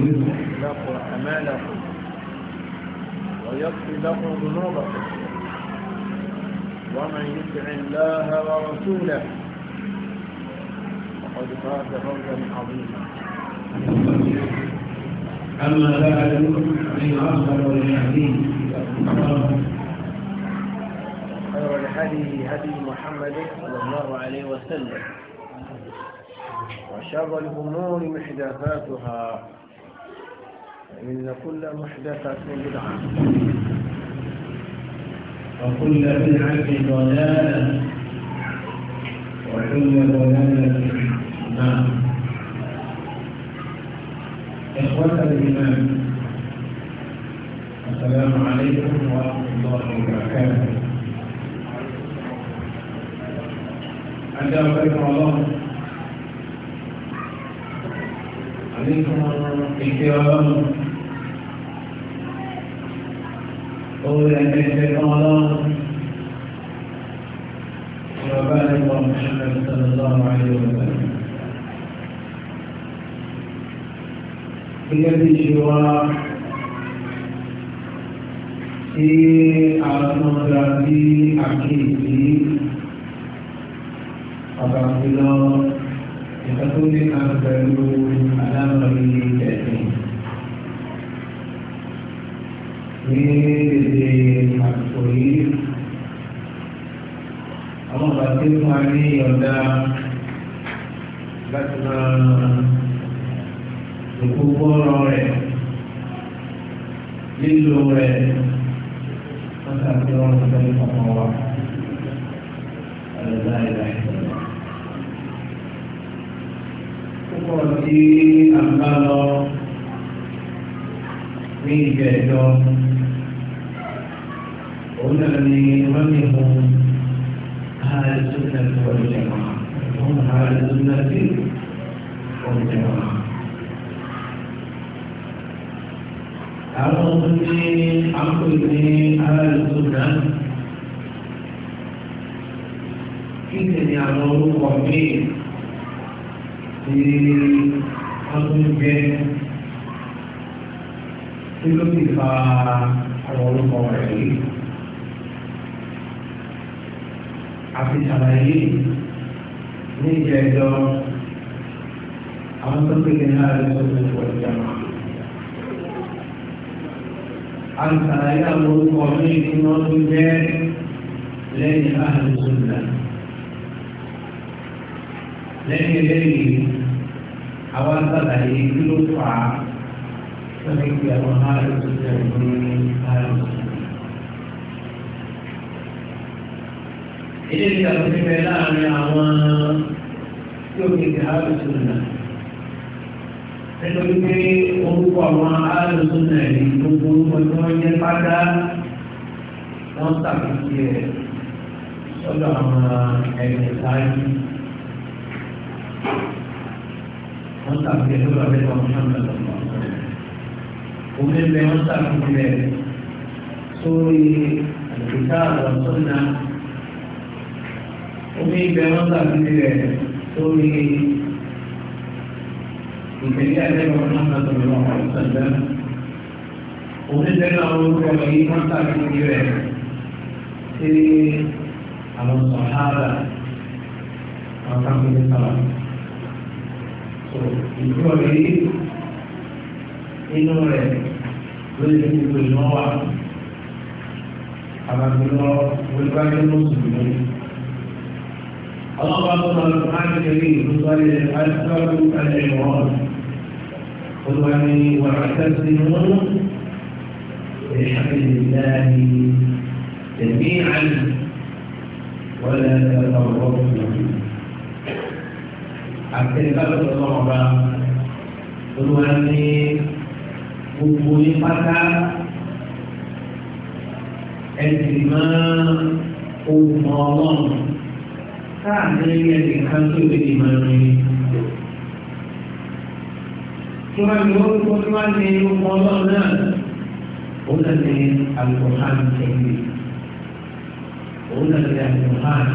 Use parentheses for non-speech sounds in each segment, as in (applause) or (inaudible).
لكم أمالكم ويغفر له ذنوبكم ومن يطع الله ورسوله فقد فاز فوزا عظيما أما بعد فإن أفضل الحديث خير الهدي هدي محمد صلى الله عليه وسلم وشر الأمور محدثاتها إن كل محدثة بدعة وكل بدعة ضلالة وكل ضلالة نعم إخوة الإيمان السلام عليكم ورحمة الله وبركاته أنت أخبركم الله عليكم الكرام أولا كيف قال وبارك الله محمد صلى الله عليه وسلم الذي شوى في أعطنا في أكيد أبعد الله ìtàkùnlé kan pẹ̀lú alámọ̀rí ẹ̀sìn. ní èdè àsìkò yìí àwọn bàtí fún wa ní ọ̀dà láti máa òkú gbọ́rọ̀ rẹ̀ lílo rẹ̀ wọ́n ṣàfihàn ọ̀sẹ̀ ìfọ̀mọ́ pọ̀ sí àbálọ ní ìjẹ̀jọ́ òun náà ni wọ́n ní mú àìsúnà tó wọ́n jẹ̀ wọ́n fún àìsúnà tí wọ́n jẹ̀ wọ́n. àwọn ohun tí a ń pè ní àìsúnà kí ni àwọn orúkọ míì tí wọ́n tún gbé tí ló ti fa àwọn orúkọ rẹ̀ yìí. àti ṣàlàyé ní ìjẹ́jọ́ àwọn tó kéde ní àárín tó ti wọ̀ ìjàmà. a ń ṣàlàyé àwọn orúkọ ní ìdúná tó jẹ́ lẹ́yìn àárín tó ń lẹ́yìn lẹ́yìn àwọn àgbàlàyé kí ló fà á sọ́dọ̀ ìgbé àwọn aráàlú tó jẹ́ ìlú ní aráàlú. ilé ìyàwó ti bẹ láàrin àwọn tí ó fi ti aráàlú tó nà nítorí pé orúkọ àwọn aráàlú ní gbogbo orúkọ tí wọ́n jẹ́ pátá wọ́n tàbí tiẹ̀ sọ́dọ̀ àwọn ẹ̀mí sáájú. wọ́n sàfihàn tó bá bẹ́ẹ̀ wọ́n sàn lọ. Omi bẹ wọ́n sàfihàn bẹ sórí àdìsá àwọn sọ́nà. Omi bẹ wọ́n sàfihàn bẹ sórí ìpínlẹ̀ àdìsá wọ́n sàn lọ wọ́n sàn lọ. Omi bẹ náà wọ́n sọ yìí wọ́n sàfihàn bẹ sí àwọn sọ̀hárà. Àwọn sàfihàn sọ̀rọ̀. ìjọba mi rí inú rẹ̀ lórí ní gbogbo ìmọ̀ wa àbàmìlọ olùbájú mùsùlùmí. ọlọ́pàá tó lọ lọ́pàá máa ń kiri ìlú sọ́lé alùpàdù alẹ́wọ̀n olùwà ní wàrà tẹ́sí mú ìṣàkìlélẹ́yìn tẹ̀mí àlù wọlé ẹ̀ka ọ̀rọ̀ ọ̀gbìn. àtẹnudàlọ́dọ̀ náà ọba olúwa ní gbogbo ní pátá ẹsìn máa ohun mọ ọlọ́run káàkiri ẹsìn kan tó lè di máa rí tí wọ́n ní orúkọ tí wọ́n ní ohun ọlọ́run náà ó náà ní alukóhán tẹ̀lé ó náà ní alukóhán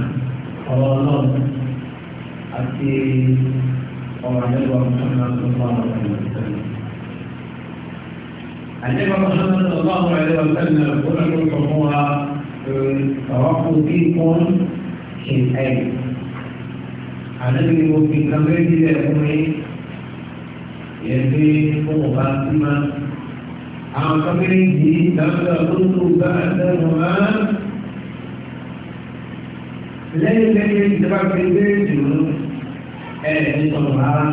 ọlọ́run. àti ọ̀rọ̀ àdébọ̀ mọ́tàlá tó bá wà lọ́wọ́ sẹ́lẹ̀. àdébọ̀ mọ́tàlá tó bá wà lọ́wọ́ sẹ́lẹ̀ ó lè ló sọ fún wa tọ́wọ́pù tí wọ́n ṣe ẹ̀. àdébọ̀ mo fi kan méjì lẹ̀ fún mi yẹn pé fún ọba sí máa. àwọn kan méjì lọ́sọ̀ tó tó bá àtẹ̀wọ̀n máa lẹ́yìn lẹ́yìn ìjọba pé bẹ́ẹ̀ jù lọ. ẹ̀ẹ́dì sọ̀rọ̀ rárá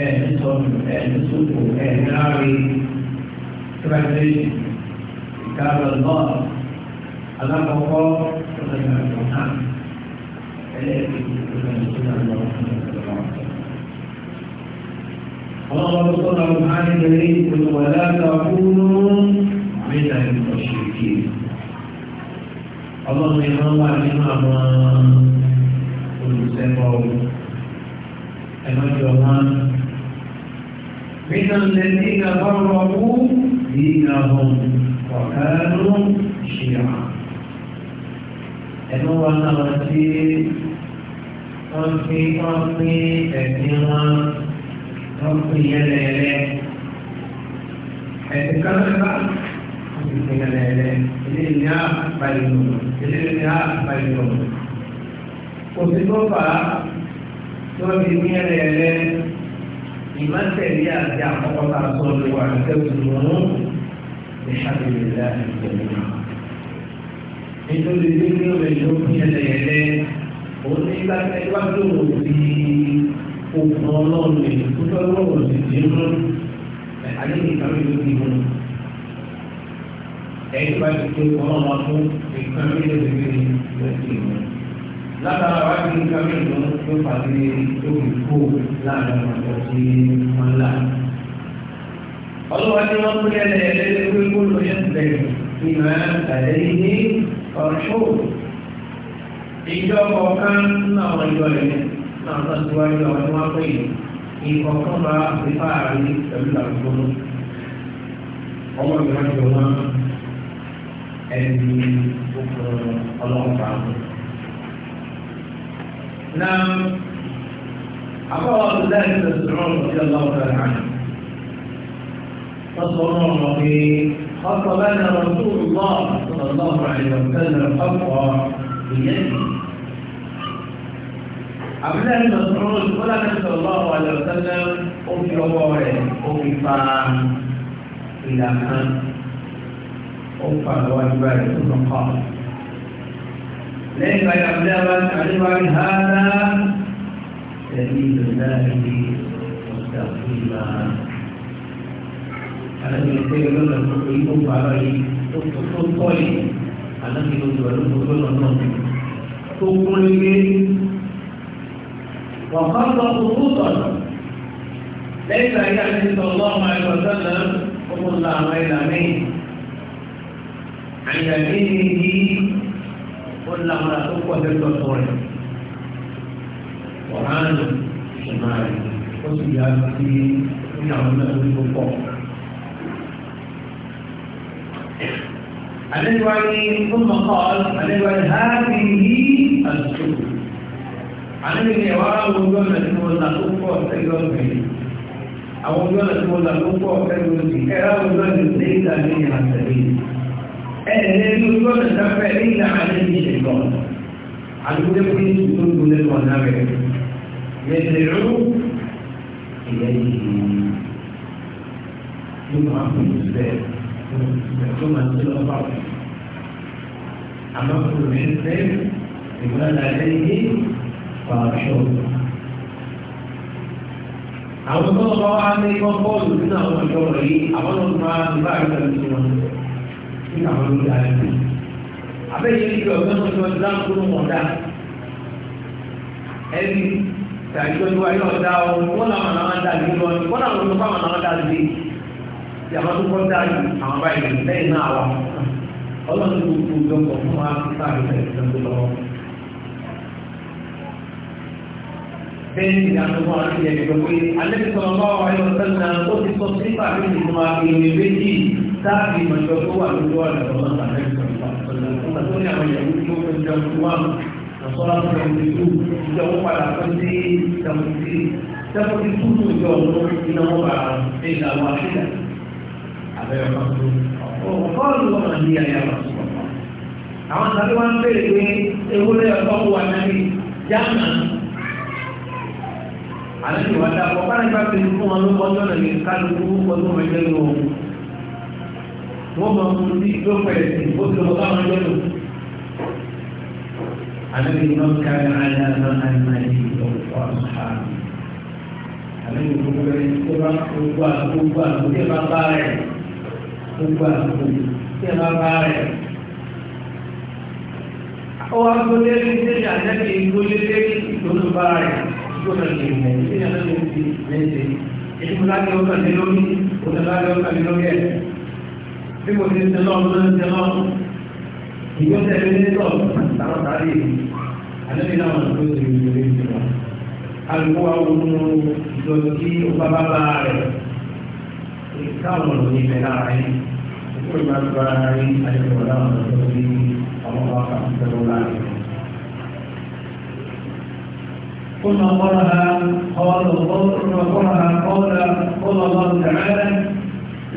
ẹ̀ẹ́dì sọ̀rọ̀ ẹ̀ẹ́dì sọ̀rọ̀ ẹ̀ẹ́dì ráre tíwájú ìkàrọ̀ lọ́ alákọ̀ọ́kọ́ ọ̀sẹ̀ ìgbà ẹlẹ́ẹ̀kejì ọ̀sẹ̀ ìgbà ọlọ́run sọ̀rọ̀ àmì lórí ìpolówọlá kàkúrú mẹ́ta ìmọ̀ṣẹ̀kì ọlọ́run ìran wà nínú àwọn olùsẹ́kọ̀ọ́ ẹ̀mọ́jọ wọn. Nínú lẹ́ní ìgbàgbọ́rọ̀ wú ní ìgbàgbọ́n ọ̀kánú ṣìyà. Ẹnu wa náà tí wọ́n fi wọ́n pín ẹ̀sìn wọn wọ́n pín yẹlẹ̀ẹ́lẹ́. Ẹ̀sìn kan náà ìpínlẹ̀ ilé ní àpàlẹ̀ ìlú ilé ní àpàlẹ̀ ìlú. Òṣèlú ọ̀fà lórí mílẹ̀ rẹ̀ ìmọ̀tẹ̀lẹ́ àti àkọ́kọ́ta sọ̀rọ̀ wà lẹ́kẹ̀ẹ́dùnú ìṣàbẹ̀lẹ̀ ìṣẹ̀lẹ̀. nítorí wípé rẹ̀ ló mílẹ̀ rẹ̀ òun ní ìgbàgbọ́ lòun ti okùn ọlọ́run rẹ̀ tó fẹ́ lọ́wọ́ sí ti mú ayé nìkan ló ti mú. ẹ̀yìn bá ti tó ọlọ́run ọdún nìkan ló ti mú látara wá sí nǹkan bí ìlú tó pàdé lórí kó láàrin ọjọ́ tí wọ́n là. ọlọ́wọ́ tí wọ́n pín ẹlẹ́ ẹlẹ́lẹ́ pé kó ló yẹ bẹ̀rẹ̀ ìmọ̀ àtàlẹ́ ní ọ̀ṣọ́. ìjọ kọ̀ọ̀kan nínú àwọn ìjọ rẹ̀ náà tó síwájú àwọn tí wọ́n pè é ìkọ̀ọ̀kan bá fífà àrí pẹ̀lú àgbọ̀n. ọmọ ìrìnàjò wọn ẹni ọlọ́pàá نعم عبر عبد الله بن مسعود رضي الله تعالى عنه فصرنا في خطبنا رسول الله صلى الله عليه وسلم خطوة بيده عبد الله بن مسعود ولا صلى الله عليه وسلم أوفي أوفي أوفي فان إلى أن أوفى الواجبات ثم قال لما يبلغت علما هذا سبيل الله مستقيما Anak itu kalau nak berkumpul barai, tutup tutupi. Anak itu baru berkumpul nonton. Tumpul ini, wakar tutupan. Lain lagi Nabi Sallallahu Alaihi Wasallam umur lama ini. Anda ini قلنا على أقوى في الدكتور وعن الشمال قصد يأتي من عمنا في الدكتور الذي وعلي ثم قال الذي وعلي هذه السبب عندي نواب ونقول لك مولى الأقوى في الدكتور أو نقول لك مولى الأقوى في الدكتور أو نقول لك مولى الأقوى في الدكتور ẹ̀ẹ́dẹ̀ẹ́dẹ́ ló gbọ́dọ̀ sáfẹ́ ní ìlànà ìdí ìṣẹ̀kọ́ àdúgbò pé tó ń gbọ́dọ̀ lọ náà rẹ̀ yẹ̀dẹ̀ rú ìyẹn yìí ló máa kú ìṣẹ̀ tó máa ń tẹ́lọ̀ bá wọn. àmọ́ kò ní fẹ́ ìmọ̀lára lẹ́yìn fàáṣọ. àwọn tó ń bá wa ní kọ́kọ́ òdùnú àwọn ìjọba yìí àwọn ọmọ máa ń bá àgbà tuntun wọn kí àwọn olórí ayé bí abẹ́yẹ ìgbà ọ̀gbẹ́ wọn ti wọn ti dáhùn kúrò wọn dá ẹni tàbí ọjọ́ ayé ọ̀dá ọ̀hún wọn làwọn làwọn dá lé lọ wọn làwọn tó fáwọn làwọn dá lé yàrá tó kọ́ dá yìí àwọn báyìí lẹ́yìn náà wà ọlọ́run tó kú lọ́kọ̀ fún wa sáré lẹ́yìn tó lọ́wọ́. bẹ́ẹ̀ni ìdánwò àti ẹ̀gbẹ́ pé alẹ́ sọ̀rọ̀ lọ́wọ́ ayọ̀ sẹ́nu náà ó ti sọ sípà bí ìgbìmọ̀ àgbègbè méjì sáàbì ìmọ̀jọ tó wà lójú ọ̀nà ọ̀nà àti ìgbà tó ní àwọn ìyàwó tí ó fẹ́ jẹun tó wà lọ́sọ́lá tó jẹun tó tó ìjọ wọn padà fẹ́ sí ìjàmùtì sẹ́kọ̀tì tó tó ìjọ ọ̀nà iná wọn bá ṣe ìlànà àṣìlẹ̀ abẹ́rẹ́ wọn tó ọ̀pọ̀ ọ̀pọ̀ ọ̀nà ní ayé àwọn àṣìlẹ̀ àwọn wọ́n máa mú ní lọ́pọ̀ ẹ̀sìn ó ti lọ báwọn lọ́dọ̀. Àlejò náà kárí ayé àná àìmáyé ọ̀pọ̀ àṣà. Àlejò gbogbo ẹ̀ tó bá gbogbo àgbogbo àgbogbo tí ẹ bá bá rẹ̀ gbogbo àgbogbo tí ẹ bá bá rẹ̀. Ó wá gbọ́dọ̀ ní sẹ́yìn àjẹ́kì ìgbóyè lẹ́yìn ìgbóná bá rẹ̀ gbọ́dọ̀ ní ìmọ̀ ìṣẹ́yìn àjẹ́kì ìgbóyè Èyí mo lágbẹ́ ọkàn lé lórí, mo lágbẹ́ ọkàn lé lórí ẹ̀. bí mo ti ṣe lọ́wọ́ lọ́wọ́ ṣe lọ́wọ́ ìyọ́ tẹ̀lé ní lọ́wọ́ tààrọ̀ tààrí àlẹ́bí náà wọ́n tó ṣe ìṣẹ̀lẹ̀ ìṣẹ̀lẹ̀ alùpùpù wa wọ́n mú ìjọ tí ó bá bá bá rẹ̀ káwọn ọ̀rọ̀ ní ìfẹ́ lára yín ó lè máa gba ara yín àyẹ̀wò láwọn ọ̀rọ̀ tó ṣe àwọn ọmọ akásíṣẹ́ lọ́wọ́ láàrin. ثم قرأها قال الله ثم قرأها قال قال الله تعالى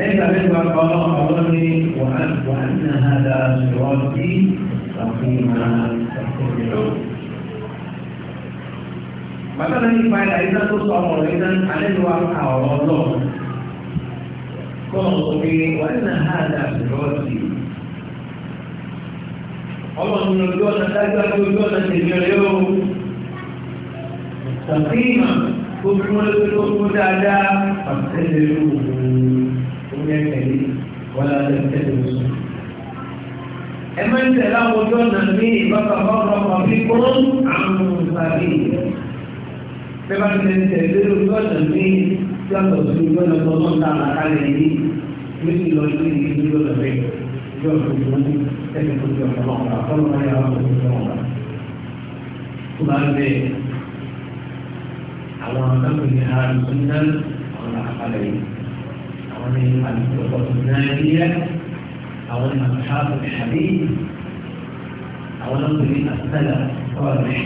ليس منه القرار أولي وأن هذا صراطي رحيما Maka nanti pada itu tu soal itu ada dua awal Allah. Kau pergi wana hada berarti. Allah menunjukkan saja tujuan sejauh Tapi, kumpulan-kumpulan ada, pasti dulu mẹ́tẹ̀lé wọlé àtẹ̀tẹ̀lé oṣù. ẹ máa ń tẹ̀lé àwọn ojú ọ̀nà ní ìbáfà bọ́ọ̀rọ̀ ọ̀bí fún àwọn ìpàdé. bẹ́ẹ̀ bá ti lè tẹ̀lé ojú ọ̀nà ní yàtọ̀ sí ojú ọ̀nà tó ń ta àlàkalẹ̀ yìí ní ìlọ sí ìlú ọ̀nà bẹ́ẹ̀ ojú ọ̀nà tó ń tẹ̀lé ojú ọ̀nà ọ̀nà ọ̀nà ọ̀nà àwọn akẹ́kọ̀ọ́ ní àrùn náà ọ̀nà àkàlẹ̀ yìí àwọn ní àlùfẹ́ ọ̀tún nàìjíríà àwọn ní àlùfáàbù ìṣàlẹ̀ àwọn náà ní àtẹ́lẹ̀ ọ̀rẹ́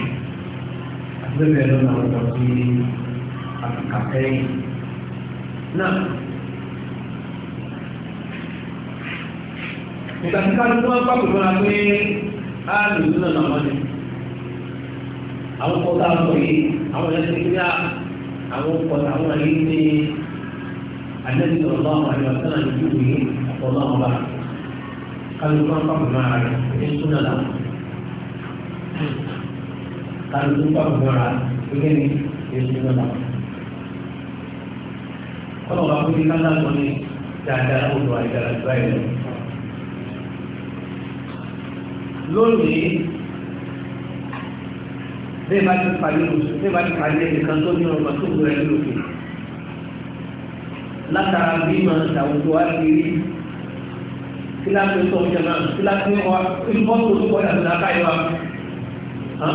àtẹ́lẹ̀ lọ́nà ọ̀rọ̀ sí àfíkà sẹ́yìn. náà ìtàkìkà ló máa ń pàtó fúnra pé á lè nínú ọ̀nà wọn àwọn kọ́ta àwọn àwọn ẹ̀sìn kí àwọn kọ́ta àwọn ní. الذي صلى الله عليه وسلم بوجوده والله بعد قالوا تنفق ما عليه ايش كنا له قالوا تنفق ما عليه ايش كنا له قالوا ربي كلا قولي dáadáa ó lọ àìdára tó ẹ̀ lọ. lónìí bẹ́ẹ̀ bá ti parí oṣù bẹ́ẹ̀ bá ti parí ẹnìkan tó ní ọgbà tó lọ ẹ̀ lókè látara bí màá ṣàwùjọ wá sí rí kíláàsì tó ń jẹun náà kíláàsì wa ìfọ́tò tó kọjá sí náà káyọ̀ wa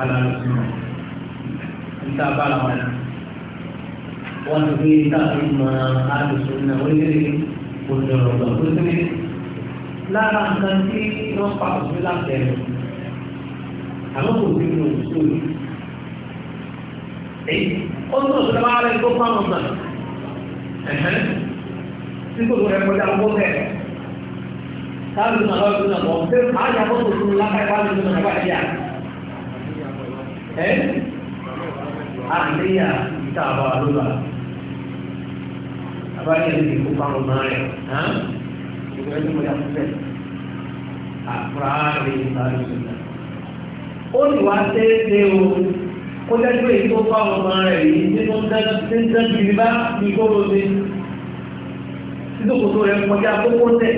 alàlù sí wa níta bá la wà náà wọ́n ti fi táàbí máa alùsù náà wọ́n yé òjòrò lọ tó ti lára nǹkan tí wọ́n pa òfin láti ẹ̀rọ àmọ́ kò sí ní òṣìṣẹ́ òyìn. ó tún òṣìṣẹ́ bá rẹ̀ tó fáwọn náà tí kò tó rẹ kọjá owó bẹ́ẹ̀ káàdùn náà lọ́wọ́ ìdúnà bọ̀ ṣé àyà kó tó tún lápá káàdùn náà lọ́wọ́ àyà ẹ́ àléyà ìta àbá lóla abáyé ní ìkó pàrọ̀ náà rẹ̀ hàn ìwé ẹni mo yà fún bẹ́ẹ̀ àkùrá rẹ̀ ìta lóla ó kó jẹ́ pé èyí tó fáwọn ọmọ rẹ̀ yìí tí ó ń dẹ́ bìrì bá ní kóró ní títòkòtò rẹ̀ kọjá kókó tẹ̀.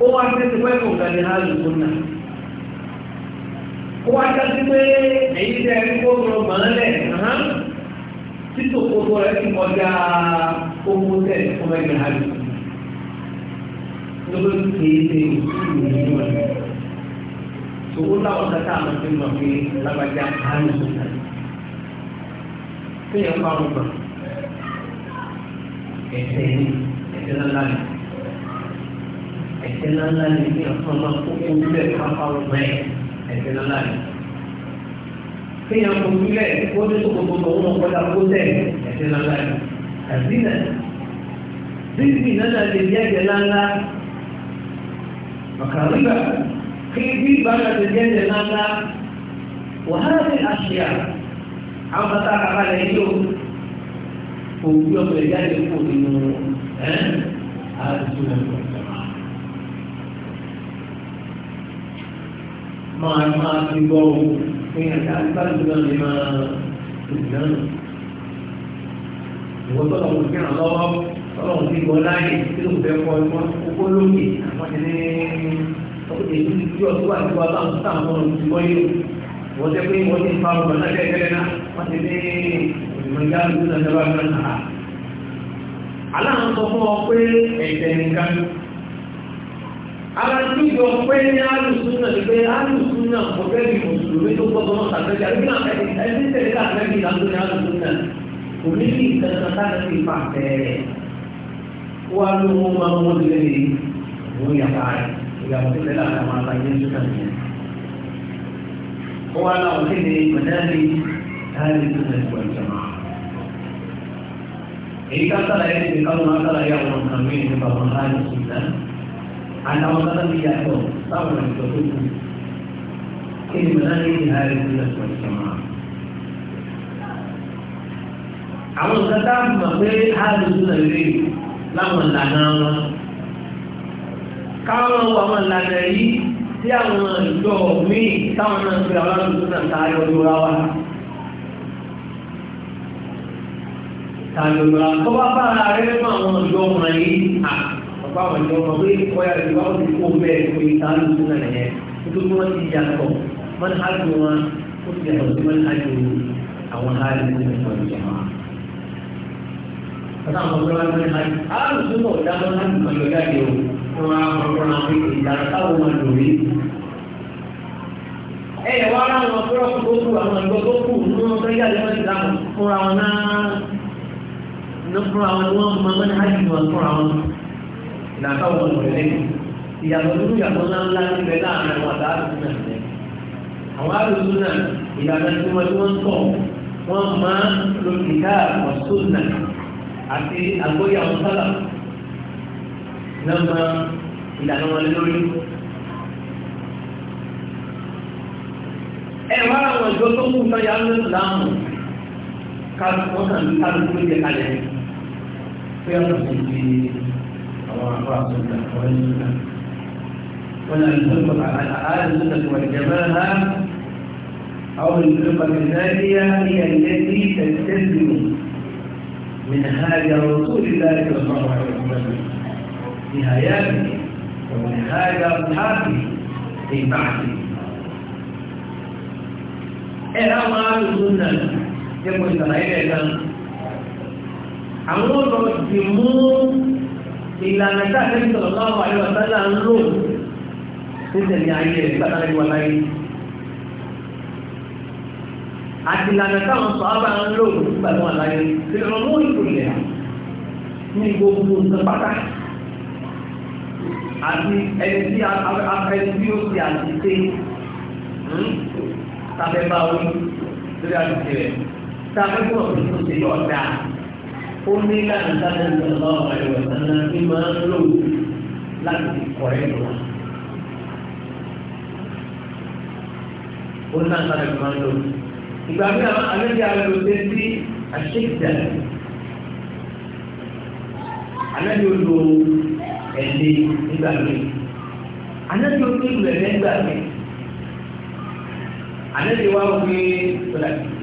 ó wá sí ti pẹ́ kò gàdé ha lò fún náà. ó wá já sí pé èyí tẹ́ ẹ kóró mọ́lẹ̀ títòkòtò rẹ̀ ti kọjá kókó tẹ̀ fún ha lò. lórí kìí ṣe ìlú ìlú ìlú ìlú gbogbo táwọn kata àwọn ti mọ̀ pé lágbàjá àárín ìṣòro tí yẹn pa ọgbà ẹsẹ̀ ní ẹsẹ̀ lọ́la ní ẹsẹ̀ lọ́la ní ní ọ̀sán máa kó ewu bẹ́ẹ̀ pápá ọgbà ẹ̀ ẹsẹ̀ lọ́la ní. tí yẹn kó wílẹ̀ kó ní sòkòtò tó ń kọjá kó tẹ̀ ẹsẹ̀ lọ́la ní. àzínà bíbí náà lè yẹ ẹsẹ̀ lọ́la màkàrígbà. في بنة الجنة ماذا وهذه الأشياء عما تعرف على اليوم ويوم الجنة يقول إنه هذا سنة ما ما في بو فيها تعرف لما تنام وطلعوا كان الله طلعوا في بولاي كده بيقولوا كله كده èyí tí ọdún wà ní wàhálà ń tà wọn ti wọ́n yé wọ́n jẹ́ pé wọ́n ti fa ọmọ náà kẹ́kẹ́rẹ́ náà wọ́n ti ní ìmọ̀ ìyá àdúgbò náà dábàá náà nàá. aláwọn sọ fún ọ pé ẹ̀jẹ̀ nìkan alájú yọ pé ní alùsùn náà ti pé alùsùn náà kò fẹ́ bí mùsùlùmí tó gbọ́dọ̀ náà sàtẹ́jà ẹbí náà ẹbí tẹ̀lé káàkiri ìlànà ní alùsùn náà kò ní ìyàwó tí lẹ́la àwọn àlàyé ń sọ̀rọ̀ yẹn. ó wá láwọn tí ní mọ̀nẹ́rì láàrin tó lè wọ̀ ìjọba. èyí ká sàlàyé ti káwọn máa sàlàyé àwọn nǹkan mí nípa wọn láàrin tó lẹ́ àtàwọn sábà ti yàtọ̀ sáwọn ìjọ tó kù. kí ni mọ̀nẹ́rì láàrin tó lè wọ̀ ìjọba. àwọn nǹkan tá mọ̀ pé láàrin tó lè rí láwọn ìlànà wọn káwọn àwọn ìlànà yìí tí àwọn ìjọ míì táwọn náà ń pè àwọn àdúgbò náà tààrí ọdún ra wa tààrí ọdún ra tó bá bá ara rẹ mọ àwọn ìjọ ọmọ yìí à ọgbà àwọn ìjọ ọmọ pé ọyà rẹ bá wọn ti kó bẹ́ẹ̀ pé tààrí ọdún náà yẹn nítorí wọn ti yàtọ̀ wọn á dùn wọn ó ti yàtọ̀ sí wọn á dùn àwọn àárín ní ìjọ ìjọba ọ̀nà ọ̀gbọ́n wọn á dùn wọn á dùn wọn lọ jáde o tó wá ọgbọ́n náà pé ìgbà táwọn máa lò rí. ẹ yẹ wá láwọn ọ̀pẹ́rọ̀ tó kú àwọn ẹgbẹ́ tó kù nínú ọgbẹ́ yàrá ìwọ̀n ti dáhùn fúnra wọn náà ní fúnra wọn ni wọ́n máa mẹ́rin ájì wọn fúnra wọn ìgbà táwọn máa lò rí. ìyàtọ̀ nínú ìyàtọ̀ ńláńlá ti bẹ láàrin àwọn àtàlù wọ́n máa lo ìdá ọ̀sùn náà àti àgbóyàwó sálà lọ́mọ ìlànà wọn lórí. ẹ wá àwọn ìjọ tó kù náà yà lóṣù láàmù kálukú kan kálukú ló jẹ kalẹ̀ pé ọ̀nà kò di àwọn àbá àtúntà wọn ní ìlú náà. ولا الفرقة على أهل السنة والجماعة أو الفرقة الثانية هي التي تستلزم من هذا رسول الله صلى الله عليه وسلم بهيامه ومنهاج أصحابه في بعثه ẹ̀rọ máa ń lò náà jẹ́kọ̀ ìsàlàyé ẹ̀dá àwọn ọ̀rọ̀ ti mú ìlànà táàkiri sọ̀rọ̀ náà wà níwà sálà ń lò nítorí ayé rẹ̀ gbàdá níwà láyé àti ìlànà táwọn sọ̀rọ̀ bá ń lò gbàdá wà láyé ìrọ̀lú ìpìlẹ̀ ní gbogbo nǹkan pátá àti ẹni tí afẹ́ni tí ó ti àdìsẹ́ hmm? tàbí bá wí lórí àdìsẹ́ rẹ̀ tàbí bọ̀ tó tó ṣe yọ̀ dáa ó ní láti sáré ní ọlọ́run ẹ̀rọ sáré ní máa ń lò láti fi kọ́ ẹ̀ lọ. ó ní láti sáré ní máa ń lò. ìgbà mi àwọn àlejò àlejò ṣe sí àṣekìtà àlejò lò ẹ̀dẹ́ nígbà mi anájọ́ tó lulẹ̀ nígbà mi anájọ́ wa wọ́n fi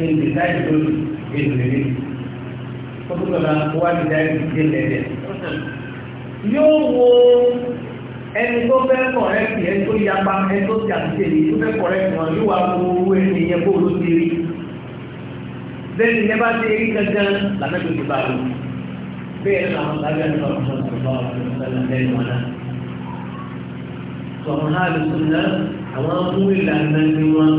ẹ̀dẹ́ táyì tó ẹ̀dẹ́ mi kọ́tùkọ̀lá wà ní táyì tó ẹ̀dẹ́ mi yóò wo ẹni tó fẹ́ kọ̀rẹ́tì ẹni tó yapa ẹni tó ti àtìsẹ́yìn tó fẹ́ kọ̀rẹ́tì wọn yóò wá wo owó ẹni yẹn kó ló ti rí lẹ́yìn yẹn bá ti rí gangan lànà ti bá a lò bẹ́ẹ̀ làwọn sábẹ́ ẹni tó ń الله عليه وسلم lẹ́nu ọ̀nà. sọ̀rọ̀ náà lè sùn náà àwọn mú ìlànà ní wọn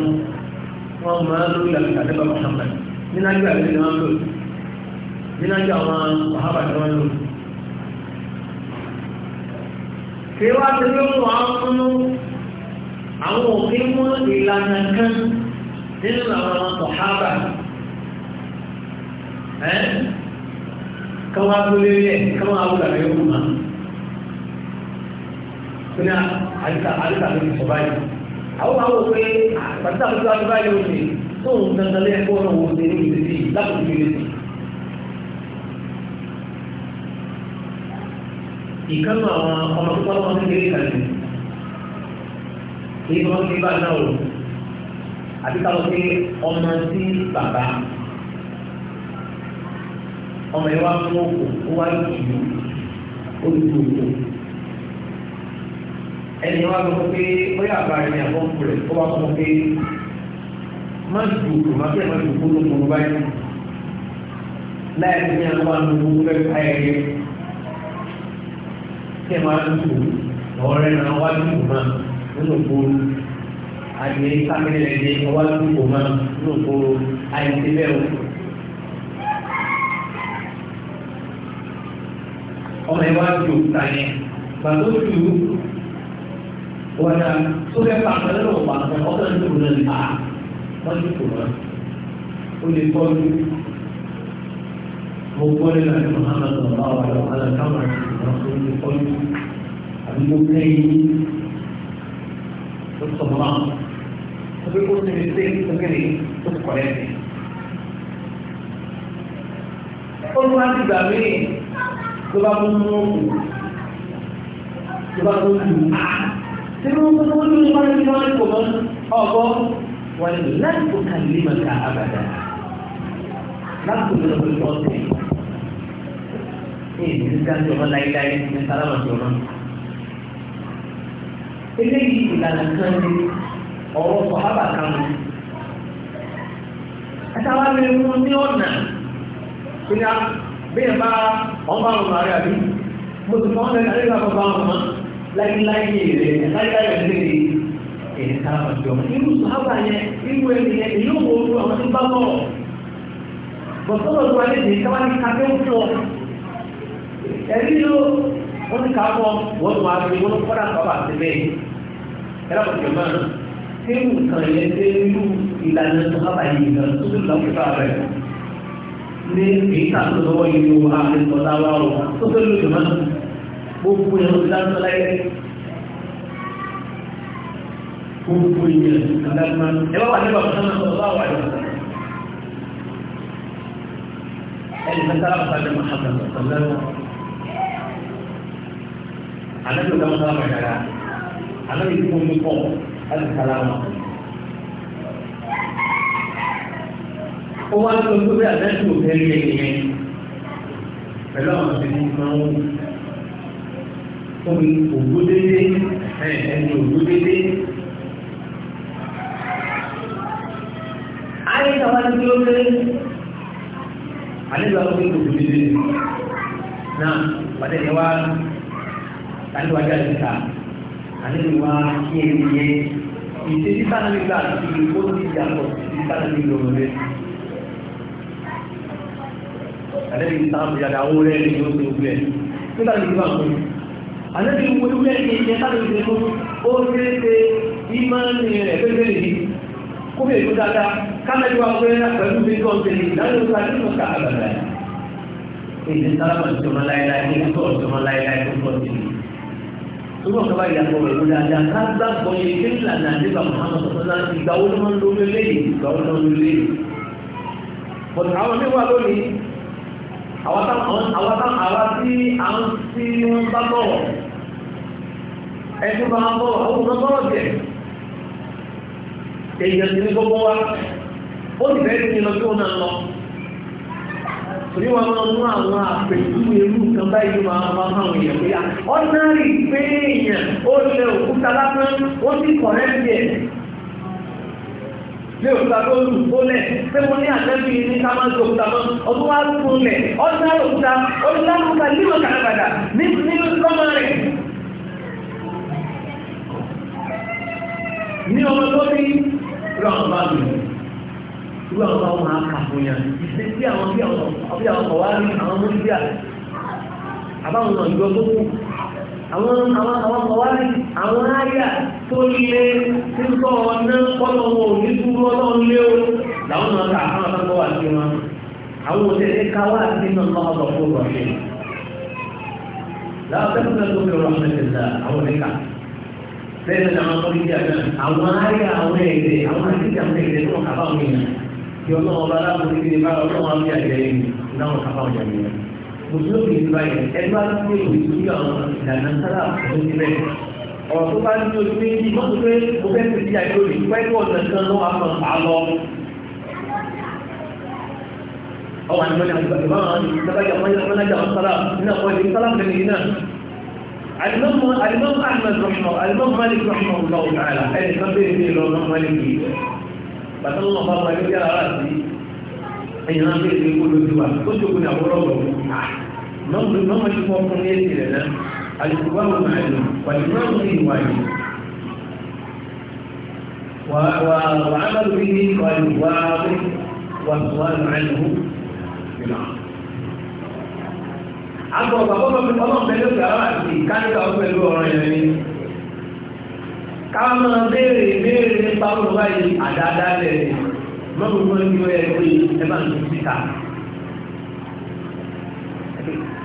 wọn máa ń lo ìlànà ìtàdébà Muhammad nínú àjọ àti ìlànà lò nínú àjọ àwọn wàhábà tí káwọn abúlé yẹ káwọn abúlé àbẹ yóò mọ fúnà àlùkà àlùkà ló ti sọ báyìí àwọn àwọn pé pàtàkì àbúlé àbúlé báyìí ó ti tó ń dandan lẹ́yìn kó wọn wọ́n ti ní ìdílé láti fi lè ìkànnì àwọn ọmọ tó pọ́n wọn kékeré kan ní ìgbọ́n ti bá náà o àti káwọn pé ọmọ sí ọmọ yẹn wá mú òkú ó wá jù ú ó ju òkú ẹni wá lọ pé ó yà bá ẹni àkọ́kù rẹ̀ ó wá sọ pé má ju òkú má bẹ́ẹ̀ má ju òkú ló kúrú báyìí láì ní àwọn máa ń lu fẹ́ ayẹyẹ tí ẹ máa ń lu ọ̀rẹ́ náà wá ju òkú náà nínú òkú adìyẹ sáfẹ́lẹ̀ ẹ̀dẹ́ wá ju òkú náà nínú òkú ayẹyẹ bẹ́ẹ̀ o. ọmọ ẹ̀ wá ju òkúta yẹn pàtó ju wọ̀nà tó fẹ́ pa àpẹẹrẹ lọ́wọ́ pa àpẹẹrẹ ọ̀tọ̀ ní ìlú náà nípa wọ́n ti kò wọ́n ó lè kọ́ ju mo gbọ́ nínú àti Muhammad ọ̀rọ̀ àwọn àwọn aláǹkáwà ìgbà tó lè kọ́ ju àbí mo fẹ́ yín tó sọ̀rọ̀ náà ó fi kó sinmi sí ìtòkèrè tó kọ̀ lẹ́sìn. ó ti gbà mí tó bá mú mú òkú tó bá tó jù tí wọ́n tó tó ní wọ́n ní wọ́n kò mọ́ ọ̀gọ́ wọ́n ní láti kò kà lè mọ̀ ká abàdà láti kò lè mọ̀ lọ́wọ́ tẹ̀. Ee ní ká jọba láíláí ní sálámà jọba. Eléyìí ìlànà kan ní ọ̀rọ̀ sọ̀hábà kan ní. Àtàwọn ẹni wọn ní ọ̀nà ìyá bí ẹ bá ọmọ àwọn ààrẹ àbí mo ti fọ́n lẹ́nu àríwá bàbá àwọn ọmọ láíláí rẹ̀ láíláí rẹ̀ lè èyí sábà jọ irú sábà yẹn irú ẹni yẹn èyí ò wọ́n àwọn tó bá mọ̀ bọ̀sọ́dọ̀ tó wà léde sábà ní kàfé ń fún ọ ẹ̀rí ló wọ́n ti kà á mọ̀ wọ́n tó wà á fi wọ́n tó kọ́dà bàbà sí bẹ́ẹ̀ ẹ̀rọ kò jọ máa ṣé ní ìta tó lọ́wọ́ ìlú àrẹ̀sọ̀lá wa o tó fẹ́ lójú náà gbogbo ẹ̀ ló dá sọ́lá yẹ gbogbo ìyẹn kàdágbá ẹ bá wà ní bàbá náà sọ̀rọ̀ bá wà yọ ẹni mẹ́ta bá ní mahamman sọ̀rọ̀ àdájọ́ bá ń sábà yàrá àdájọ́ ìfowópamọ́ àti ó wá lọ tó bí àdájú òfin rí ẹni yẹn pẹ̀lú àwọn ìṣẹ̀lẹ̀ máa ń fún ògbó dédé ẹni ògbó dédé. ayé sábà ní kí ló dé àlejò àwọn ògbó dédé náà wàdé ni wá tàbí wájú àti ìta àlejò wá kí ẹni yẹn ìṣèjì nígbà tí ó ti yàtọ̀ sí sáà nígbà òun rẹ̀ àlẹ́bí sáàmù yàrá owó rẹ̀ ní oṣù ojú ẹ̀ nígbà tí wọ́n fún àlẹ́bí wo ewu ẹ̀ ní ìyẹn sáàmù ìṣẹ́ fún ó ṣe é ṣe ìmọ̀ọ́nì rẹ̀ pépé nìyí kó bèèrè tó dáadáa kámẹ́lú wa pé pẹ̀lú bí kò ń tẹ̀lé ìdájọ́ ìgbà tí mo kà á bàbà rẹ̀ èyí sáàmù ìjọba láéláé ní ìtọ́ ìjọba láéláé tó pọ̀ sí i tuma kaba yàtọ̀ rẹ̀ wọlé ajá ká gbàgbọ́ yẹ kí ní lànà àdébà muhammed sọ̀tọ́lá ìgbà wo ló máa ń lo lélẹ́ yìí ìgbà wo ló máa ń lo lélẹ́ yìí. bọ̀dọ̀ àwọn mi wà lónìí àwọn tí àwọn tí wọ́n bá bọ̀wọ̀ ẹgbẹ́ bá bọ̀wọ̀ àwọn tó bọ̀wọ̀ jẹ́ èèyàn sí ní gbogbo wa ó sì bẹ́ẹ̀ ní lọ sí òun náà lọ oníwà máa mú àwọn àpèjú irú kan báyìí máa máa máa wọ̀nyí ẹ̀kọ́ yá ọ̀nà rí pé èèyàn ó lè òkúta lásán ó sì kọ̀rẹ́ ní òkúta tó lù fólẹ̀ pé mo ní àtẹ́bí ní ká máa ń lo òkúta mọ́ ọdún wa ń fúnlẹ̀ ọdún wa òkúta ọdún wa òkúta nínú kàràbàdà nínú sọ́mọ rẹ̀. ní ọmọ tó ní lọ́wọ́ bá mi irú àwọn bá wọn máa kà fún yàn ìṣe sí àwọn bí àwọn ọbí àwọn ọkọ̀ wá rí àwọn ọmọ ìgbà àbáwọn ọ̀dọ́ tó kù àwọn àwọn ọkọ̀ rí àwọn áyà tó lé sísọ ọ̀nà kọ́lọ̀wọ̀ onídúró ọlọ́run lé o làwọn náà ta àwọn àtàkọ́ wà sí wọn àwọn òṣèré káwá sí náà máa bọ̀ fún ọ̀ṣẹ́ láwọn tẹ́kùnlẹ̀ tó fi ọ̀rọ̀ mẹ́tẹ̀ẹ̀ta àwọn oníkà bẹ́ẹ̀ ni àwọn ọmọ ìdí àná àwọn ayé àwọn ẹ̀dẹ̀ àwọn àtijọ́ àwọn ẹ̀dẹ̀ tó wọn kàbá wọn yẹn kí ọlọ́run ọba aláàbòsí kí ni bá ọlọ́run àbí ọ̀rọ̀ tó bá ní ojú méjì mọ́tò pé mo fẹ́ pè sí àìlò rí pẹ́lú ọ̀nà kan ló wà kan pa lọ. ọwọ́ àti mọ́lẹ̀ àti bàbá wọn ni sábàjá mọ́lẹ̀ mọ́lájà wọn sára nínú àwọn ìlú sára fẹ́ nìyí náà. alimọ́mọ́ alimọ́mọ́ ahmed rahman alimọ́mọ́ malik rahman ọ̀gá ọ̀gá àlà ẹni kan bẹ́ẹ̀ ní ìlọ ọ̀gá malik yìí. bàtà wọn bá wà lórí ara sí ẹ̀yìn náà bẹ́ẹ̀ ní kó lójú wa ó jókòó ní àwòrán ọ̀gbọ̀n. mọ́mọ́ ah, الإمام معلم والإمام به واجب والعمل به واجب والسؤال عنه بالعمل àgbọ̀ ọ̀pọ̀ fi ọmọ pẹ̀lú ìgbàwà àti káríkà ó pẹ̀lú ọ̀rọ̀ ìrìn ní ká máa béèrè béèrè nípa olùwà yìí àdáadáa lẹ̀ mọ́gbogbo ní ọ̀yẹ́ pé ẹ máa ń tún síta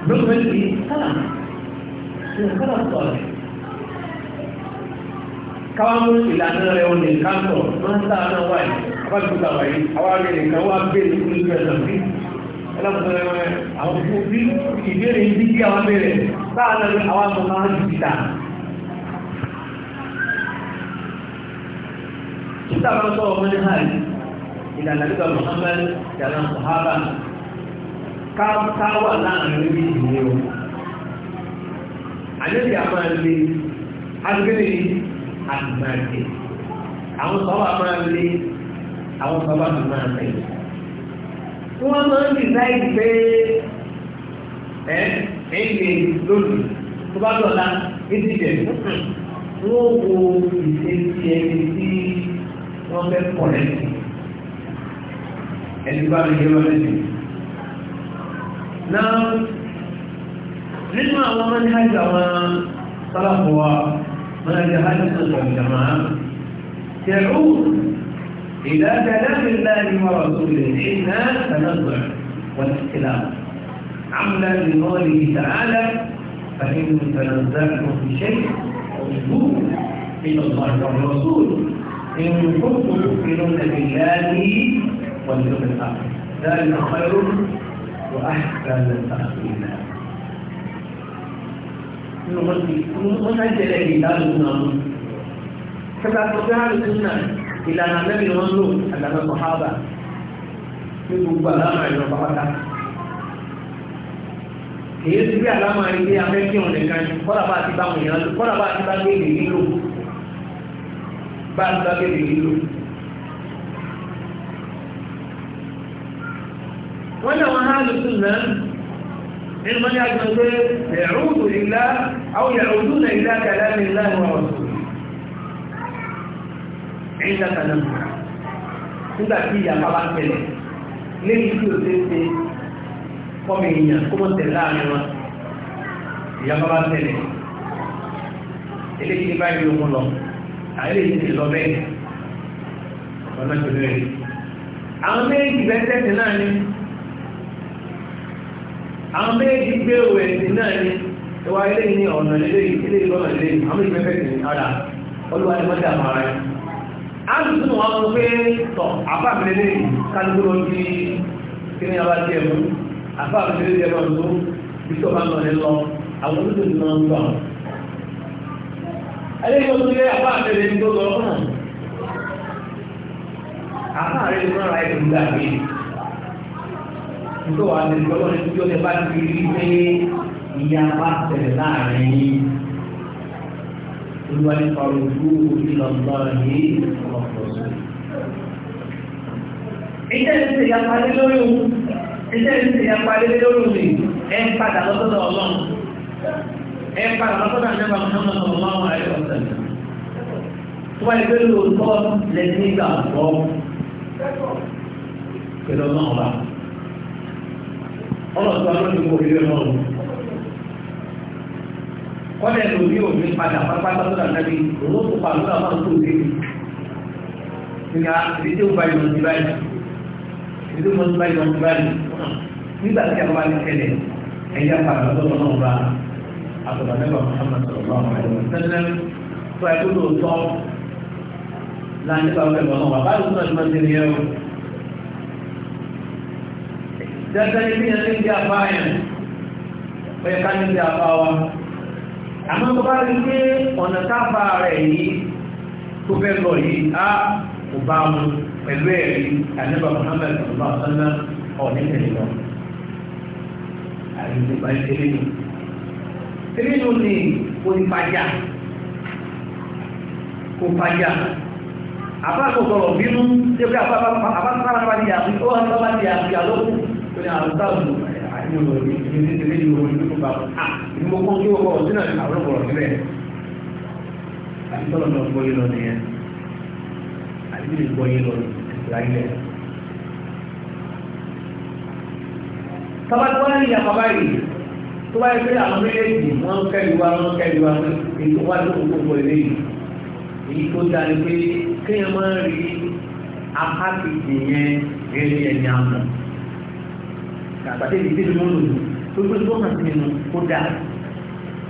lókùnrin sí sálàmù nǹkan ọ̀sọ̀rọ̀ káwọn ìlànà rẹ̀ ò ní káńtọ̀ máa ń sáà náà wáyé abájúgbà wáyé àwọn arìnrìn nìkan wá bèèrè fún ìlú ẹ̀nà bí ẹlọ́pùnrin àwọn fún bí ìbéèrè ní kí àwọn bèèrè sáà náà àwọn ọmọ máa ń jìbìtà títà máa ń sọ ọmọ ní hàn ìlànà nígbà Muhammad ìlànà sahaba káwà láàrin orí ìdílé wọn àlẹ́lẹ́ a máa lè agbélé àgbàdé àwọn sọ́wọ́ a máa lè àwọn sọ́wọ́ a máa lè wọ́n máa ń dìsáì pé ẹ̀ ẹ̀yìn lónìí tó bá dọ̀la ètí bẹ̀ wọ́n wo ìṣesí ẹni tí wọ́n fẹ́ pọ̀ lẹ́sìn ẹni bá mi yẹ lọ lẹ́sìn náà. nínú àwọn mẹ́nìhàjì àwọn sálàfọwà mẹ́nìhàjì hajjọ́sọ̀ ìjọmọ̀ tẹ̀rù ìdájẹ́lẹ́rìn láàrin wọ́n tó lè ní iná tẹ̀lẹ́gbẹ̀ wọ́n ti kìlá عملا لقوله تعالى فإن تنزعتم في شيء فردوه إلى الله والرسول إن كنتم تؤمنون بالله واليوم الآخر ذلك خير وأحسن تأويلا nínú wọ́n náà jẹ́lẹ̀ ìlànà náà mú kẹta tó fẹ́ àrùn náà ìlànà mẹ́rin wọn lò àdàmẹ́ sọ̀hábà ní gbogbo àlámà ìlọ pàpàtà èyí ti bí àlámà ilé afẹ́kíhùn nìkan kọ́lá bá ti bá wọn yàn kọ́lá bá ti bá gbé èdè yìí bá ti bá gbé èdè yìí wọ́n náà wọ́n há náà nínú mọ́ ní àjọ pé ẹ̀rùdù ìlà àwọn ẹ̀rùdù náà ìlà kàlá ní ìlà ìwọ̀n ọ̀sùn ìlà kàlá nígbà tí ìyàpá bá tẹ̀lẹ̀ lẹ́yìn tí ó ṣe ṣe kọ́mọ èèyàn kó mọ̀ tẹ̀lé àárín wọn ìyàpá bá tẹ̀lẹ̀ eléyìí báyìí ló mú lọ àìlèyìn ti lọ bẹ́ẹ̀ ọ̀nà tó lẹ́yìn àwọn méjì bẹ́ẹ̀ tẹ̀sí náà ni àwọn méjì gbé òwe náà ni ìwà ilé ní ọ̀nà ilé ilé ìlọ́nà ilé àwọn ìgbẹ́ fẹ́ẹ̀ ní ara olúwa ni mọ́tà mara rẹ̀ a ń tún wọn mú pé tọ̀ àfáàmìlẹ̀ lè kálukú lọ sí kíní abá tiẹ̀ mú àfáàmìlẹ̀ lè máa tó bísọ̀ bá nọ̀ lọ àwọn olùdó ti máa ń gbà. ẹlẹ́yìn tó tún lé àfáàmìlẹ̀ tó lọ fún àfáàmìlẹ̀ tó rà ẹ̀ tó wà lè lọ́wọ́ ní tí ó lè bá ti rí pé ìyá bá tẹ̀lé láàrin yìí olúwa ní ọ̀rọ̀ ojú ìlọ́gbọ́ yìí ọ̀pọ̀ sí. ìjẹ́ ní ti yapa lé lórí òun ìjẹ́ ní ti yapa lé lórí òun ẹ̀ ń padà lọ́sọ̀dọ̀ ọlọ́run ẹ̀ ń padà lọ́sọ̀dọ̀ àjẹbà mọ́nà ọlọ́run àìsàn sẹ̀lẹ̀ tó bá yẹ pé lóòótọ́ lẹ́sìn ìgbà àgbọ̀ pẹ̀lú ọlọ́run báyìí ọlọ́sọ alóòjì kò fi ọmọ òun kọ́lẹ̀ ló ní òní padà pápátá tó dàgbà bí òun ó pa àlúkà máa tó dé nígbà ìdí tó bá ìmọ̀ sí báyìí ìdí tó mọ̀ sí báyìí mọ̀ sí báyìí nígbà tí a bá ní tẹ́lẹ̀ ẹ̀yà padà tó lọ́nà ọba àtọ̀dà mẹ́fà Muhammad sọ̀rọ̀ bá wọn tẹ́lẹ̀ tó ẹ̀kú tó tọ́ láti dandan ní bíyàn ní àpá yẹn ọyẹ ká ní àpá wa àmọ́ tó bá rí pé ọ̀nà tábà rẹ̀ yìí tó fẹ́ lọ yìí á kò bá mu pẹ̀lú ẹ̀rí àníbà Muhammad ọ̀bá ọ̀sánná ọ̀ní tẹ̀lé lọ àìsí bá tẹ̀lé nù tẹ̀lé nù ní onípàjà kò pàjà àbá kò sọ̀rọ̀ bínú tẹ́lẹ̀ àbá bá bá ní àbí ó tó ní àwọn táàbù àti olórí ìdílé tẹ́lẹ̀ yìí wọ́n ní kópa à ní mo kọ́ kí wọ́n kọ́ sínú àwọn ọ̀rọ̀ níbẹ̀ àti tọ́lọ̀ náà gbọ́ yìí lọ nìyẹn àti bí gbọ́ yìí lọ ìsirayílẹ̀. tabatuwa ní ìyàpá báyìí tó bá yẹ pé àwọn méjèèjì wọ́n kẹ́lì wa wọ́n kẹ́lì wa èyí wá ló kó gbogbo eléyìí èyí tó dáa ni pé kéèyàn máa ń rí apá kejì yẹn eré ẹni àmọ́ àgbàdé ìdí ìdí mọ́nù tó gbé tó hàn sí nínú kó dà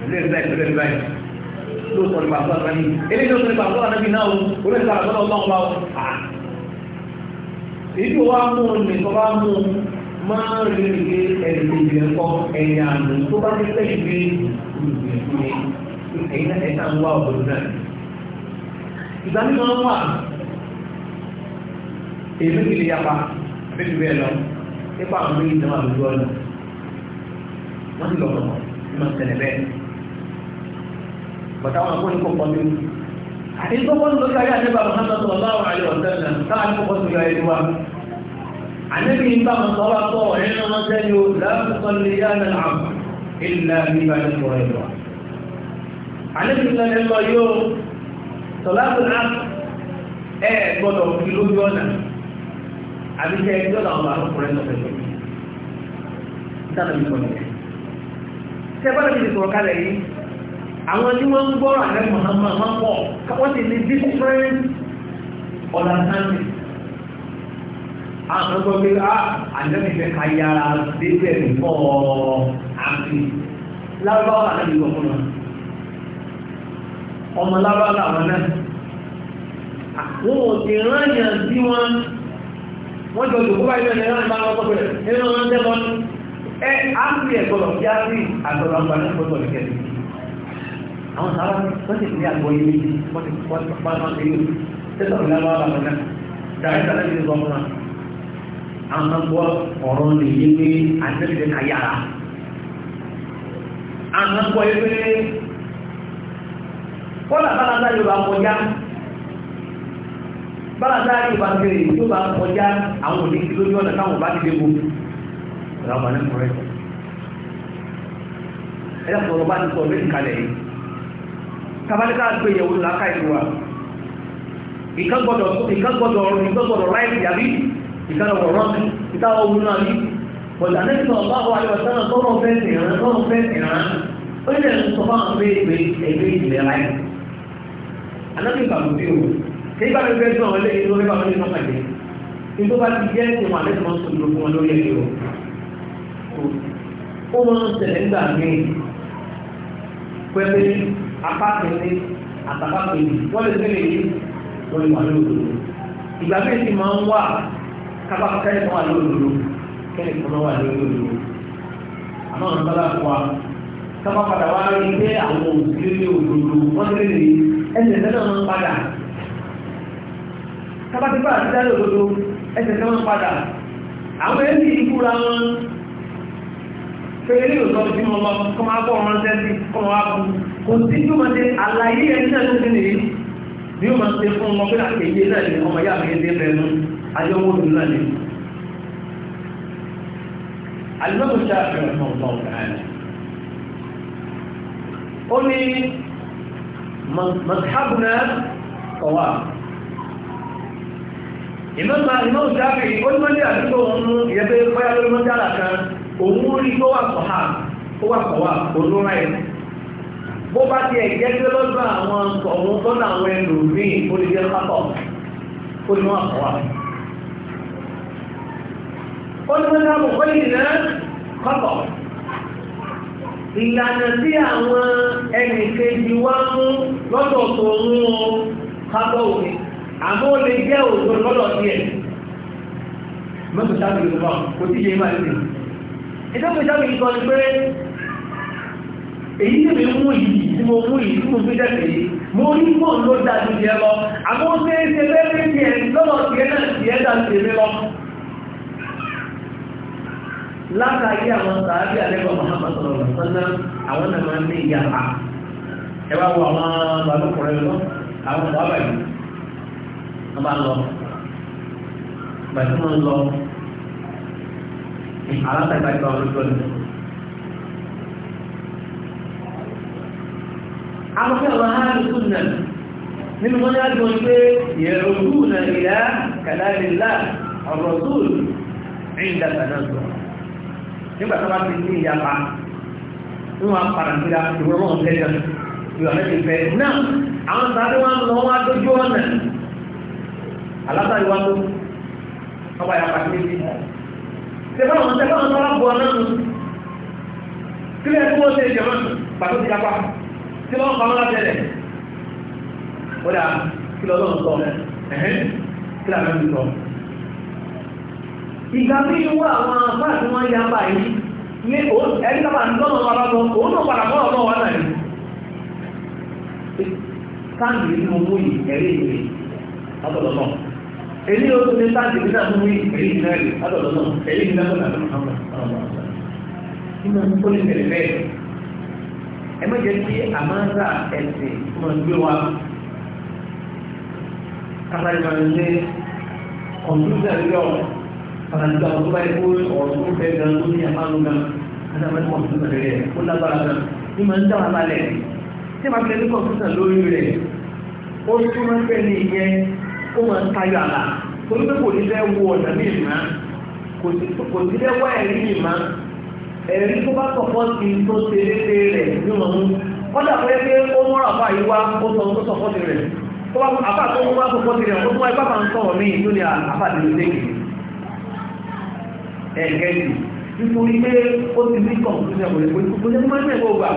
pẹ̀lú ẹ̀rí báyìí pẹ̀lú ẹ̀rí báyìí ló sọ nípa àgbà ní eléyìí ló sọ nípa àgbà náà bí náà o orí ẹ̀ka àgbà náà lọ́wọ́ o ìdí wa mú un nìkan wa mú un máa ń rí ìgbé ẹ̀rí ìgbé ẹ̀kọ́ ẹ̀yà àmì tó bá ti fẹ́ ìgbé ìgbé ẹ̀yìn ẹ̀ka ń wá ọ̀dọ̀ náà ìgbà nípa àwọn méjì náà lójú ọ̀nà wọ́n ti lọ́kọ̀ ní ma tẹ̀lé bẹ́ẹ̀. bàtà wọn kò ní kò pọ̀ nínú. àti ní kókó nínú kárí àti bàbá náà sọ̀rọ̀ láwọn àlè ọ̀sẹ̀ náà táwọn ní kókó nínú ayé wa. àníbi ní bá wọn sọ̀rọ̀ sọ̀ wọ́n yẹn náà sẹ́ni o láàbùsọ̀ lè yá nà àm ilà ní ìbàdí ẹ̀ lọ. àníbi ní ẹ̀ àbí tẹ ẹgbẹ́ làwọn bá lọ́kùnrin lọ́fẹ̀ẹ́ lọ́wọ́ ìtànà ìkọ̀ nìyẹn tẹ bá lọ́kùnrin sọ̀rọ̀ kalẹ̀ yìí àwọn tí wọ́n ń gbọ́ àlẹ́ mọ̀nàmọ́ máa ń pọ̀ káwọn ti ní different understanding àwọn ọgbọ́n pé á ah, àjẹ́mìfẹ́ ka yára débẹ̀ pọ̀ àti lábáwà láti lọ fún wọn ọmọ lábáwà làwọn náà wọn ò ti rányàn sí wọ́n jọ jù kúrò ilẹ̀ ẹ̀rọ ìbára ọkọ̀ pẹ̀lẹ̀ ẹ̀rọ ọ̀rọ̀ tẹ́lọ ẹ áàpì ẹ̀kọ́lọ̀ sí áàpì àgbọ̀lọ̀ àgbàlẹ̀ ìfọ́tọ̀ ìkẹ́ àwọn sábà wọ́n ti ní àgbọ̀ yìí wọ́n ti pọ́n pọ́n pé yóò tẹ́tọ̀ ìlànà àbàmọ̀ náà dáadáa lẹ́yìn ìgbọ̀n náà àwọn gbọ́ ọ̀rọ̀ lè yé pé àtẹ́lẹ̀ náà yára àwọn gbọ́ yé pé kọ́lá bá bára dáa yóò bá gbèrè tó bá kọjá àwọn òní tí lójú ọ̀nà táwọn bá dìde bò ọ̀rọ̀ àwọn ẹ̀kọ́ rẹ̀ ẹ̀dá sọ̀rọ̀ bá ti sọ méjì kalẹ̀ yìí tabalika gbé yẹ̀wò làákà ìlú wa ìkan gbọ́dọ̀ ráìtì àbí ìkan ọ̀rọ̀ rọ́ọ̀tì ọ̀hún náà ní bọ̀dà nẹ́sọ̀ ọ̀bá wa yọ kí bá mi fẹ́ tún àwọn eléyìí lórí bá wọn ní nọ́mbà jẹ́ kí tó bá ti jẹ́ ẹ̀sìn wọn àlẹ́ tó máa ń sọ̀rọ̀ fún wọn lórí ẹ̀yọ́ ó máa ń ṣẹlẹ̀ nígbà míì pẹ́pẹ́ apá kẹ́lẹ́ àtàkà kẹ́lẹ́ wọ́n lè tẹ́lẹ̀ yìí wọ́n lè wà lóòdòdó ìgbà míì ti máa ń wà kápá kẹ́lẹ́ kan wà lóòdòdó kẹ́lẹ́ kan wà lóòdòdó àmọ́ àwọn sábà kọ́ wa sábà padà wá rí pé àwọn òṣèlú kábàtíkà àti dáre òdodo ẹsẹ̀ tí wọ́n padà àwọn ẹni ìkúra wọn fẹ́rẹ́ ìlú lọ́dún tí wọ́n lọ kọ́ máa bọ̀ wọn sẹ́sì kọ́ wọn kò sí tí wọ́n ṣe àlàyé ẹni náà ló ti nìyí bí wọ́n ṣe fún ọmọ pé àti náà ni ọmọ yá mi dé bẹ̀rù ayọ́wọ́ òdùn náà ni. àlùmọ́tò ṣàfihàn ọ̀gbọ̀n ọ̀gbọ̀n ọ̀gbọ̀n ó ní ìmọ̀ta ìmọ̀ ìjábì onímọ̀dé àdúgbò ọ̀hún ìyẹ́bẹ̀ bóyá lórí mọ́jára kan òun rí tó wà sọ̀há ó wà sọ̀wà olóra ẹ̀ bó bá ti ẹ̀ jẹ́ pé lọ́dọ̀ àwọn ọ̀hún lọ́dọ̀ àwọn ẹlòmíì ó lè jẹ́ pápọ̀ ó ìlànà tí àwọn ẹnì wá mú lọ́dọ̀ tòun ó pápọ̀ òní àmọ́ ó lè jẹ́ òṣèlú lọ́dọ̀ sí ẹ̀ mọ́tò sábì yìí lọ́wọ́ kò sí yéé máa ń sìn ìdókò sábì yìí sọ ni pé èyí tí mi mú yìí tí mo mú yìí tí mo fi dẹ́sẹ̀ yìí mo ní mọ̀ ló da ju tiẹ̀ lọ àmọ́ ó ṣe é ṣe lẹ́rìí tiẹ̀ lọ́dọ̀ tiẹ̀ náà tiẹ̀ dá tiẹ̀ mi lọ látàrí àwọn sàábí àlẹ́gbọ̀ Muhammad sọ̀rọ̀ sọ́nà àwọn náà máa ń ní ìyàpá ẹ bá wo àwọn bàbá wọ́n bá lọ gbàtí wọ́n lọ alákàtà ìgbà wọn lójú ọ̀nà. Akọ́kọ́ àwọn aráàlú náà nínú wọn yá jọ pé yẹ̀rọ̀dú na ìlà kàlálìlá ọ̀rọ̀ tóòlù ìdá kàdáńtọ̀. Nígbà tó bá ti ní ìyapa, wọ́n á padà síra ìwọ̀n wọn tẹ́jọ. Ìwà mẹ́tẹ̀ẹ̀fẹ́ náà, àwọn tàbí wọn lọ wọn á ọ̀nà alátàrí wá lórí ọba ìyá pàṣẹ méjì tẹfẹ́ àwọn tẹfẹ́ àwọn tọ́lá bu ọ̀nà nù kílẹ̀ tí wọ́n ṣe ìjọba pàtó ti kápá tí wọ́n pamọ́ láti ẹ̀rẹ̀ ó dà kílọ̀ lọ́nà sọ ẹ̀hẹ́n kílọ̀ àmì ti sọ. ìgbà bí wọ́n àwọn afá tí wọ́n ya bá yìí ní ẹni tábà ń tọ́nà wọn bá lọ òun náà padà bọ́ ọ̀nà wọn náà yìí sáǹdì nínú owó yìí ẹ̀rí ìwé lọ́tọ̀lọ́tọ̀ èyí ló tún ní sáàtì ní náà mú èyí ní náà rí adọ̀dọ̀ náà èyí ní náà náà náà nínú kó lè bẹ̀rẹ̀ bẹ́ẹ̀ ẹ má jẹ́ kí àmáńgà ẹ̀sìn mọ̀ gbé wa kábàlì máa ń lé kọ̀m̀pútà yọ pàtàkì àwọn tó bá yẹ kó ọ̀rọ̀ tó fẹ́ gan tó ní àmàlù gan àti àwọn kọ̀m̀pútà rẹ̀ kó lágbára gan ní máa ń dá wa balẹ̀ tí a máa fẹ́ ní kọ̀m̀pútà lórí rẹ̀ ó túmọ̀ fẹ́ ní ìyẹn ó máa ń tayọ àlà torí pé kò ní fẹ́ wo ọ̀nà ní ìmọ̀ kò sí fẹ́ wá ẹ̀rí ìmọ̀ ẹ̀rí tó bá sọ̀pọ̀ sí tó ṣe léṣe rẹ̀ ní wọn mú kọ́dà pé pé ó mọ́ra àbá yìí wá ó sọ tó sọ̀pọ̀ sí rẹ̀ tó bá àbá tó wá sọ̀pọ̀ sí rẹ̀ ó tún wá ipá kan sọ̀rọ̀ ní ìlú ni àbá ti lè ẹ̀kẹ́jì nítorí pé ó ti ní kọ̀ǹtúnṣẹ́ kò lè pé kò lè máa ń tẹ̀ gbogbo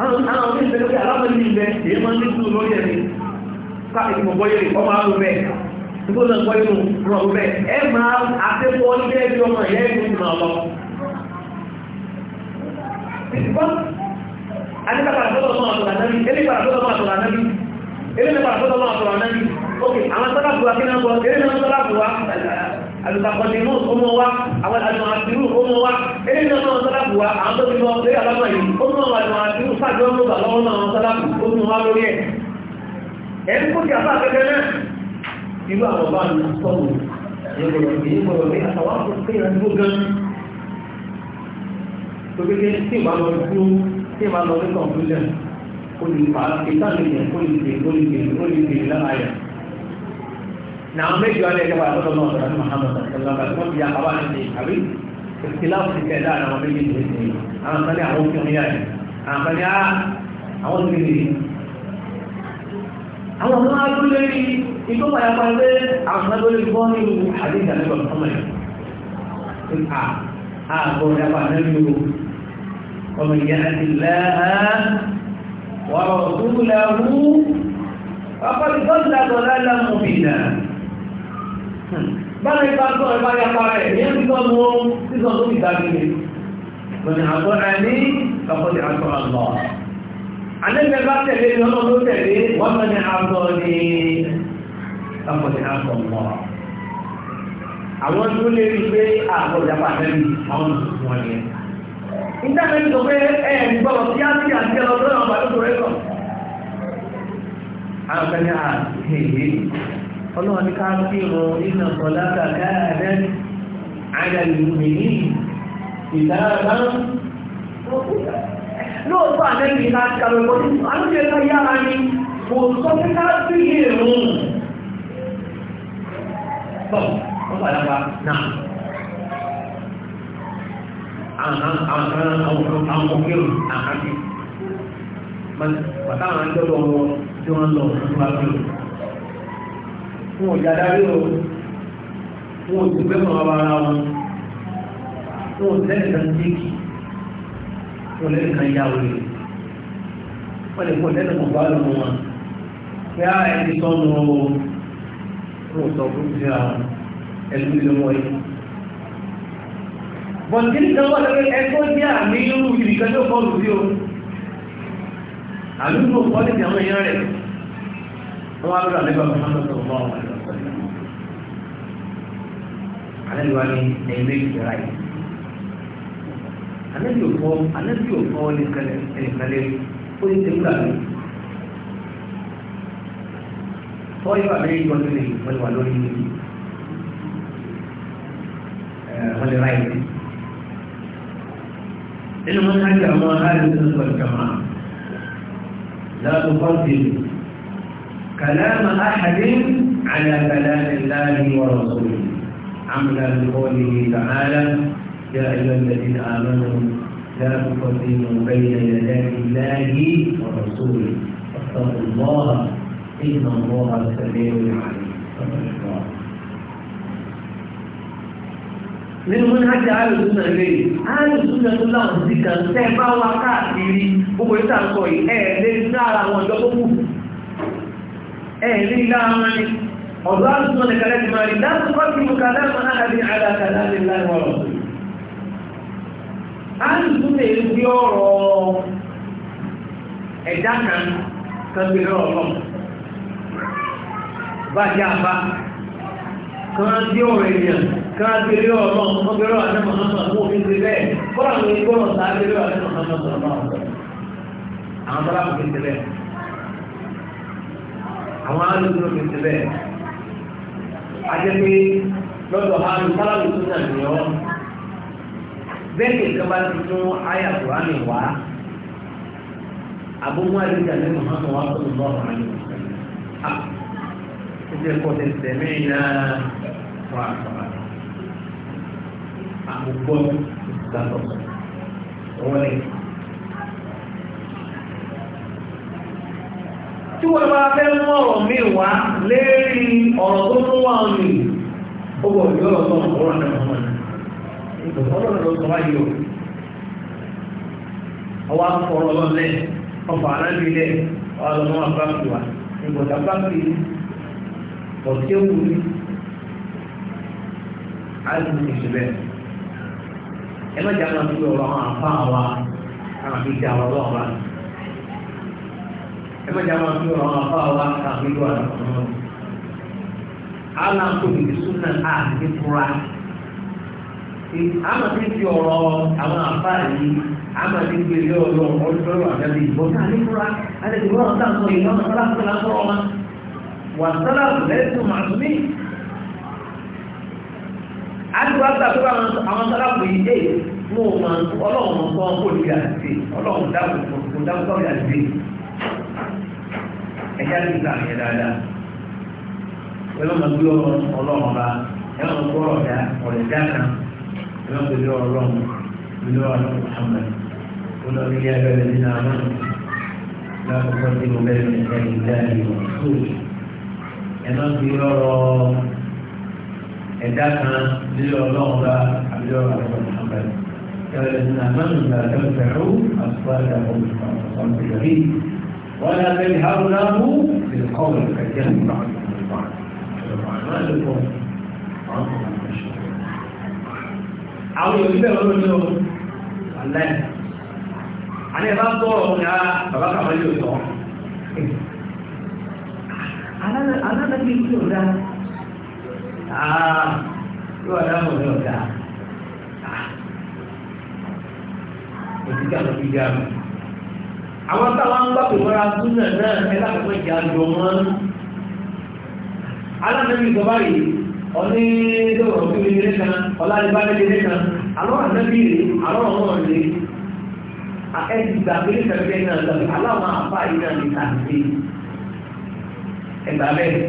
àwọn ọmọ ìṣẹ́lẹ̀ pé káàkiri mọ̀ bọ́yé rẹ̀ ọmọ àwọn bẹ́ẹ̀ nígbó náà bọ́yé nù rọ̀ bẹ́ẹ̀ ẹ máa àtẹ́kọ̀ọ́ jẹ́ bí ọmọ ìyá ìlú ìmọ̀ ọ̀lọ́. ìsìnkọ́n adéka parasọ́tọ̀ ọmọ àtọ̀rọ̀ ànábì elé parasọ́tọ̀ ọmọ àtọ̀rọ̀ ànábì elé ní parasọ́tọ̀ ọmọ àtọ̀rọ̀ ànábì ókè àwọn sábà bùwá kí náà bọ̀ eré náà sábà bùwá àlùkàkọ̀dé náà ọmọ wa àwọn àlùmọ̀ àtìrú ọmọ wa eré náà náà sábà bùwá àwọn tó ti lọ eré àlámà yìí ó mú àwọn àlùmọ̀ àtìrú ẹni kó ti àbá àtẹ́tẹ́ náà irú àwọn ọba mi sọ̀rọ̀ èyí gbọ́dọ̀ pé àtàwọn akọ̀tẹ́ yẹn ló gan tó kékeré tí ìwà lọ dúró tí ìwà lọ ní kọ̀ǹpútà ó lè fà á ìtàlẹ̀ yẹn ó lè dè ó lè dè ó lè dè lára yẹn Muhammad sallallahu alaihi wasallam bí àbá ti ṣe àbí ìsìláàmù ti tẹ̀lé àwọn méjì tó ṣe àwọn kan ní àwọn òfin àwọn ọmọ adó lérí igbó pàyàpá pé àwọn adó lérí bọ́ ní àdé ìdánilọ ọmọlẹ̀ nípa ààbọ̀ ìyàpá nẹ́lú ọmọ ìyá àti lẹ́hà wọ́rọ̀ òkú lẹ́hù ọkọ̀ ìgbọ́nlá gọ́lá lámù bìnà bára ìbá tó ẹ̀bá yàpá rẹ̀ ní ẹ̀bí tó mú sísọ tó ìdágbé lọ́nà àgọ́ àní ọkọ̀ ìdàgbọ́ àlọ́ àlẹ́gbẹ̀ẹ́ bá tẹ̀lé ní ọlọ́run ló tẹ̀lé wọ́n mọ̀ ní àtọ̀ ní ọkọ̀ ní àtọ̀ mọ́ àwọn tó lè rí pé àpọ̀ ìjàpá àtẹ́lú àwọn òṣùwọ̀n wọn ni ìdáhùn ẹni tó pé ẹ ẹ gbọ́dọ̀ sí àti àti ẹ lọ́dọ̀ àwọn àdúgbò rẹ̀ sọ. àwọn kan ní àhèhè ọlọ́run ní ká fi hàn nínú ọ̀la kàkà ẹ̀dẹ́ àyà ìlú mi ní ìdáhùn lóòótọ́ àlẹ́yìn ìlà kàwé kò sí àlùjẹ ká yára ni kò sọ pé ká sí ìrùn. bọ́ọ̀ wọ́n padà wá náà. àwọn àwọn àwọn àwọn òkè àkàtì bàtà àwọn ẹjọ́ lọ wọ tí wọ́n lọ fún abúlé wọn ò yàrá rí o ara wọn wọn ò tẹ́lẹ̀ náà wọn lẹ́nu kan yá wọlé wọn lè kó lẹ́nu kan bá lọ́wọ́ wọn kí á ẹni sọ́nu ó sọ fún ti ra wọn ẹlú ilé wọn yìí. bọ̀dé ní sọ́wọ́ lọ́wọ́ ẹgbẹ́ jẹ́ àmì irú ìrìkan tó kọ́ lù o àmì irú kọ́ lẹ́sìn àwọn èèyàn rẹ̀ wọ́n á lọ́dọ̀ àlẹ́gbà mọ́tò tó wọ́n wọ́n wọ́n. alẹ́ ìwà ni ẹ̀yìn méjì rẹ̀ ráyìí. ànábì ò kọ́ ànábì ò kọ́ ẹnìkanlẹ̀ ó ní tẹ̀wúrà mi tọ́ yóò àbẹ́rẹ́ yìí wọ́n lè wọ́n lè wà lórí wọ́n lè ráyè nínú wọn ká jẹ àwọn aráàlú tó ń sọ ìjọba láàbù fọ́ọ̀tìlì كلام أحد على كلام الله ورسوله عملا بقوله تعالى يا أيها الذين آمنوا لا تقدموا بين يدي الله ورسوله واتقوا الله إن الله سميع عليم nínú wọn ní ájá àrùsúnà lè àrùsúnà tó láwọn sí kan tẹ́ bá wá káàkiri gbogbo ìtàkọ̀ ẹ̀ẹ́lẹ́ lára àwọn ọjọ́ tó kù ẹ̀ẹ́lẹ́ lára wọn ni ọ̀dọ́ àrùsúnà lè kàlẹ́ ti máa rí dáàbò fọ́ọ̀kì mú kàlẹ́ mọ́ náà àbí àdàkàlà lè láìwọ̀rọ̀ a ń tún lè gbé ọ̀rọ̀ ẹ̀dá kan kẹgbẹ́ lọ́rọ̀ lọ́mù bá jẹ́ àbá kan gbé ọ̀rọ̀ ènìyàn kan gbé lọ́rọ̀ lọ́mù kan gbé lọ́rọ̀ àti mọ̀hánmà kó fi ṣe bẹ́ẹ̀ kọ́ra mi gbọ́rọ̀ sáà gbé lọ́rọ̀ àti mọ̀hánmà sọ̀rọ̀ bá wọn àwọn bọ́lá kò alùpùpù ló fi ṣe bẹ́ẹ̀ a pé lọ́dọ̀ ha lùpàlà lùpùpù náà nìyọ́ bẹ́ẹ̀ni ìjọba ti tún àyà kùránì wá àbúmú àdéjà ní muhammadu wa sọ̀rọ̀ lọ́wọ́ àyè à ó ah, jẹ́ kó ti tẹ̀mí iná wà sọ̀rọ̀ àkókò ìgbàgbọ́ wọlé. tí wọ́n bá fẹ́ mú ọ̀rọ̀ mi wá lérí ọ̀rọ̀ tó mú wá mi ó bọ̀ yọ̀rọ̀ tó ń náà wọ́n náà ọlọ́run ló sọ wáyé o ọwọ́ akọ̀rọ̀ ọlọ́run lẹ́ ọkọ̀ aráàlú lẹ́ ọlọ́run wà bá fi wà ìgbọ̀dá bá fi ọ̀tí ewu ni àdùn ìṣẹ̀lẹ̀ ẹ má jẹ́ àwọn àti ọ̀rọ̀ àwọn àfa wa àwọn àti ìjà ọ̀rọ̀ wa ẹ má jẹ́ àwọn àti ọ̀rọ̀ àwọn àfa ìjà ọ̀rọ̀ wa. Alam tó fi sunna a ní fura àmàdé ti ọ̀rọ̀ àwọn àfá yìí àmàdé gbé ilé ọ̀rọ̀ ọ̀rọ̀ àjáde ìbọn náà ní fúra àdẹ̀dẹ̀ wọ́n ọ̀tá sọ ìlú ọ̀nà sọ́lá sọ́lá sọ́rọ̀ wọn wà sọ́lá lẹ́sùn màtúmí. àdúrà gbà pé àwọn sọ́lá kò yí dé mú o máa ọlọ́run mọ̀ sọ́ kó lè àti ọlọ́run dáhùn kò dáhùn sọ́ọ̀rì àti ẹ̀já ti gbà yẹn dáadáa. wọ́n máa gbé ọlọ́run ọba ẹ̀rọ رب جوع الرحمة بجوع محمد قل يا الذين آمنوا لا تقدموا بين يدي الله ورسوله ẹ̀nà fi rọrọ ẹ̀dá kan lílọ ọlọ́run bá àbíọ́ àwọn ọ̀hánbẹ́ kẹlẹ́ ẹ̀sìn àmọ́nù náà tẹ̀sẹ̀rú àtúwá ìdàgbọ́ ọ̀sán ìyọ̀rí wọ́n yà bẹ́ẹ̀ hàrù náà mú ìkọ́wé kẹjẹ́ nípa àwọn ọ̀hánbẹ́ àwọn èèyàn níbẹ̀ lọ́rọ̀ ní ọmọ aláì alẹ́ bá sọ̀rọ̀ ọmọ ya ah, bàbá kàmá yóò sọ alálàbí tí ò dá àà ah, yóò wà dáhùn ní ọ̀dà òtítà ah. lọ fi dá mi àwọn táwọn ń gbàgbé mọ́ra súnà náà ẹ láti fẹ́ mọ́ alálàbí sọ báyìí ọní lọ́rọ̀ tó lè lé kan ọláyébá lè lé kan àwọn ànábì rè àwọn ọmọ rè ẹgbà pé kẹ̀kẹ́ náà lọ aláwọn àbá yìí náà ní kàdé ẹgbà bẹ́ẹ̀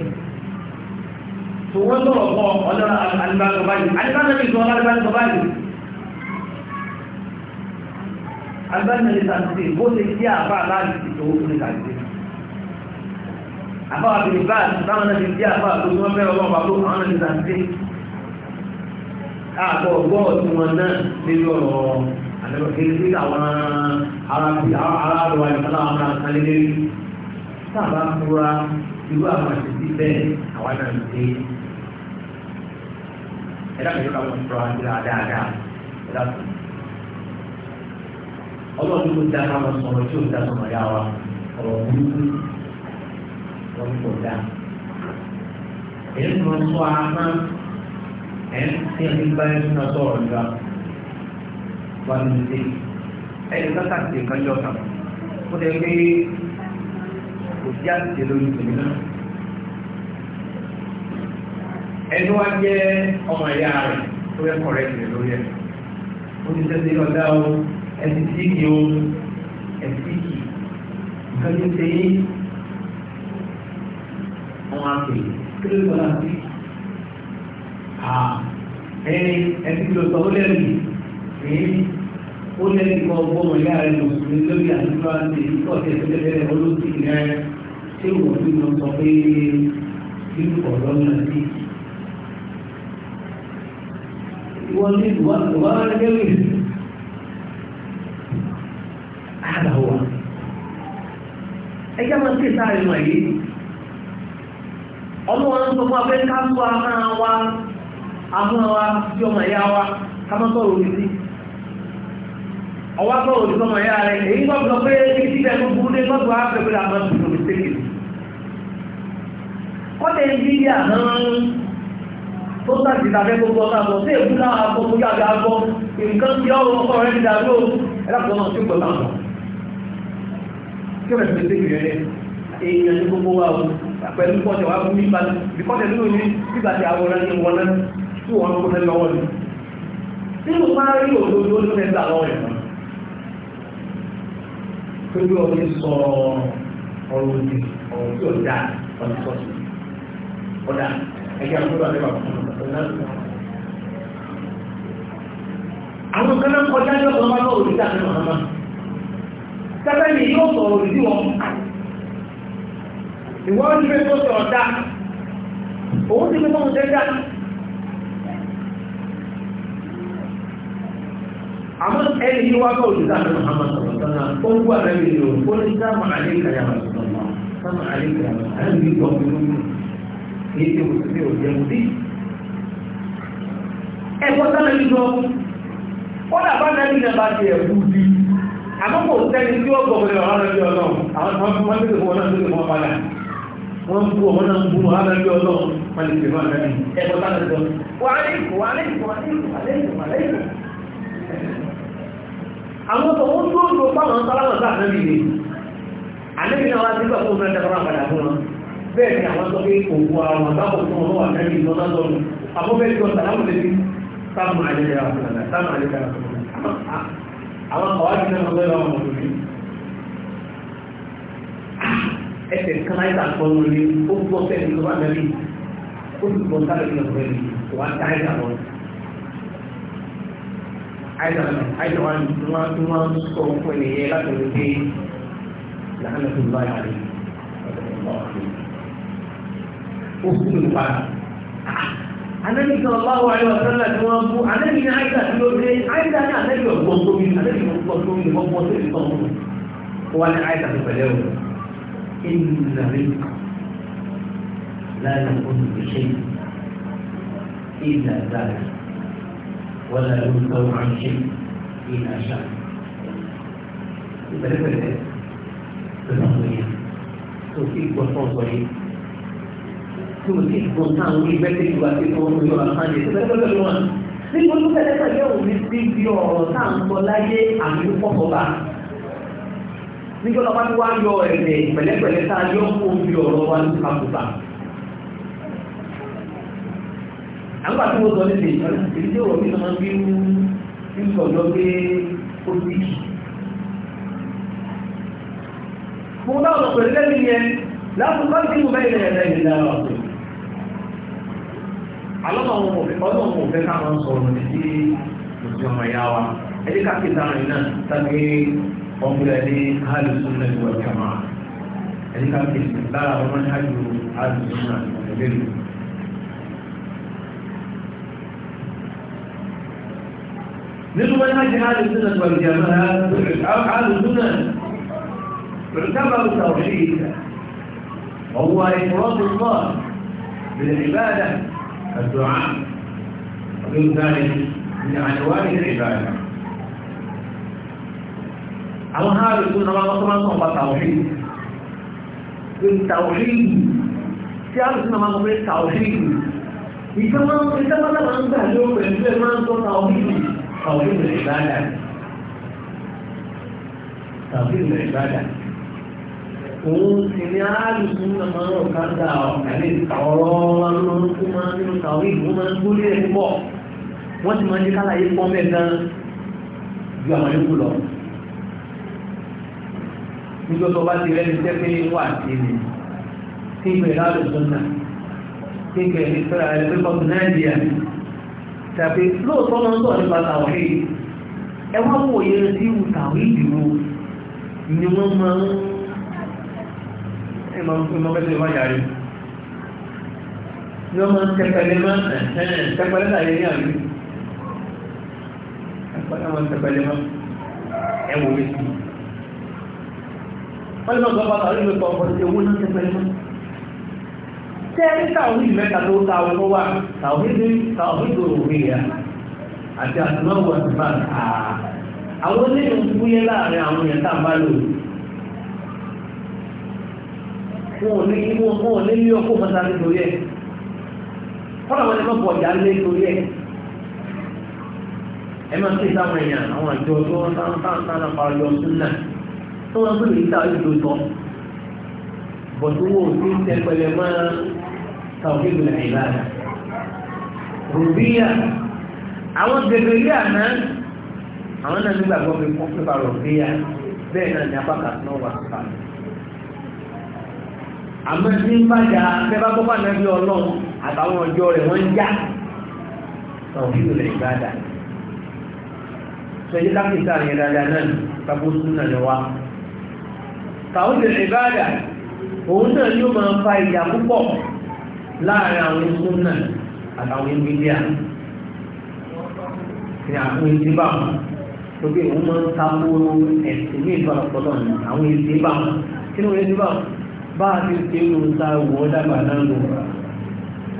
tó wọ́n lọ́rọ̀ pọ̀ ọlọ́rọ̀ alibáńgọ báyìí alibáńgọ bí sọ alibáńgọ báyìí alibáńgọ lè kàdé bó ṣe kí àbá aláàbì tó ó lè kàdé àbáwà bìrì bá táwọn náà ti dí àbá tó tí wọ́n fẹ́ ọlọ́run bá tó àwọn náà ti dà sí àbọ̀ ọgbọ́ ọ̀tún wọn náà nínú ọ̀rọ̀ àdẹ́gbẹ̀kẹ́ sí àwọn aráàlú àìsànlá àwọn àkàlẹ́lẹ́ sábà fúra irú àwọn àṣìṣí bẹ́ẹ̀ àwọn náà ń dé ẹ̀dá kẹjọ káwọn fúra síra dáadáa ẹ̀dá kù ọlọ́run tó dáa káwọn sọ̀rọ̀ tí ó dáa sọ̀rọ̀ yá wa ọ̀rọ̀ burúkú wọn ní kò dáa èyí ló ń sọ àmà ẹ̀ ń tí ẹni bá ẹ sún ọtọ ọ̀rọ̀ ìgbà wà ní ìdí ẹni kọ́kà sí ìkanjọ́ kan ó lè gbé kò sí àtìsẹ́ lórí ìpínlẹ̀ náà ẹni wá jẹ́ ọmọ ìyá rẹ̀ tó yẹ kọ̀rẹ́ ìpínlẹ̀ lórí ẹ̀ ó ti tẹ́sí ọ̀dá o ẹ̀sìn síkì o ẹ̀sìn síkì nǹkan tó ṣe yín wọn pè kí ló lọ́la sí. ẹni ẹni tí o sọ ó lẹ́nu yìí ó lẹ́nu kọ́ ọgbọ́n ìyá rẹ̀ lò ní lórí àdúrà ṣe kíkọ́ ṣe tó lẹ́lẹ́ olóṣì rẹ̀ ṣé wọ́n fi mọ sọ pé kí ọ̀rọ̀ náà sí. wọ́n ní ìwà rẹ̀ lè هذا هو أيام القطاع المالي ọlọ́wọ́n ń sọ fún abẹ́ ká sọ ahọ́n wa ahọ́n wa sí ọmọ ìyá wa ká má sọ̀rọ̀ òdì sí ọwọ́ sọ̀rọ̀ òdì sọmọ ìyá rẹ̀ èyí wọ́n sọ pé ibi tí ìdẹ́nu burú dé lọ́dọ̀ á pẹ̀lú àmọ́ ìṣòro ìṣèlè kọ́tẹ̀ ibi yà náà tó sáàtì tàbí gbogbo ọ̀nà àbọ̀ sí èkú náà àbọ̀ mú yàgbé àbọ̀ èèyàn ní gbogbo wa ọ̀hún pẹ̀lú kọ́tẹ̀ wá fún nípa bíkọ́tẹ̀ nínú ní nígbà tí àwọn ọ̀rẹ́ wọn náà tí wọ́n kó fẹ́ lọ́wọ́ ni tí mo máa rí òdodo ló fẹ́ gbà lọ́wọ́ ẹ̀mọ́ tó bí ọdún sọ ọ̀rọ̀ òdì ọ̀rọ̀ tí ọ̀dà ọ̀dà ọ̀dà ẹ̀jẹ̀ àkókò àti bàbá àwọn kan náà kọjá ní ọ̀dọ́ máa lọ́wọ́ òdì ìwọ́n ní pé tó sọ̀rọ̀ dá òun ti fi fóun dẹ́dá àmọ́ ẹni yìí wá bọ́ọ̀lù láàrin Muhammad sọ̀rọ̀sọ́nà ó ń gbọ́ àrẹ mi lò ó ní sáàmù àlékàyà sọ̀rọ̀sọ́nà sáàmù àlékàyà àrẹ mi gbọ́ mi lóyún kì í ṣe òṣìṣẹ́ òjẹun bí. ẹ̀kọ́ sáà mi lọ ó dàbá náà ní nàbà ti ẹ̀kú bí àmọ́ kò sẹ́ni tí ó gbọ̀ wọ́n ń bú ọmọ náà ń bú wọn ábẹ́ bí ọlọ́run wọn lè tẹ̀lé àgbà ní ẹ̀kọ́ táwọn sọ àwọn tó wọ́n tó lò fáwọn sálámà sáà náà lè àlébí náà wá sí pẹ̀lú ọmọ ẹ̀dẹ́gbọ́n àgbàdà fún wọn bẹ́ẹ̀ ni àwọn sọ pé òkú àwọn àbábọ̀ fún ọmọ wà náà lè lọ́nà lọ́nà àbúbẹ́ tí wọ́n sàlámù lè fi sáàmù àlejò àwọn ọ̀nà sáàmù àlejò àwọn àwọn ọ̀wá ẹsẹ̀ kan láì tà gbọ́n lórí ó gbọ́ sẹ́ni tó bá lẹ́lí ó sì gbọ́ sáré ní ọ̀rẹ́ mi kò wá sí àìsàn lọ. àìsàn wa ni wọ́n tún wá ń sọ fún ẹnìyẹn láti lè dé làánà tó bá yàrá rẹ̀ ó sì lè pa. Anẹ́bí sọ̀rọ̀ báwo àyọ̀ sọ́lá tí wọ́n bú Anẹ́bí ní àìsàn tí ó dé àìsàn ní Anẹ́bí ọ̀gbọ́n tóbi Anẹ́bí ọ̀gbọ́n tóbi ọ̀gbọ́n tóbi sọ̀rọ̀ wọn ni àìsàn tó pẹ̀lẹ́ òun. إن الرزق لا يكون بشيء إلا ذلك ولا ينكر عن شيء إلا شاء ìbẹ̀rẹ̀bẹ̀rẹ̀ lọ́wọ́ yẹn tó fi gbọ́ sọ́ọ̀sọ̀ yìí tí o ti gbọ́ sáà ní ìbẹ́tẹ̀ ìwà tí wọ́n ń yọ àkáǹdì ìbẹ̀rẹ̀bẹ̀rẹ̀ lọ́wọ́ nígbà tó bẹ̀rẹ̀ pẹ̀lú òun ní bí ọ̀rọ̀ sáà ń sọ láyé àmì pọ̀pọ̀ bá nígbà tó bá ti wá yọ ẹ̀rẹ̀ pẹ̀lẹ́pẹ̀lẹ́ tá a yọ omi ọ̀rọ̀ wa ní kàkùtà. àwọn àti wọ́n sọ ní ṣe ìtàn èyí tí ọ̀rọ̀ mi máa ń bí mú sí ìsọ̀jọ́ pé ó ti kì. mo bá wọn pẹ̀lú lẹ́nu yẹn lásìkò tí mo bá ilẹ̀ ẹ̀rẹ́ ìlera ọ̀sẹ̀. alọ́nà ọmọ òfin ọdún káwọn sọ̀rọ̀ ní sí òsì ọmọ ìyá wa ẹ̀dí ọmọlẹ̀ ní alùsùnà ìwà ìkàmà ẹni ká fi lára ọmọ ìhájú alùsùnà ìwẹ̀lú nínú wọn ìhájú alùsùnà ìwà ìkàmà alùsùnà تعتبر توحيد وهو إفراد الله بالعبادة الدعاء ومن ذلك من عنوان العبادة àwọn hàrí tó náà wọ́n tó máa ń sọ pàtà òṣèlú pé tàòṣèlú tí a lè sí náà máa ń sọ pé tàòṣèlú ìjọba ìjọba máa ń gbà ló pẹ̀lú ẹ̀ máa ń sọ tàòṣèlú tàòṣèlú ìbádà tàòṣèlú ìbádà òun sì ni hàrí tó náà máa ń rọ̀ káńdà ọ̀kàlẹ̀ ọ̀rọ̀ wọn ló níjọ́ tó bá ti rẹ́ni tẹ́ pé wà sí ni tí ìpè láàrú sọ́nà tí ìpè ìfẹ́ra ẹgbẹ́ kọ́tù nàìjíríà tàbí lóòótọ́ ló ń sọ nípa tàwárí ẹ wá wòye sí ìwù tàwí ìdìbò ni wọ́n máa ń ẹ máa ń fẹ́ sọ ìwájà ni wọ́n máa ń tẹpẹlẹ máa ń tẹpẹlẹ láyé ní wọ́n lọ́dọ̀ bá tàbí ìlú ọ̀pọ̀ owó náà ti pẹ̀lú tẹ́rí tàwọn ìmẹ́ta tó ta ọkọ̀ wà tàwọn ìlú òwe yà àti àtúnwò àtúnbà àwọn onílù fúyẹ́ láàrin àwọn èèyàn tá a bá lò wọn ò ní wọn ò ní ilé ọkọ̀ mọ́ta nítorí ẹ̀ kọ́nà wọn ni wọ́n pọ̀ jà lé torí ẹ̀ ẹ máa ń pè sáwọn èèyàn àwọn àjọ tó ń tán tán tán náà parí ọdún náà tó wọ́n gbèrò ìta ìlú tọ́ bọ̀tú wo ti tẹ pẹlẹ mọ́ tàwọn ìlú àìlá rùbíyà àwọn gègé ilé àná àwọn náà nígbàgbọ́ pé fún pípa rùbíyà bẹ́ẹ̀ náà ní apákà náà wà sípa àmọ́ tí ń bàjá bẹ́bá bọ́bá náà bí ọlọ́run àtàwọn ọjọ́ rẹ̀ wọ́n ń já tàwọn ìlú àìlá dà sọ yìí káfíńtà yẹn dáadáa náà tàbó sún náà lọ fàúdì ìbáàdà òun náà yóò máa fa púpọ̀ láàrin àwọn náà àtàwọn díà ní àwọn bá wọn òun máa ń ẹ̀sìn ní àwọn bá wọn kí bá wọn bá a ti ṣe ń ta wọ́ dàgbà náà lò wọ́n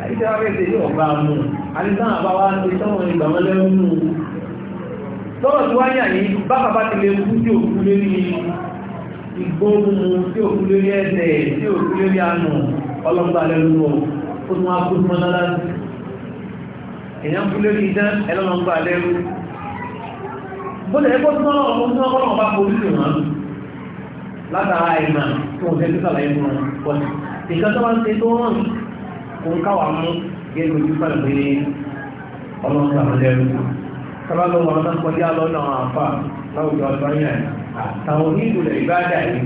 àìsí àwọn yóò bá a mú àdìsán àbáwá ti sọ́wọ́n ìgbà wọn lẹ́rú ìgbóhùn tí òkú lórí ẹ̀sẹ̀ tí òkú lórí àánú ọlọ́gbà lẹ́nu ó tún wá kú mọ́ lọ́lá èèyàn kú lórí iná ẹlọ́lọ́gbà lẹ́nu bọ́lẹ̀ ẹgbọ́ tí wọ́n lọ́wọ́ tí wọ́n bá forí lè wọ́n látara ìmọ̀ tí wọ́n fẹ́ tó sàlàyé fún wọn pọ̀ nǹkan tó bá ń ṣe tó hàn kò ń káwà mú gẹ́gẹ́ ojú pẹ̀lú pé ọlọ́gbà lẹ́nu sábà lọ́wọ́ ọlọ́gbà lọ́nà توحيد العبادة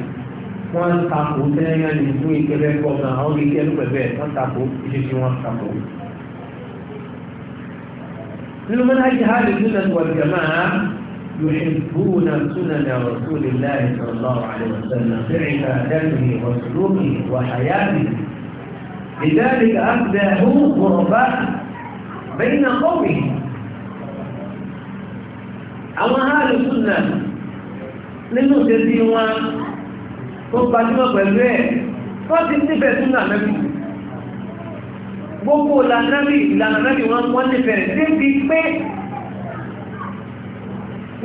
wọ́n takò tẹ́lẹ̀ ní fún ìkẹlẹ́ gbọ́gbọ́n àwọn olùkẹ́ ẹlùpẹ̀lẹ́ wọ́n takò ìṣẹ́ṣẹ́ wọn takò nínú mọ́nà jẹ́ يحبون سنن رسول الله صلى الله عليه وسلم في عبادته وسلوكه وحياته لذلك أبداه غرباء بين قومه أما هذه السنة nínú ìṣẹ́bí wọn tó gbajúmọ̀ pẹ̀lú ẹ̀ wọ́n ti nífẹ̀ẹ́ sínú ànábì gbogbo lànábì ìlànà nábì wọn wọ́n nífẹ̀ẹ́ débi pé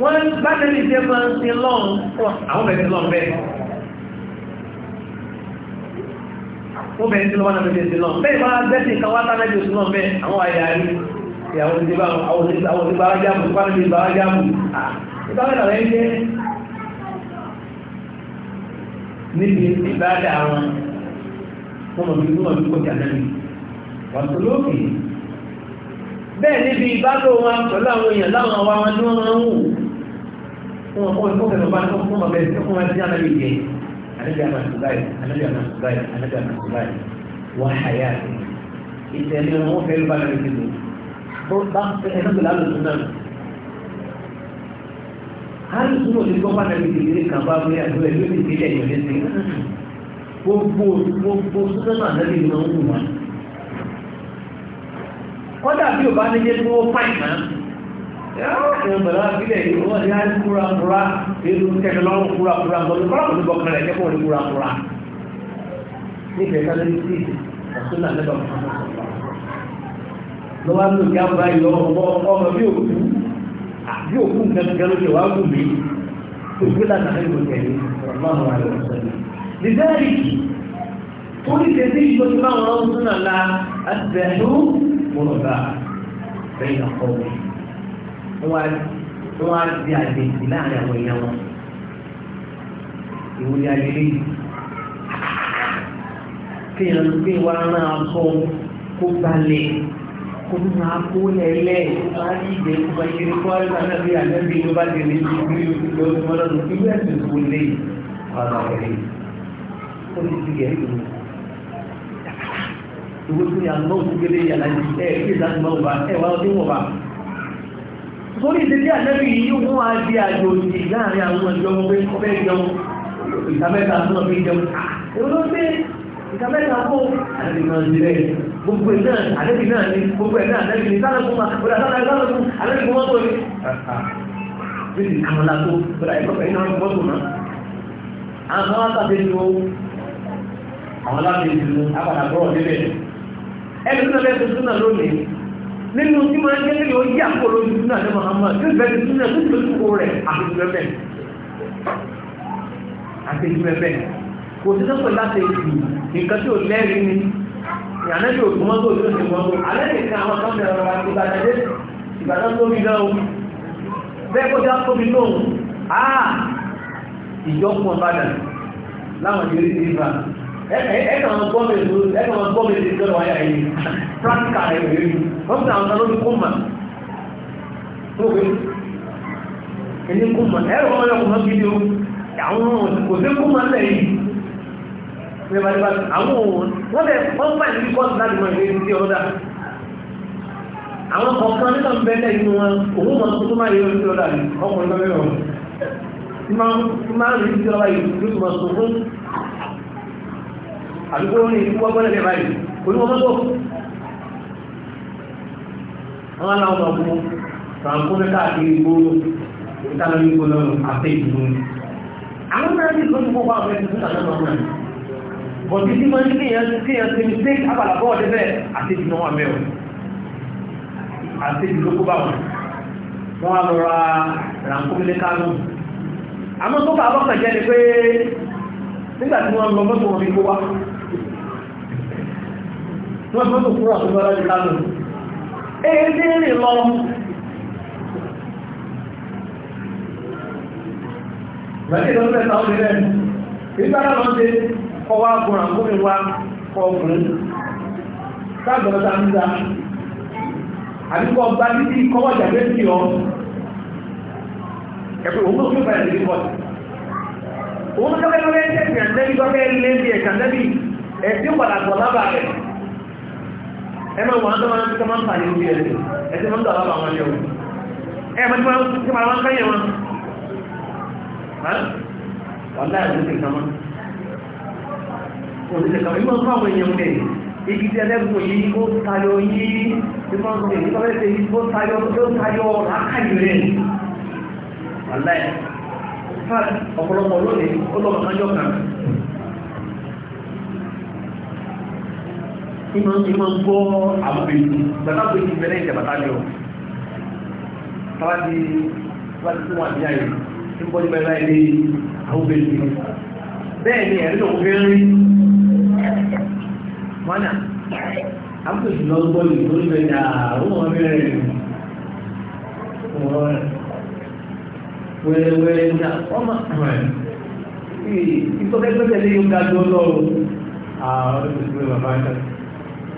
wọ́n bá nẹ́bí jẹ́ máa ń sin lọ́n àwọn bẹ̀rẹ̀ lọ́n bẹ́ẹ̀ wọ́n bẹ̀rẹ̀ sí lọ́wọ́ náà bẹ̀rẹ̀ sí lọ́n bẹ́ẹ̀ bá bẹ́sì kan wá tánẹ́bí òsì lọ́n bẹ́ẹ̀ àwọn àyà rí ìyàwó ti bá àwọn ti bá wájá mú níbi ìbáàdà wọn wọn mọ̀ bí wọ́n bí kò jà náà wà tó lókè bẹ́ẹ̀ níbi ìbádò wọn pẹ̀lú àwọn èèyàn láwọn àwa wọn tí wọ́n máa ń wù wọn kọ́ ìfọ́fẹ́ lọ́ba tó fún ọmọ ẹ̀sìn fún ẹ̀sìn àná lè jẹ ànábì àmà ṣùgbáyì ànábì àmà ṣùgbáyì ànábì wọ́n àyà ìtẹ̀lé wọn fẹ́ẹ́ hali sunu ni kọ́ bàtà bíi kékeré kan bá wọlé àti wọlé lórí ìpínlẹ̀ ìyọ̀ lẹ́sẹ̀ gbogbo gbogbo sọ́sọ́nà àdáni ni wọ́n ń wù wá. kọ́dà bí o bá ní jẹ́ kí wọ́n fáìn náà ẹ̀rọ bẹ̀rẹ̀ àbílẹ̀ yìí wọ́n ti á ní kúrakúra èlò kẹfẹ́ lọ́rùn kúrakúra bọ́ọ̀lù kọ́lá kò ní bọ̀ kan rẹ̀ jẹ́ kó wọ́n ní kúrakúra. nífẹ̀ẹ́ ká lórí sí ọ̀sùn náà lẹ́bàá àbí òkú gangan lókè wá wù mí gbogbo lànà ẹ̀rọ tẹ̀lé ọ̀gbọ́n wa lọ sẹ́yìn. Nìbẹ́rì torí tẹ̀sí ìṣó ti máa wọ́n tún náà la àtẹ̀lú mọ̀lọ́gà bẹ́ẹ̀ náà kọ́ kókó máa kó lẹ́lẹ́ láti ìgbẹ́ ìgbà ìṣẹ́lẹ̀ kó àríwá náà bí àjẹ́bí ló bá dé léjì ní ìlú ọdún ìlú ẹ̀sìn tó lé ọ̀nà ọ̀rẹ́ ó ti ti gẹ̀ẹ́ ìlú ìwé tó yà lọ́wọ́ tó gẹ́lẹ́ yà láti ẹ̀ kí ìdájú máa wà ẹ̀ wá ọdún wọ̀ bá sórí ìdí tí àjẹ́bí yìí mú wa di àjòjì láàrin àwọn ọjọ́ ọgbẹ́ jẹun ìtàmẹ́ta tó lọ fi jẹun ìrọ̀lọ́sẹ̀ ìtàmẹ́ta kó àti ìrọ̀lọ́sẹ̀ gbogbo ẹ̀ náà àlẹ́bí náà ni gbogbo ẹ̀ náà àlẹ́bí ni sálẹ̀kùn ma ọ̀dà sálẹ̀kùn àlẹ́bí mọ́tò ni bíbí kàmọ́lá tó ọ̀dà ẹ̀kọ́fẹ́ iná mọ́tò náà àwọn alábẹ́ ni ó àwọn alábẹ́ ni ó abàdà bọ́ọ̀ débẹ̀ ẹni tó lọ́lẹ́ tuntun náà lónìí nínú tí máa ń jẹ́ nílò yí àkóró tuntun náà ní Muhammad tó bẹ̀rẹ̀ tuntun náà tó tuntun kó rẹ̀ àtẹ̀jùmẹ́fẹ́ àtẹ̀jùmẹ́fẹ́ kò sí sọ́kọ̀ láti ìlú nǹkan tí ò lẹ́rìí ni ìyànẹ́bí òkú mọ́tò tí ó ti mọ́tò alẹ́ nìkan àwọn kan bẹ̀rẹ̀ ọ̀rọ̀ àti ìbàdàdé ìbàdàn tó bí náà bẹ́ẹ̀ kó já tó bí lóhùn áà ìjọpọ̀ bàdà láwọn ìrírí ti bá ẹ̀kàn gọ́ọ̀mẹ̀tì ìjọba wáyà yìí practical ẹ̀rọ yìí wọ́n ti àwọn kan lórí kó mà tó wé ẹni kó mà ẹ̀rọ nígbà nígbà àwọn òun wọ́n lẹ̀ wọ́n pàì ní kọ́ọ̀tù láti mọ ìwé ní ti ọ̀dà àwọn kọ̀ọ̀kan nígbà ń bẹ́ẹ̀ nínú wọn òun mọ̀ tó máa yẹ ní ọ̀dà yìí ọkùnrin lọ́wọ́ yọ̀ máa ń rí ti ọba yìí ló ti mọ̀ sọ fún àdúgbò ní ikú wọ́gbọ́n lẹ́ báyìí onímọ̀ mọ́tò àwọn aláwọ̀ ọ̀gbọ́n sàǹkóní káàkiri gbóòrò ìtàlẹ́ ìgbóòrò àti ìgbóòrò àwọn náà ní ìgbóòrò púpọ̀ bọ̀dí tí máa ń kíyàn kíyàn ti ní sí abàlàbọ̀ ọ̀dẹ́ bẹ́ẹ̀ àti ìdùnnú wà mẹ́wọ̀ àti ìdùnnú kó bá wọn wọn á lọ ra ràǹkómìlẹ́ kánú àmọ́ tó bá wọn kàn jẹ́ ni pé nígbà tí wọ́n lọ mọ́tò wọn fi kó wá wọ́n fi mọ́tò kúrò àti bọ́lá kánú èyí ní rìn lọ Ìgbàdí ìdọ́gbẹ́ta ó lè rẹ̀. Ìgbàdá lọ́dẹ kọ wá gùn àkómi wá kọ ọkùnrin sábẹ̀ọ́ta ń da àdúgbò ọgbà títí kọ́wọ́ jàgbé sí ọ ẹ̀pẹ́ òun ló fi bàyà lè bọ̀ òun tó bẹ́ẹ̀ lọ́wọ́ ẹ̀ṣẹ́ ìrìn àtẹ́bí tó bẹ́ẹ̀ lé ní ẹ̀ka tẹ́bí ẹ̀sìn padà bọ̀ lábà rẹ̀ ẹ máa wọ́n tó máa ń tó máa ń pàdé ní ẹ̀sìn ẹ̀sìn máa ń tọ̀ lábà wọn lẹ́wọ̀ ẹ̀ máa tó máa ń òṣìṣẹ́kà ìmọ̀ fún àwọn èèyàn pé ibi tí ẹlẹ́gùn yìí ó tayọ yìí ìmọ̀ fún èyí tó fẹ́ ó tayọ ó tayọ lákàyè rẹ̀ wàláì fat ọ̀pọ̀lọpọ̀ lónìí ó lọ́mọ kájọ kan ìmọ̀ ìmọ̀ gbọ́ àbúgbèjì gbàtàgbèjì bẹ̀rẹ̀ ìjàbàtà ni ó tàbá ti wá ti fún wa ní àyè tí ń bọ́ mọ́nà àpèjì lọ gbọ́ yìí lórí bẹ́ẹ̀ dà àwọn ọmọ rẹ̀ ọ̀rọ̀ rẹ̀ wẹ̀rẹ̀wẹ̀rẹ̀ ní ọmọ rẹ̀ ìtọ́kẹ́gbẹ́sẹ̀ lé yóò ga jọ lọ́rùn àwọn ìgbésẹ̀ bàbá rẹ̀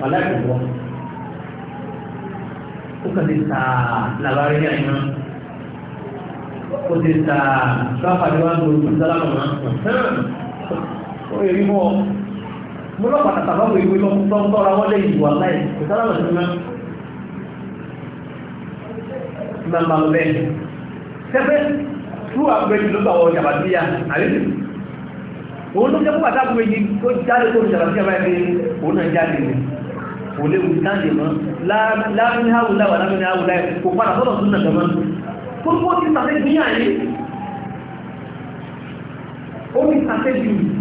aláìkọ̀wọ́ ó kàn ti ta làbárí àyàn ó ti ta bá pàdé wá lórí ìsálámù náà ó yẹ mímọ́ mo lọ bàtà tàbá wo ìwé lọ́kùn tó ń tọ́ra wọ́n lẹ́yìn ìwà láì kò sára lọ sí mi máa máa bẹ́ẹ̀ tẹ́fẹ́ tú àgbẹ̀jù ló bá wọ jàbàdíyà àbí òun ló jẹ́ fún bàtà àgbẹ̀jù tó jáde tó jàbàdíyà báyìí òun náà jáde ni kò lè wù dáńdè mọ́ láàrin àwùlá wà láàrin àwùlá kò padà sọ́dọ̀ tún nàgbà mọ́ tó ti sàfẹ́ gbìyànjú ó ti sàfẹ́ gbìyànjú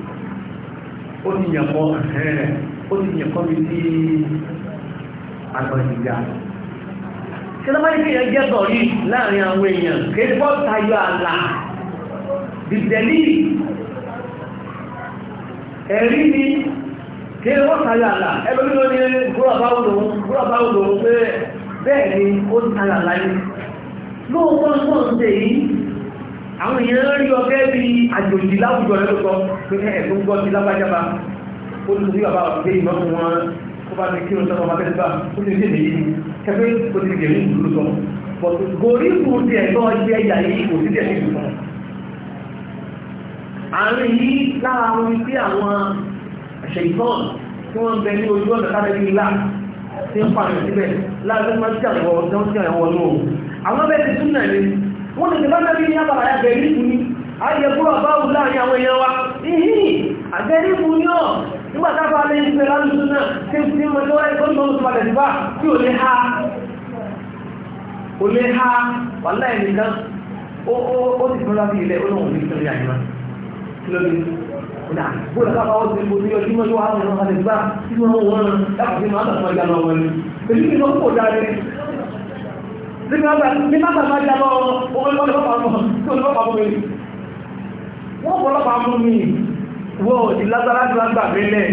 ó ti yànbọ̀ ẹ̀rẹ̀ ó ti yànbọ̀ mi sí àgbàjìjà kí ló máa ń fi yàn jẹ́bọ̀ rí láàrin àwọn èèyàn kébọ́ tayọ àlà dìdẹ̀lì ẹ̀rí ni kébọ́ tayọ àlà ẹlòmí ló ní búrọ̀bá òdòun pé bẹ́ẹ̀ ni ó tayọ àlà yìí lóòótọ́ yìí àwọn èèyàn rí ọgẹ́ bí àjòjì láwùjọ rẹ̀ lóòtọ́ pé ẹ̀kún gbọ́ ti lágbàjába ó ti rí bàbá òṣèré ìmọ̀mù wọn tó bá ti kí ló sọ́kọ̀ bàbá ẹ̀dùbà ó ti rí èyí kẹfẹ́ ó ti gẹ̀rí ìlú lóòtọ́ but gorí kù ti ẹ̀tọ́ ẹgbẹ́ ẹ̀yà yìí kò sí jẹ̀ sí ìlú àárín yìí lára wọn sí àwọn àṣẹ ìtọ́n tí wọ́n bẹ ní ojú ọ̀nà káàkiri ńlá tí ń pààyàn síbẹ̀ láàrín máa ń jà wọ́n tí wọ́n ti àwọn ọlọ́run àwọn bẹ́ẹ̀ ti tún náà wọ́n lè bá tàbí ní àbàrà ya bẹ̀rí fún ní ayẹ̀kúrò àbáwù láàrin àwọn èèyàn wa ìhìn àbẹ̀rí fún ní ọ̀ nígbàtàbà alẹ́ ìfẹ́ lálùsùn náà tí ó ti mọ̀ lọ́wọ́ ẹgbẹ́ ìgbọ́n tó balẹ̀ síbá tí ò lè ha ò lè ha wà láì nìkan ó ti fún láti ilẹ̀ olóhùn ní ìtọ́jú àyíká lórí ọ̀nà bóyá káfà ó ti bojú ọdún mọ́jú wa àwọn ọmọ balẹ̀ síbá tí wọ́n wọ́n dákùnrin máa ń bàtà ní bàbá bá jábọ̀ ọlọ́pàá mọ̀ tí ọlọ́pàá mọ̀ mi wọ́n ọlọ́pàá mọ̀ mi wọ́n ìlágbára gbàgbà mi lẹ̀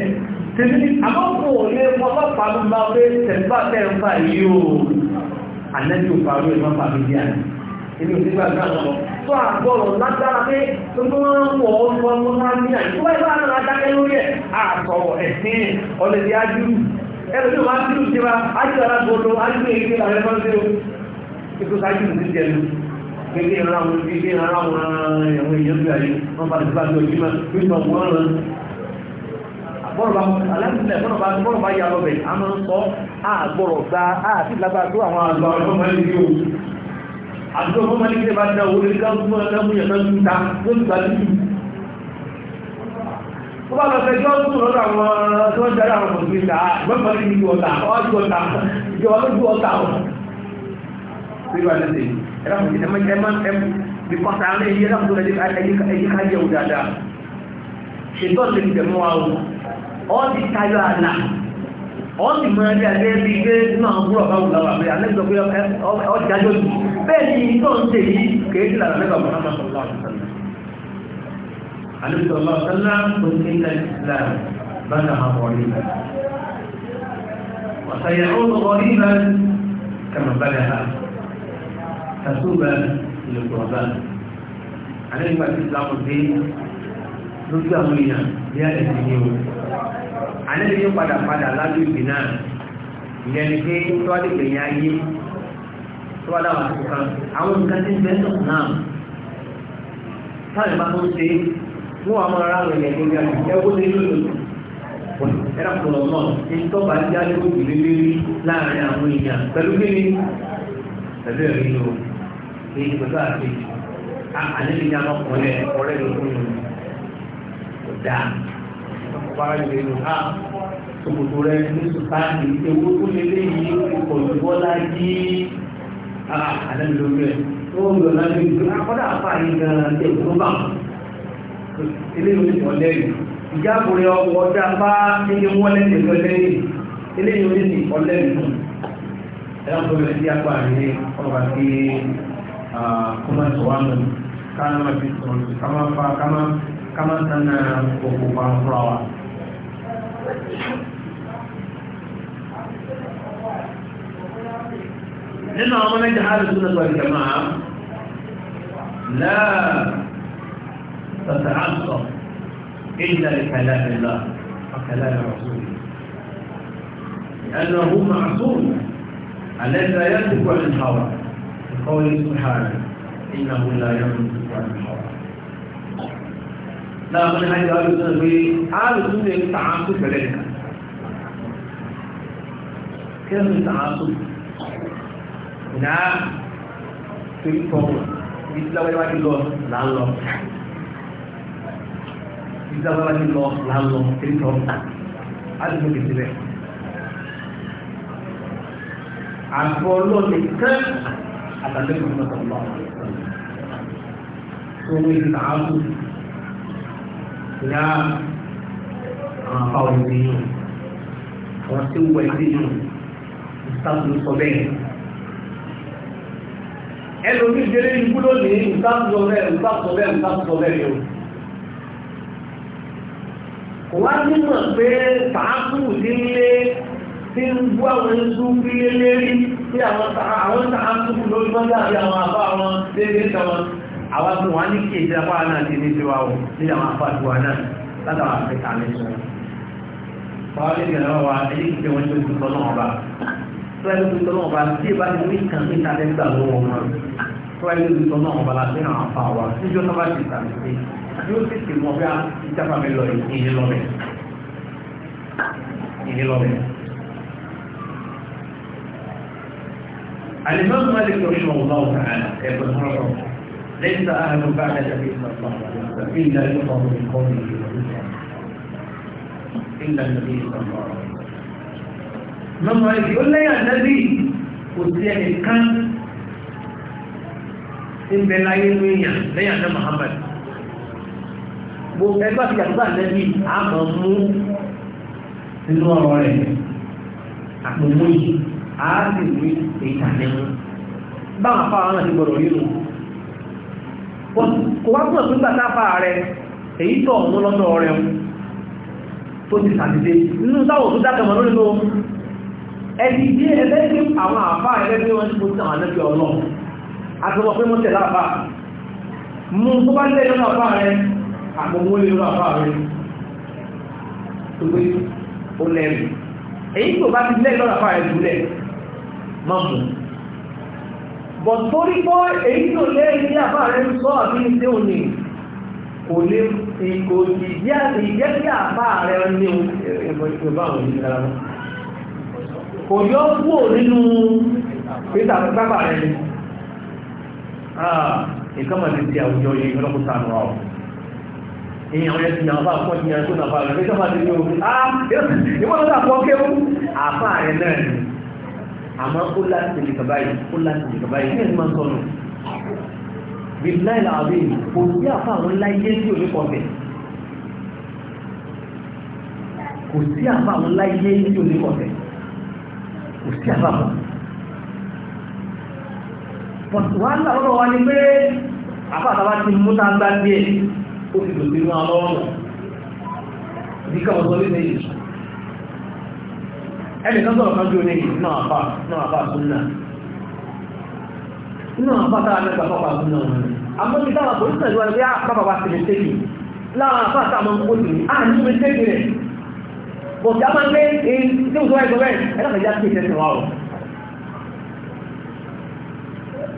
tèmi àmọ́ kò lè ọlọ́pàá mọ̀ bá pé tẹ̀gbà tẹ̀gbà yìí o ànẹ́bí ò parí ẹ̀ má parí bí àná èmi ò nígbà náà lọ tó àgbọ̀rọ̀ lágbára pé gbogbo wọn wọ̀ ọ́ lọ wọn ní àyè tó báyìí bá náà adákẹ́ lórí ẹ̀ àtọ̀wọ̀ ẹ̀sìn ọ̀lẹ́dẹ̀ ájú ẹ̀rọ tí wọ́n á dúró síra ájú alágbọ̀dọ̀ ájú èyí ètò sáájú ní jẹnu gẹ́gẹ́ ìran àwọn gẹ́gẹ́ ìran àwọn ẹ̀wọ̀n èèyàn bí ayé wọ́n bá ti bá ti ọjí máa bí wọ́n mú ọ̀rọ̀ aláìsílẹ̀ bọ́rọ̀ bá yà lọ́bẹ̀ a máa ń sọ àgbọ̀rọ̀ gba àti lágbà tó àwọn àgbà ọ̀rọ̀ máa ń yíò àdúgbò ọmọ máa ń gbé bá dá owó lórí káàkùn ẹ̀lẹ́mùyàn náà ń ta ló ń gbà lójú ó bá lọ fẹjọ́ tó lọ́dọ̀ àwọn tó ń jẹ́ àwọn ọmọ ìgbésà àgbẹ̀mọ̀ wíwá ní sèyí ẹ bá ẹ má ẹ má ẹ bí pàtà àwọn èyí ẹ bá tó ẹyí ẹyí ká yẹ wò dáadáa ṣètò ọ̀sẹ̀ ti tẹ̀mú wa o ọ́ ti tayọ àlà ọ́ sì mọ ẹgbẹ́ ẹgbẹ́ bí gbé nínú àwọn búrọ̀ bá wù láwà bẹ́ẹ̀ alẹ́ sọ pé ọ́ jájọ́ jù bẹ́ẹ̀ ni tó ń sèyí kèé ti làlà mẹ́fà mọ́ náà sọ̀rọ̀ láwà sọ̀rọ̀ alẹ́ sọ̀rọ̀ sọ̀rọ̀ tó ń kéka ìsìlá bá náà wọ̀ وسيعود غريبا كما kàtúbà ìlòkùrọ̀bà àlẹ́ ìgbà tí ìsìlámù dé lójú àwọn èèyàn bí a lè fi ní o àlẹ́ ìyẹn padà padà lájú ìgbì náà ìyẹn ni pé tó wá dìgbè yẹn ayé tó wá dáwà tó kan àwọn nǹkan tí ń bẹ́ẹ̀ sọ̀rọ̀ náà táwọn ìbá tó ń ṣe mú àwọn ará rẹ̀ yẹn lórí àti ẹgbẹ́ tó ń lò ẹ̀rọ pọ̀lọ̀ náà ní tọ́ba jáde òkú lélẹ́rí láàrin àwọn èèyàn pẹ̀lú kí ni pẹ̀lú ẹ̀rí o ní ìgbésẹ̀ àti àlejò ní àwọn ọ̀rẹ́ ọ̀rẹ́ ló fún mi kò dáa ọba rẹ̀ ló ha ah, tòkòtò rẹ̀ ní sùpáàkì ewu tó lé léyìí kò lọ́wọ́ láyé ah, àlejò ló rẹ̀ ó ń lọ lábẹ́ ìlú akọ́dà àfààní gan-an ní èkó bá eléyìí ó ti wọ́n lẹ́yìn ìjábùrẹ̀ ọkọ̀ ọjà bá nílé wọ́n lẹ́yìn lọ́lẹ́yìn eléyìí ó ti wọ́n lẹ́yìn ẹ̀rọ tó lè fi apá rẹ̀ ọ̀rọ̀ àti kuma jawabin kana mafi tsoron kama fa kama kama sannan hukuman furawa nínú àwọn mọ́nẹ́jì hálù súnà pẹ̀lú jama'a láà tàtàràtọ̀ إلا لكلام الله وكلام رسوله لأنه معصوم الذي لا يثق عن الهوى قول سبحانه إنه لا يملك الحق لا من هاي قالوا سنبي قالوا سنبي تعاقب بلدك كيف التعاقب نعم في الفور مثل وجه الله لا الله مثل وجه الله لا الله في الفور عدم الاتباع عفوا الله نكتب àtàlẹ́ ìmọ̀lẹ́ ọ̀pọ̀ tó ní ìtààbù ìyá àwọn afá òyìnbó yìí àwọn tí ó wọ ẹsẹ̀ yìí ìtàkùn sọ bẹ́ẹ̀ ẹlòmí ìdílé ìgbú lónìí ìtàkùn sọ bẹ́ẹ̀ ìtàkùn sọ bẹ́ẹ̀ ìtàkùn sọ bẹ́ẹ̀ yóò kò wá nímọ̀ pé tààkùn nílé tí ń bú àwọn ẹ̀sù bí lélérí tí àwọn sàánsùkù lórí mọ́lá àbí àwọn àbá wọn déédéé sọ́wọ́n àwọn tó wà ní kéèké apá náà ti ní tiwa o ní àwọn apá tiwa náà látàwọn àfẹ́kà ní sọ Báwọn ilé ìgbàlọ́wọ́ wa, ẹni kìí wọ́n tó ti tọ́nà ọba. Tọ́lá ìlú tọ́nà ọba tí ìbá ti ní kan ní ìta lẹ́gbà lọ́wọ́ wọn. Tọ́lá ìlú tọ́nà ọba la fẹ́ràn àfa wa. Níjọ́ náà bá ti tàbí pé yóò sì ti mọ̀ bí a ti jábàá mi lọ ìdílé lọ́bẹ̀. Ìdílé lọ́bẹ̀. الإمام مالك رحمه الله تعالى يقول مرة ليس أهل بعد النبي صلى الله عليه وسلم إلا يؤمر من قوله إلا النبي صلى الله عليه وسلم الإمام مالك يقول لي يا نبي قلت لي كان إن بلاين ميا لي أنا محمد gbogbo ẹgbẹ́ àti àgbà lẹ́bí àmọ́ mú inú ọ̀rọ̀ rẹ̀ àpòmọ́ a nri, ní ìtànẹ́wọ́ báwọn afá wọn ti gbọdọ̀ yínú kò wá fún ọ̀tún gbàtàfà rẹ èyí tọ̀ ọ̀hún lọ́dọ̀ rẹ tó ti sàtìdé nínú táwọn tó dákẹ̀mọ́ lórí lọ ẹni bí ẹlẹ́gbẹ́ àwọn àfá ẹlẹ́gbẹ́ wọn ti ti mú lọ́nà àfá rẹ àgbọ̀gbọ́ lè lọ́nà èyí tó bá ti jùlẹ̀ mọ́mù bọ̀ torí pọ́ èyí tó lé ní àbá rẹ̀ ń sọ àbí ní tí ò ní kò lè kò ìjẹ́ ìjẹ́ sí àbá rẹ̀ ní ìgbà àwọn ìjìnlẹ̀ kò yọ kúrò nínú pété àpapà rẹ̀ ni ah, ìkọ́mọ̀ ti di àwùjọ yìí lọ́kùtà nù ọ́ èyàn ọ̀rẹ́ ti yàn bá pọ̀ ti yàn tó nà bá rẹ̀ pé sọ́mà ti di òfin ah yóò sì ìwọ́n lọ́dà pọ̀ kéwú àbá rẹ̀ náà àmọ́ ó láti lè kàbá yìí ó láti lè kàbá yìí ẹni máa ń sọnù bíláì làwọn èèyàn kò sí àfa àwọn láyé tí òní kọfẹ kò sí àfa àwọn láyé tí òní kọfẹ kò sí àfa àwọn. wàhálà ọ̀rọ̀ wa ni pé àfa àtàwọn ti mú tá a gbá díẹ̀ ó fi dòdò inú àwọn bí káwọn sọ wípé yìí ẹni kan sọ̀rọ̀ kan jó ní náà àpá náà àpá súnà náà àpá tára mẹ́ta pàpà súnà wọn àmọ́bí táwọn tó ń tẹ̀lú ẹgbẹ́ àpapà wa ti lè tẹ́kì láwọn àpá àtàwọn ọmọ òsì ah, ní àà ní mẹ́tẹ́kì rẹ̀ bọ̀ tí a máa ń gbé èyí tí ó sọ ẹgbẹ́ rẹ̀ ẹlẹ́kẹ̀ẹ́já sí ìtẹ́sìn wa ọ̀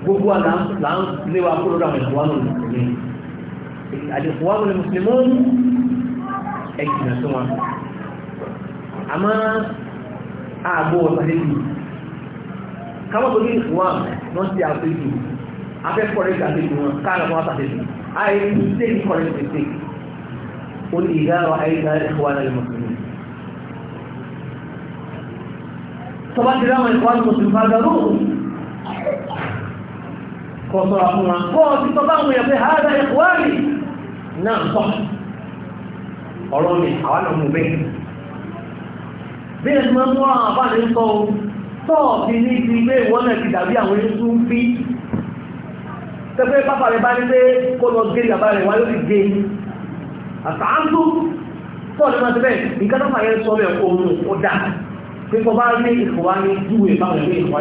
gbogbo àlà là ń léwa kúrò náà ìfowópamọ́ mùsùlùmí àdìfowópamọ́ mùsùlùmí ẹ̀kìnà tó wọn àmọ́ ààbò ọ̀sánlẹ́bì káwọn tó ní ìfúnwàm wọ́n ti àpéjì afẹ́kọ̀rẹ́jì àpéjì wọn káàkiri wọn àpéjì ààyè ní sẹ́yìn kọ̀rẹ́jì pèsè ó ní ìdára àyíká ìfúnwà náà mùsùlùmí tọba ti ráwọn ìfúnwà mùsùlùmí bá gbàgbó kọ́ sọ́ra fún wa kọ́ ti tọ́ba àwọn èèyàn pé hàádà ìfúnwà rí náà sọ ọ̀rọ̀ mi àwọn àmúbẹ́yìn bí ẹni mọ́ mọ́ àbáde ń kọ́ ohun tọ́ọ̀bí ní ti ilé ìwọ́nà ti dàbí àwọn ẹ̀sù ń fi tẹ́fẹ́ pápá rẹ̀ bá ní pé kó lọ gé ìyàbá rẹ̀ wáyé ti gé àtàánú tọ́ọ̀lú máa ti bẹ́ẹ̀ nǹkan tó fàyẹ sọ rẹ̀ oòrùn ó dà pípọ̀ bá ní ìfòwá ní júwe báwọn ilé ìfòwá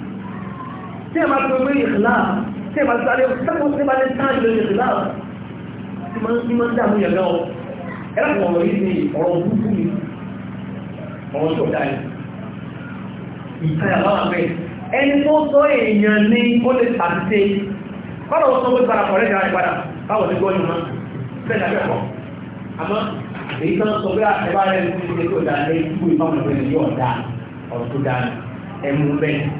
tí a máa tó gbé ìkìlá tí a máa tó alẹ́ sẹ́kọ̀ọ́ tí a máa lè tán ìlú ìkìlá tí máa ń máa ń dààmú yẹn lọ ẹ̀rọ ọ̀rọ̀ yìí ni ọ̀rọ̀ burúkú ni ọ̀rọ̀ tó dáa ìtayà láwọn abẹ́ ẹni tó sọ èèyàn ní ó lè tàbíté kọ́nà ó sọ pé padà kọ̀rẹ́ ìdára ìpadà báwọn ní gọ́ọ̀nù náà bẹ́ẹ̀ dàbí ẹ̀kọ́ àmọ́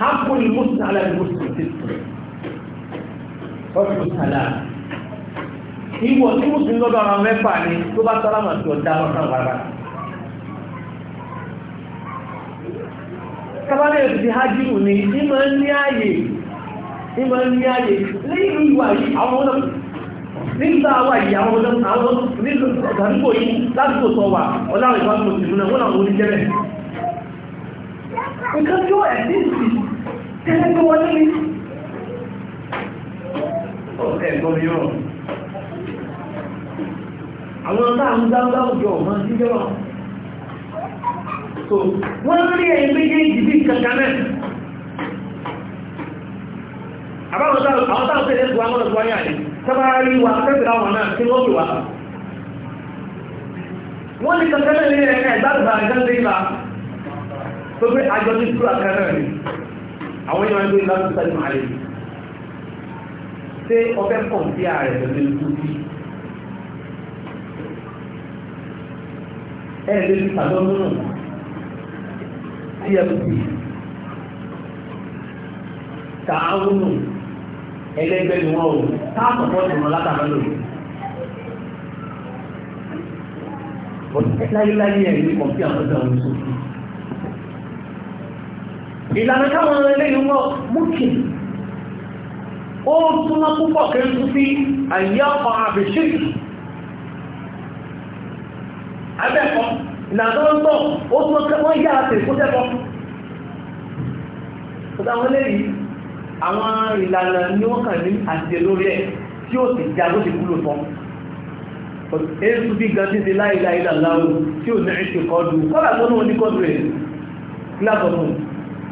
حق المسلم على المسلم فصل السلام ìwọ tí mùsùlùmí lọ́dọ̀ àwọn mẹ́fà ni tó bá sálámà tí ó dá ọ̀sán rárá kábàlẹ̀ èdè hajjíru ni ìmọ̀ ní ààyè ìmọ̀ ní ààyè lẹ́yìn ìwà yìí àwọn ọmọdé nígbà wà yìí àwọn ọmọdé àwọn ọ̀dàdúgbò yìí lásìkò sọ wà ọláwọ̀ ìfásitì mùsùlùmí náà wọ́n àwọn oníjẹ́bẹ̀ nǹkan tí ó ẹ̀ tẹ́lẹ̀ tó wọlé ní ọ̀sẹ̀ ẹ̀gbọ́n mi rọ̀ àwọn ọ̀tá àwọn dáúdáwùjọ ọ̀mọ́ síjọ́ so wọ́n rí ẹ̀yìn méjèèjì bí kankan náà àbáwọn táwọn tẹ́lẹ̀ tó wọ́n lọ́tọ́ wáyé àdé sábàárí wa tẹ́sìlá wọn náà tí wọ́n pè wá wọ́n ní kankan náà ní ẹ̀ka ìgbàgbà ìjọ́ àwọn èèyàn ẹgbẹ́ ìlànà sáré máa rẹ̀ ṣé ọfẹ́ kàn sí ààrẹ pẹ̀lú ikú sí ẹ lè fi sàdọ́nù tfc tààrùnù ẹlẹ́gbẹ́ ni wọ́n ò táàpọ̀ pọ́ọ̀tù wọn látàbí lòdì láyéláyé ẹ̀rí kọ̀ọ̀pì àwọn ọ̀dọ́ àwọn ìṣòfin ìlànà táwọn eléyìn wọ́n múkì ó túnmọ́ púpọ̀ kẹrìsù sí àyíyàpọ̀ àbẹ̀ṣẹ́ abẹ́kọ̀ ìlànà ọgbọ́ ó túnmọ́ kẹwọ́n yá àti ìkútẹ́kọ́ ọ̀dáwọn eléyìn àwọn ìlànà ni wọ́n kàn ní àti lórí ẹ̀ tí ó sì já ló ti kúlò fún èsù bí gan títí láìláìlà láwọ́ tí ò ní ìṣẹ́kọ́dù kọ́lá tó ní oníkọ́dù rẹ̀ lábọ̀mù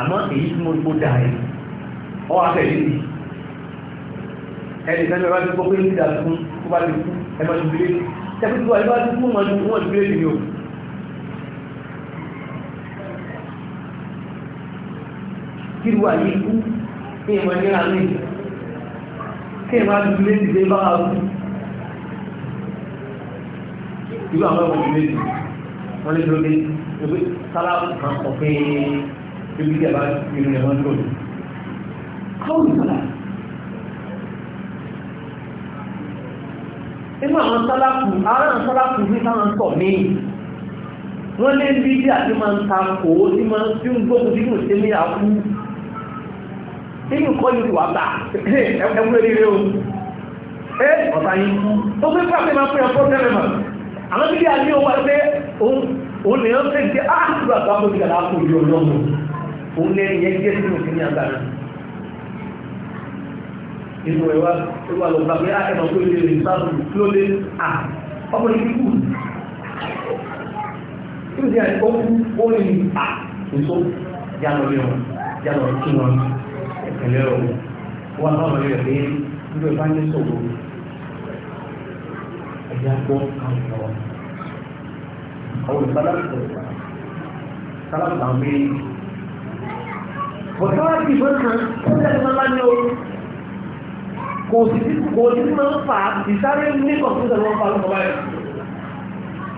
àmọ́ èyí tí mo rí kó dáa yìí ọ wá fẹ́ lébi ẹnì kan bá ti gbọ́ pé ní ìdá fún tó bá ti kú ẹ máa ti fi lébi tẹ́kí tó bá ti kú wọn ti wọ́n ti fi lébi ni o. kí ló wà yìí kú kí èèmọ̀ ní àná kí èèmọ̀ ti fi lébi dé bá wà kú. ìlú àwọn ọmọ ti lébi wọ́n lé lóde ẹgbẹ́ sálábù kan kọ̀ ibi tí a bá irú rẹ̀ wọ́n lòdì kọ́wù sọ́lá inú àwọn sọ́lápù ara àwọn sọ́lápù ní sáwọn sọ ní wọ́n lé bí bí àti máa ń ta kò ó tí máa ń tí ń gbógun tí kò sí ní àkú nínú kọ́ ní ìwà bá ẹgbẹ́ rere o ẹ ọ̀tá yìí ó fẹ́ fún àpẹ́ máa fún ẹ̀kọ́ tẹ́lẹ̀ mọ̀ àwọn bí bí ní owó àti pé òun lè ń fẹ́ jẹ́ áàtúrà tó àpòjì àlàáfò yìí ọlọ́run òun lẹ́yìn yẹn jẹ́ sínú sí ní agbára inú ẹ̀wà tó wà lọ́gbà pé àkẹ́mọ̀ ah, tó lè rí sáàbù ló lé à ọmọ ìdíkù tí ó jẹ́ àìkọ́ ó lè ní à nìtó jáàmọ̀ lé wọn jáàmọ̀ kí wọn ẹ̀kẹ́lẹ́ ọ̀wọ̀ wọn bá wọn lè pé nígbà bá ní sọ̀rọ̀ ẹ̀yà gbọ́ àwọn ọ̀rọ̀ àwọn ìsálàmù sọ̀rọ̀ sálàmù àwọn méjì bọ̀dáwà ti ìbọn kan tó tẹ́lẹ̀ máa bá ní o kò sí kò sí máa ń fà á ìsáré ní kọ̀ǹpútà ló ń fa lọ́kọ̀ báyìí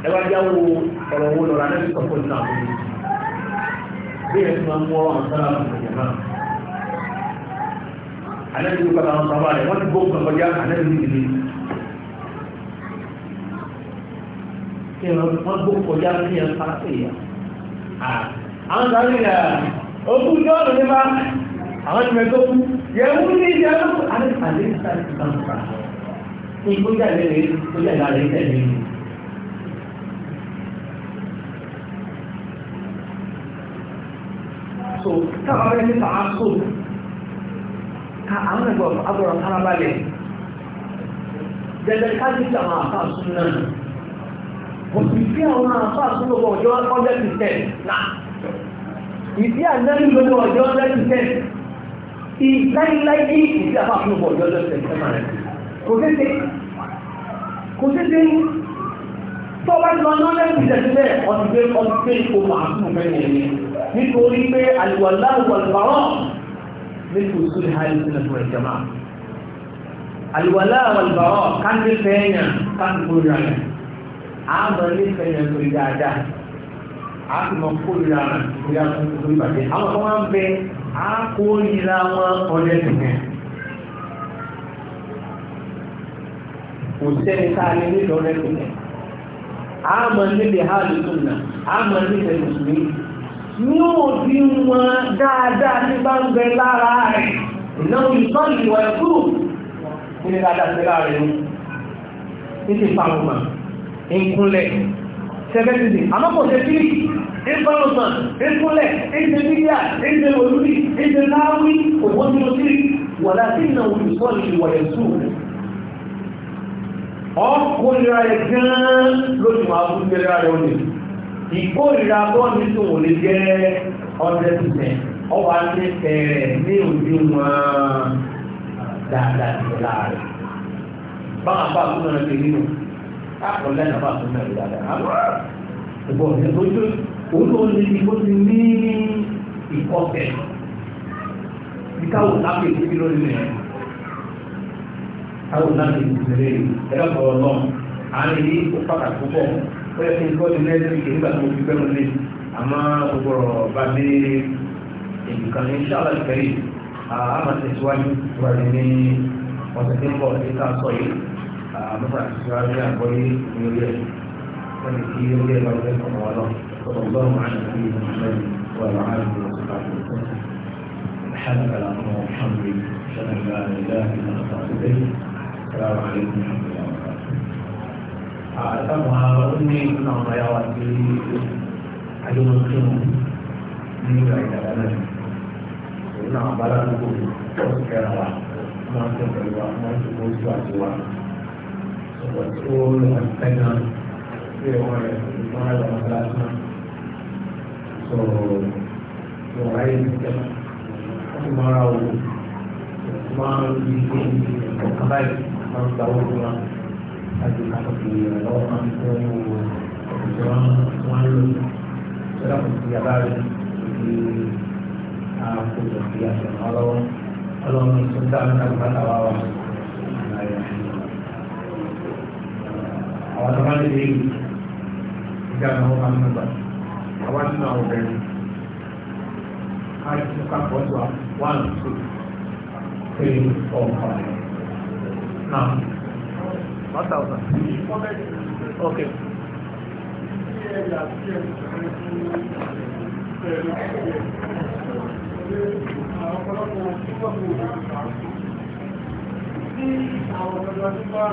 ẹ wá já wo ọ̀rọ̀ wo lọ́ra lẹ́nu sọ́kọ̀ nínú àwọn ọmọ bí ẹ ti máa mú ọ̀rọ̀ àwọn sára àwọn ọmọ náà alẹ́ ti gbàgbà àwọn sábà rẹ̀ wọ́n ti gbó kọjá alẹ́ ti dìde kí wọ́n gbó kọjá kí ẹ fà òkú jọ́ọ̀nù ní bá àwọn ìmẹ̀ tó kú yẹ̀wú ní ìjẹ́ àwọn ẹgbẹ́ agbọ̀rọ̀ farabalẹ̀ dẹ̀dẹ̀ káàdì àwọn àfáà sún náà kò sì sí àwọn àfáà sún lọ́wọ́ ọjọ́ ọjọ́ ti tẹ̀ náà ìdí ànábì lójú ọjọ́ lẹ́yìn tẹ́lẹ̀ ìláìláì ìdí àfàfihàn bọ̀ ọjọ́ lẹ́yìn tẹ́lẹ̀ kò tètè kò tètè tọ́wọ́ tí wọ́n lọ́lẹ́ ìdẹ̀sílẹ̀ ọ̀dùgbé ọdúgbé ipò màásùn mẹ́rin ẹ̀yẹ nítorí pé àlùwàlá wàlùbárọ̀ nítorí òṣùlẹ̀ àìsílẹ̀ fún ẹ̀jẹ̀má àlùwàlá wàlùbárọ̀ káńtì fẹ́ẹ̀yàn káńtì fúnra rẹ̀ àmọ́ nífẹ̀ẹ́yàn lórí dáadáa a sì mọ kórìíra orí akókò tó ìbàjẹ́ àwọn kan máa ń bẹ a kórìíra wọn ọdẹ tìǹkan kò sẹ́ni tá a lè nílò ọdẹ tìǹkan a máa níbi ha lè tó nà a máa níbi mùsùlùmí ní òbí wọn dáadáa tí bá ń bẹ lára rẹ̀ ìnáwó ìtọ́jú ìwà ẹ̀kú nínú dáadáa tí lára rẹ̀ ní ti fa wọn mà ń kúnlẹ̀ sẹ́fẹ́tìdì àmọ́ kò sẹ́ ìfọ́nùsàn ìkúnlẹ̀ ìsẹ̀bíyà ìsẹ̀wòlúrí ìsẹ̀láwí òwòsílòsí wà láti ìnà olùsọ́ ìwọ̀yẹ̀sù ọkùnrin rẹ̀ gan lójú àbúgbẹ̀rẹ̀ rẹ̀ olè ìkórìíra bọ́ nítorí olè jẹ́ ọdẹ́ tìtẹ̀ ọwà ní ẹ̀rẹ̀ ní òjú wọn dáadáa láàrẹ̀ báwọn bá kúnnà rẹ̀ nínú káàkùn lẹ́nà bá kúnnà rẹ̀ dáadáa olóòlì ó ti ní ìkọ̀fẹ́ ìkáwò láti ìdíbí lórí rẹ̀ káwò láti ìdíbí rẹ̀ ẹ̀rọ kọ̀ọ̀ náà àárín ní ó pàtàkì púpọ̀ ó yẹ kí n kọ́ ní lẹ́sìn ìgbè nígbà tí mo fi fẹ́ lọ lé àmọ́ gbogbo ọ̀rọ̀ bá dé ìdìkan ní sábà ìfẹ́rì àmàtẹ̀síwájú ìwádìí ní ọ̀sẹ̀ tí ń bọ̀ ní ká sọ yìí àmọ́fà ìṣúra ní àgbọ́yé ní orí ẹ̀ wọ́n ti fi orí ẹ̀ lọ́wọ́ lẹ́kọ̀ọ́ wọn náà. صلى الله على نبينا محمد وعلى اله وصحبه وسلم سبحانك اللهم وبحمدك اشهد ان لا اله الا انت استغفرك السلام عليكم ورحمه الله وبركاته àtàwọn oní ìpínlẹ̀ ọmọ ya wa sí ayélujára ní ìgbà ìdàgbà náà òun náà bára gbogbo ọ̀sùn kẹra wa máa ń tẹ̀ pẹ̀lú wa máa ń tẹ̀ pẹ̀lú ojú àti wa sọ̀rọ̀ tí ó lọ́wọ́ ìpẹ́ náà pé ọmọ rẹ̀ ìgbọ́n rẹ̀ lọ́wọ́ sọ ọ̀rọ̀ ayé nígbà wọ́n máa ra owó máa ń rí pé ọ̀kan báyìí máa ń gba owó fún wa láti kàtó fi ìrànlọ́wọ́ máa ń fẹ́ owó ọ̀dọ́ wọn lò sọ́dọ̀ kò sí abáre ti àkójọ sí àtẹ̀wọ́n lọ́wọ́ ọlọ́run tó dáa nígbà tó bá tà wá wà láyé àwọn tó bá lè dé ìgbà náà wọ́n máa ń gbà àwa nínú àwọn obìnrin káyọ̀ nípa pọ̀jù one two three four five now one thousand okay. Tí àwọn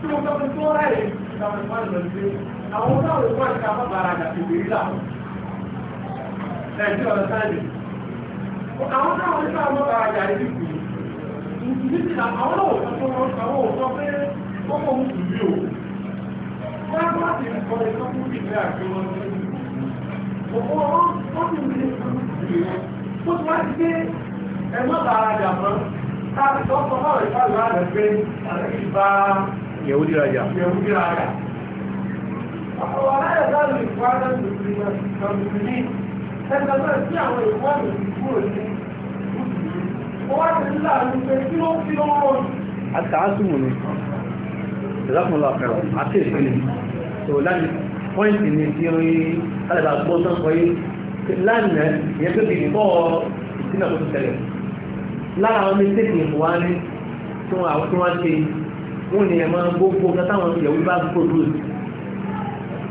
tí mo tọ́pẹ́ tó ráyè ìgbàmọ̀ ìpánu lọ sí àwọn táwọn ìpá ìka má bàrà àgàtì ìgbèrí làwọn nàìjíríà ọ̀sán ni àwọn táwọn ìka má bàrà àgàtì ìgbèrí ìdílé àwọn òòtọ́ tó wọ́n àwọn òòtọ́ pé kọ́kọ́ mú sí bí o wọ́n bá ti ń kọ́ ẹ̀kọ́ fún ìgbé àjọ wọn sí òkú wọn wọ́n ti ń lé ìgbé tó ti wá sí pé ẹ má bàa ara jà mọ́ ká lọ́kọ̀ọ́ báwọn ìfàlù àrẹ̀ pé àrẹ̀ kì í bá Yẹ̀wúdí rajà. Yẹ̀wúdí rajà. Àwọn aláyọ̀ láti ìfọ́ àjọ́ ìgbìmọ̀ ìgbìmọ̀ ní ẹgbẹ́ náà sí àwọn ìwọ́n mi kúrò ní àtàásùmù ni ìzákùnlá ọ̀fẹ́rọ̀ àti ìpínlẹ̀ tó láti pọ́ìntì ní tí ó yí alẹ́bà gbọ́sán sọ yí lánàá yẹ tó bìí bọ́ ìsínà tó tẹ̀lẹ̀ lára àwọn mẹ́tẹ́kì ìfòwá ní tí wọ́n ṣe wọ́n ní ẹ̀mọ́ gbogbo ọ̀gá táwọn ìyàwó bá produce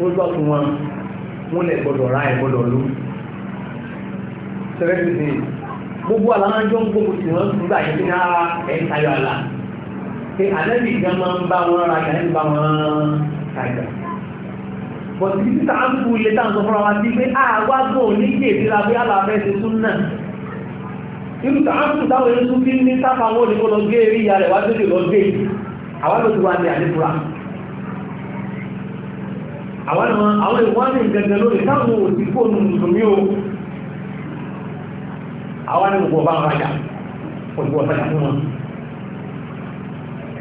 ó gbọ́ fún wọn wọ́n lẹ̀ gbọ́dọ̀ ra ẹ̀ gbọ́dọ̀ ló sẹ́rẹ́sì sí gbogbo alámájọ́ ń gbogbo tí wọ́n gbà yẹn ní ara ah, ẹ̀ ń tayọ àlà pé àlẹ́bí gan máa ń bá wọn ra ẹ̀ ń bá wọn tàjà bọ̀dì títí tá a ń kú ilé táwọn sọ fúnra wa sí pé àwa ah, gbọ́ òní kì í síra bí alábẹ́ ti tún náà irú tá a ń kú táwọn èso fi ń ní sáfà wọn ò ní kó lọ gé eré ìyá rẹ̀ wá àwọn ló ti ní àlébùrà àwọn àwọn ìwádìí ìgbẹ̀gbẹ̀ lórí táwọn o àwọn ni gbogbo ọba ń rajà gbogbo ọ̀sán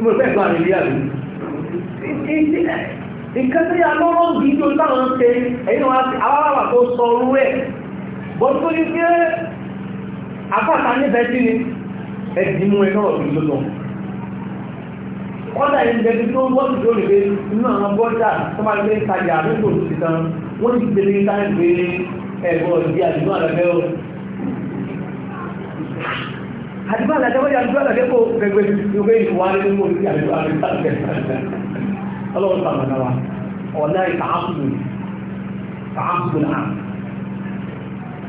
wọn a táwọn ṣe ẹ̀yìn wọn tó sọ orú ẹ̀ bọ́n tó ní pé apáta níbẹ̀ sí ni ẹ̀dínú ẹ̀ kọ́dà ìgbẹ́bí tó wọ́n ti lórí pé inú àwọn bọ́jà tó máa lé ìtajà àdúgbò ti tán wọ́n ti gbé ní táyà pé ẹ̀gbọ́n ìdí àdúgbò àlọ́fẹ́ o. àdúgbò àlọ́fẹ́ wọ́n yà àdúgbò àlọ́fẹ́ kó gbẹgbẹ́ ìgbé ìwà ní mọ̀ sí àdúgbò àlọ́fẹ́ ọlọ́run sàmàlà wa ọ̀nà ìtàkùn ìtàkùn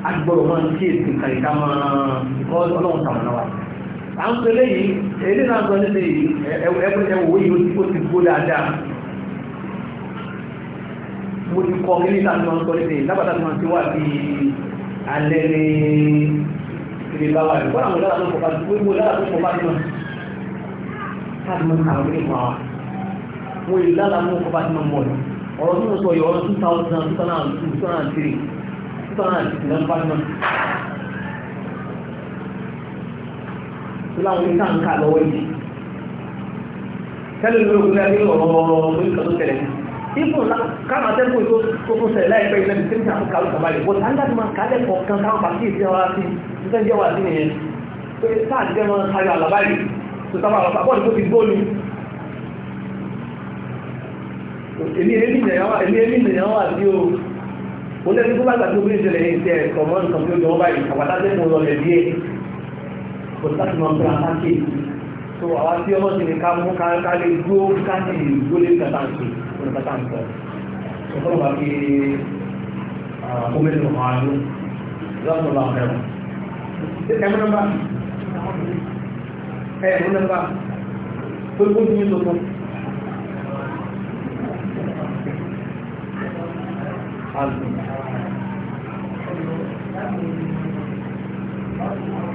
àgbọ̀rọ̀ máa ń kí èsì kàríkà máa ń kọ́ ọlọ́run sàmàlà wa. à ń pẹ̀lẹ́ náà sọ nílé yìí ẹwọ́ yìí ó ti gbó dáadáa mo ti kọ́ kí nígbà tí wọ́n sọ nílé lábàtà tí wọ́n ti wà bí alẹ́ ní ilé bá wà yìí wọ́n àwọn lára ló kọ́ bá ti gbé mo lára ló tó láwọn ní káńká lọ́wọ́ yìí tẹ́lẹ̀ ló gbé ẹgbẹ́ ọ̀rọ̀ lórí kan tó tẹ̀lẹ̀ ipò káàmà tẹ́kù tó tó tẹ̀lẹ̀ láìpẹ́ ilẹ̀ tí ní àwọn kàlù kàbálẹ̀ bó tá ń dájú máa kálẹ̀ kọ̀ọ̀kan káwọn pàtí ìsìn wa sí nígbà jẹ́ wà sí nìyẹn pé táà jẹ́ wọn tayọ àlàbáyé tó tábà wà pàpọ̀ tó ti gbóni èmi èmi nìyàwó èmi èmi nìyàwó àti o ó lẹ́ni tó bá gbà tó bí ìṣẹ̀lẹ̀ ìṣẹ̀ kò sí láti máa fẹ́ àtàkì so àwa tí ọmọ sì ní ká mú ká lè gbó ká sì gbó lé kàtà ń pè ní kàtà ń pè ọ̀pọ̀lọpọ̀ bá fi Thank you.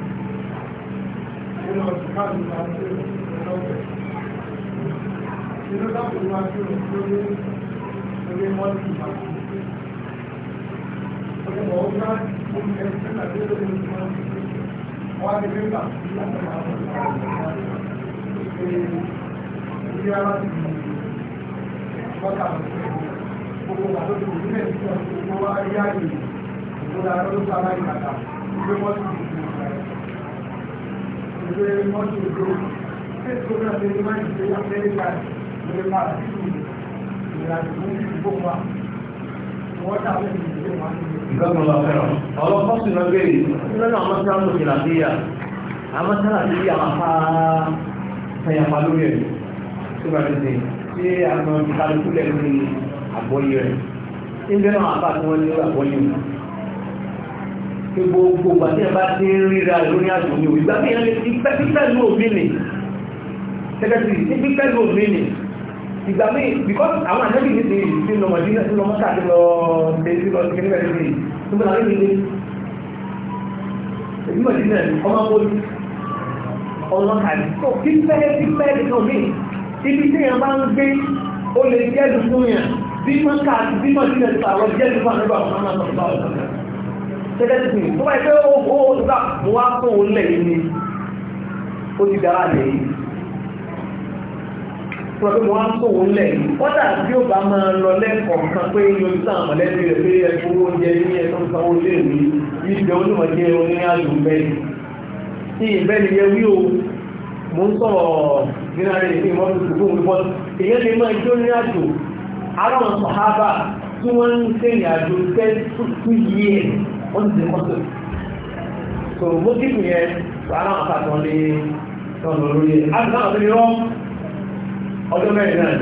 Gbogbo àdókòó nílẹ̀ tí wọ́n ti gbogbo wá yáyè, ìgbòdà lọ́dún sára ìgbàdà, ìgbé wọ́n ti gbogbo very much in growth. This program is meant to be a very large, very large school. We are going to go the one? Ọlọ́ fọ́sí lọ bèèrè lọ́nà àwọn tí a ń lò kìlà sí yà. Àwọn tí a ń lò yà máa tẹ̀yàpá lórí ẹ̀ tó bá ti sìn tí àwọn ìkàlùkù lẹ́nu àgbọ́yé rẹ̀ pé gbogbo ìgbà tí ẹ bá ti ń ríra lórí àjò ní ìgbà tí ẹ̀yàn lè ti pẹ́ pípẹ́ ló mí nì sẹ́kẹ́tì ti pípẹ́ ló mí nì ìgbà mí because àwọn àjẹ́bì ní ti ti lọ mọ̀dí náà sí lọ mọ́ta àti lọ ṣe sí lọ sí kí níbẹ̀rẹ̀ sí tó bẹ̀rẹ̀ àwọn ìdílé èyí mọ̀dí náà ní ọmọ kó ọmọ kàdí tó pípẹ́ pípẹ́ nínú mi ibi tí èèyàn bá ń gbé ó lè jẹ́ lùkúnyà bí mọ́ta àti bí mọ̀dí náà ti pàrọ̀ jẹ́ lùkúnyà nígbà tó máa ń sọ̀rọ̀ ṣẹ́gẹ́sì pé tó bá ẹgbẹ́ owó ìgbà mo wá tó òun lẹ̀ yìí ni ó ti dára lẹ̀ yìí tó bá wá tó òun lẹ̀ yìí wọ́n dà ó bá máa lọ lẹ́kọ̀ọ̀kan pé pé ẹ̀kọ́ oúnjẹ ní ẹ̀tọ́ tí ìbẹ́ ń sọ̀rọ̀ àjò aláwọn sọ̀hábà tí wọ́n wọ́n ti mọ́tò so mọ́tíkù yẹn rárá àpá kan lé ọ̀nà lórí àti náà lórí rọ́ ọjọ́ mẹ́rin náà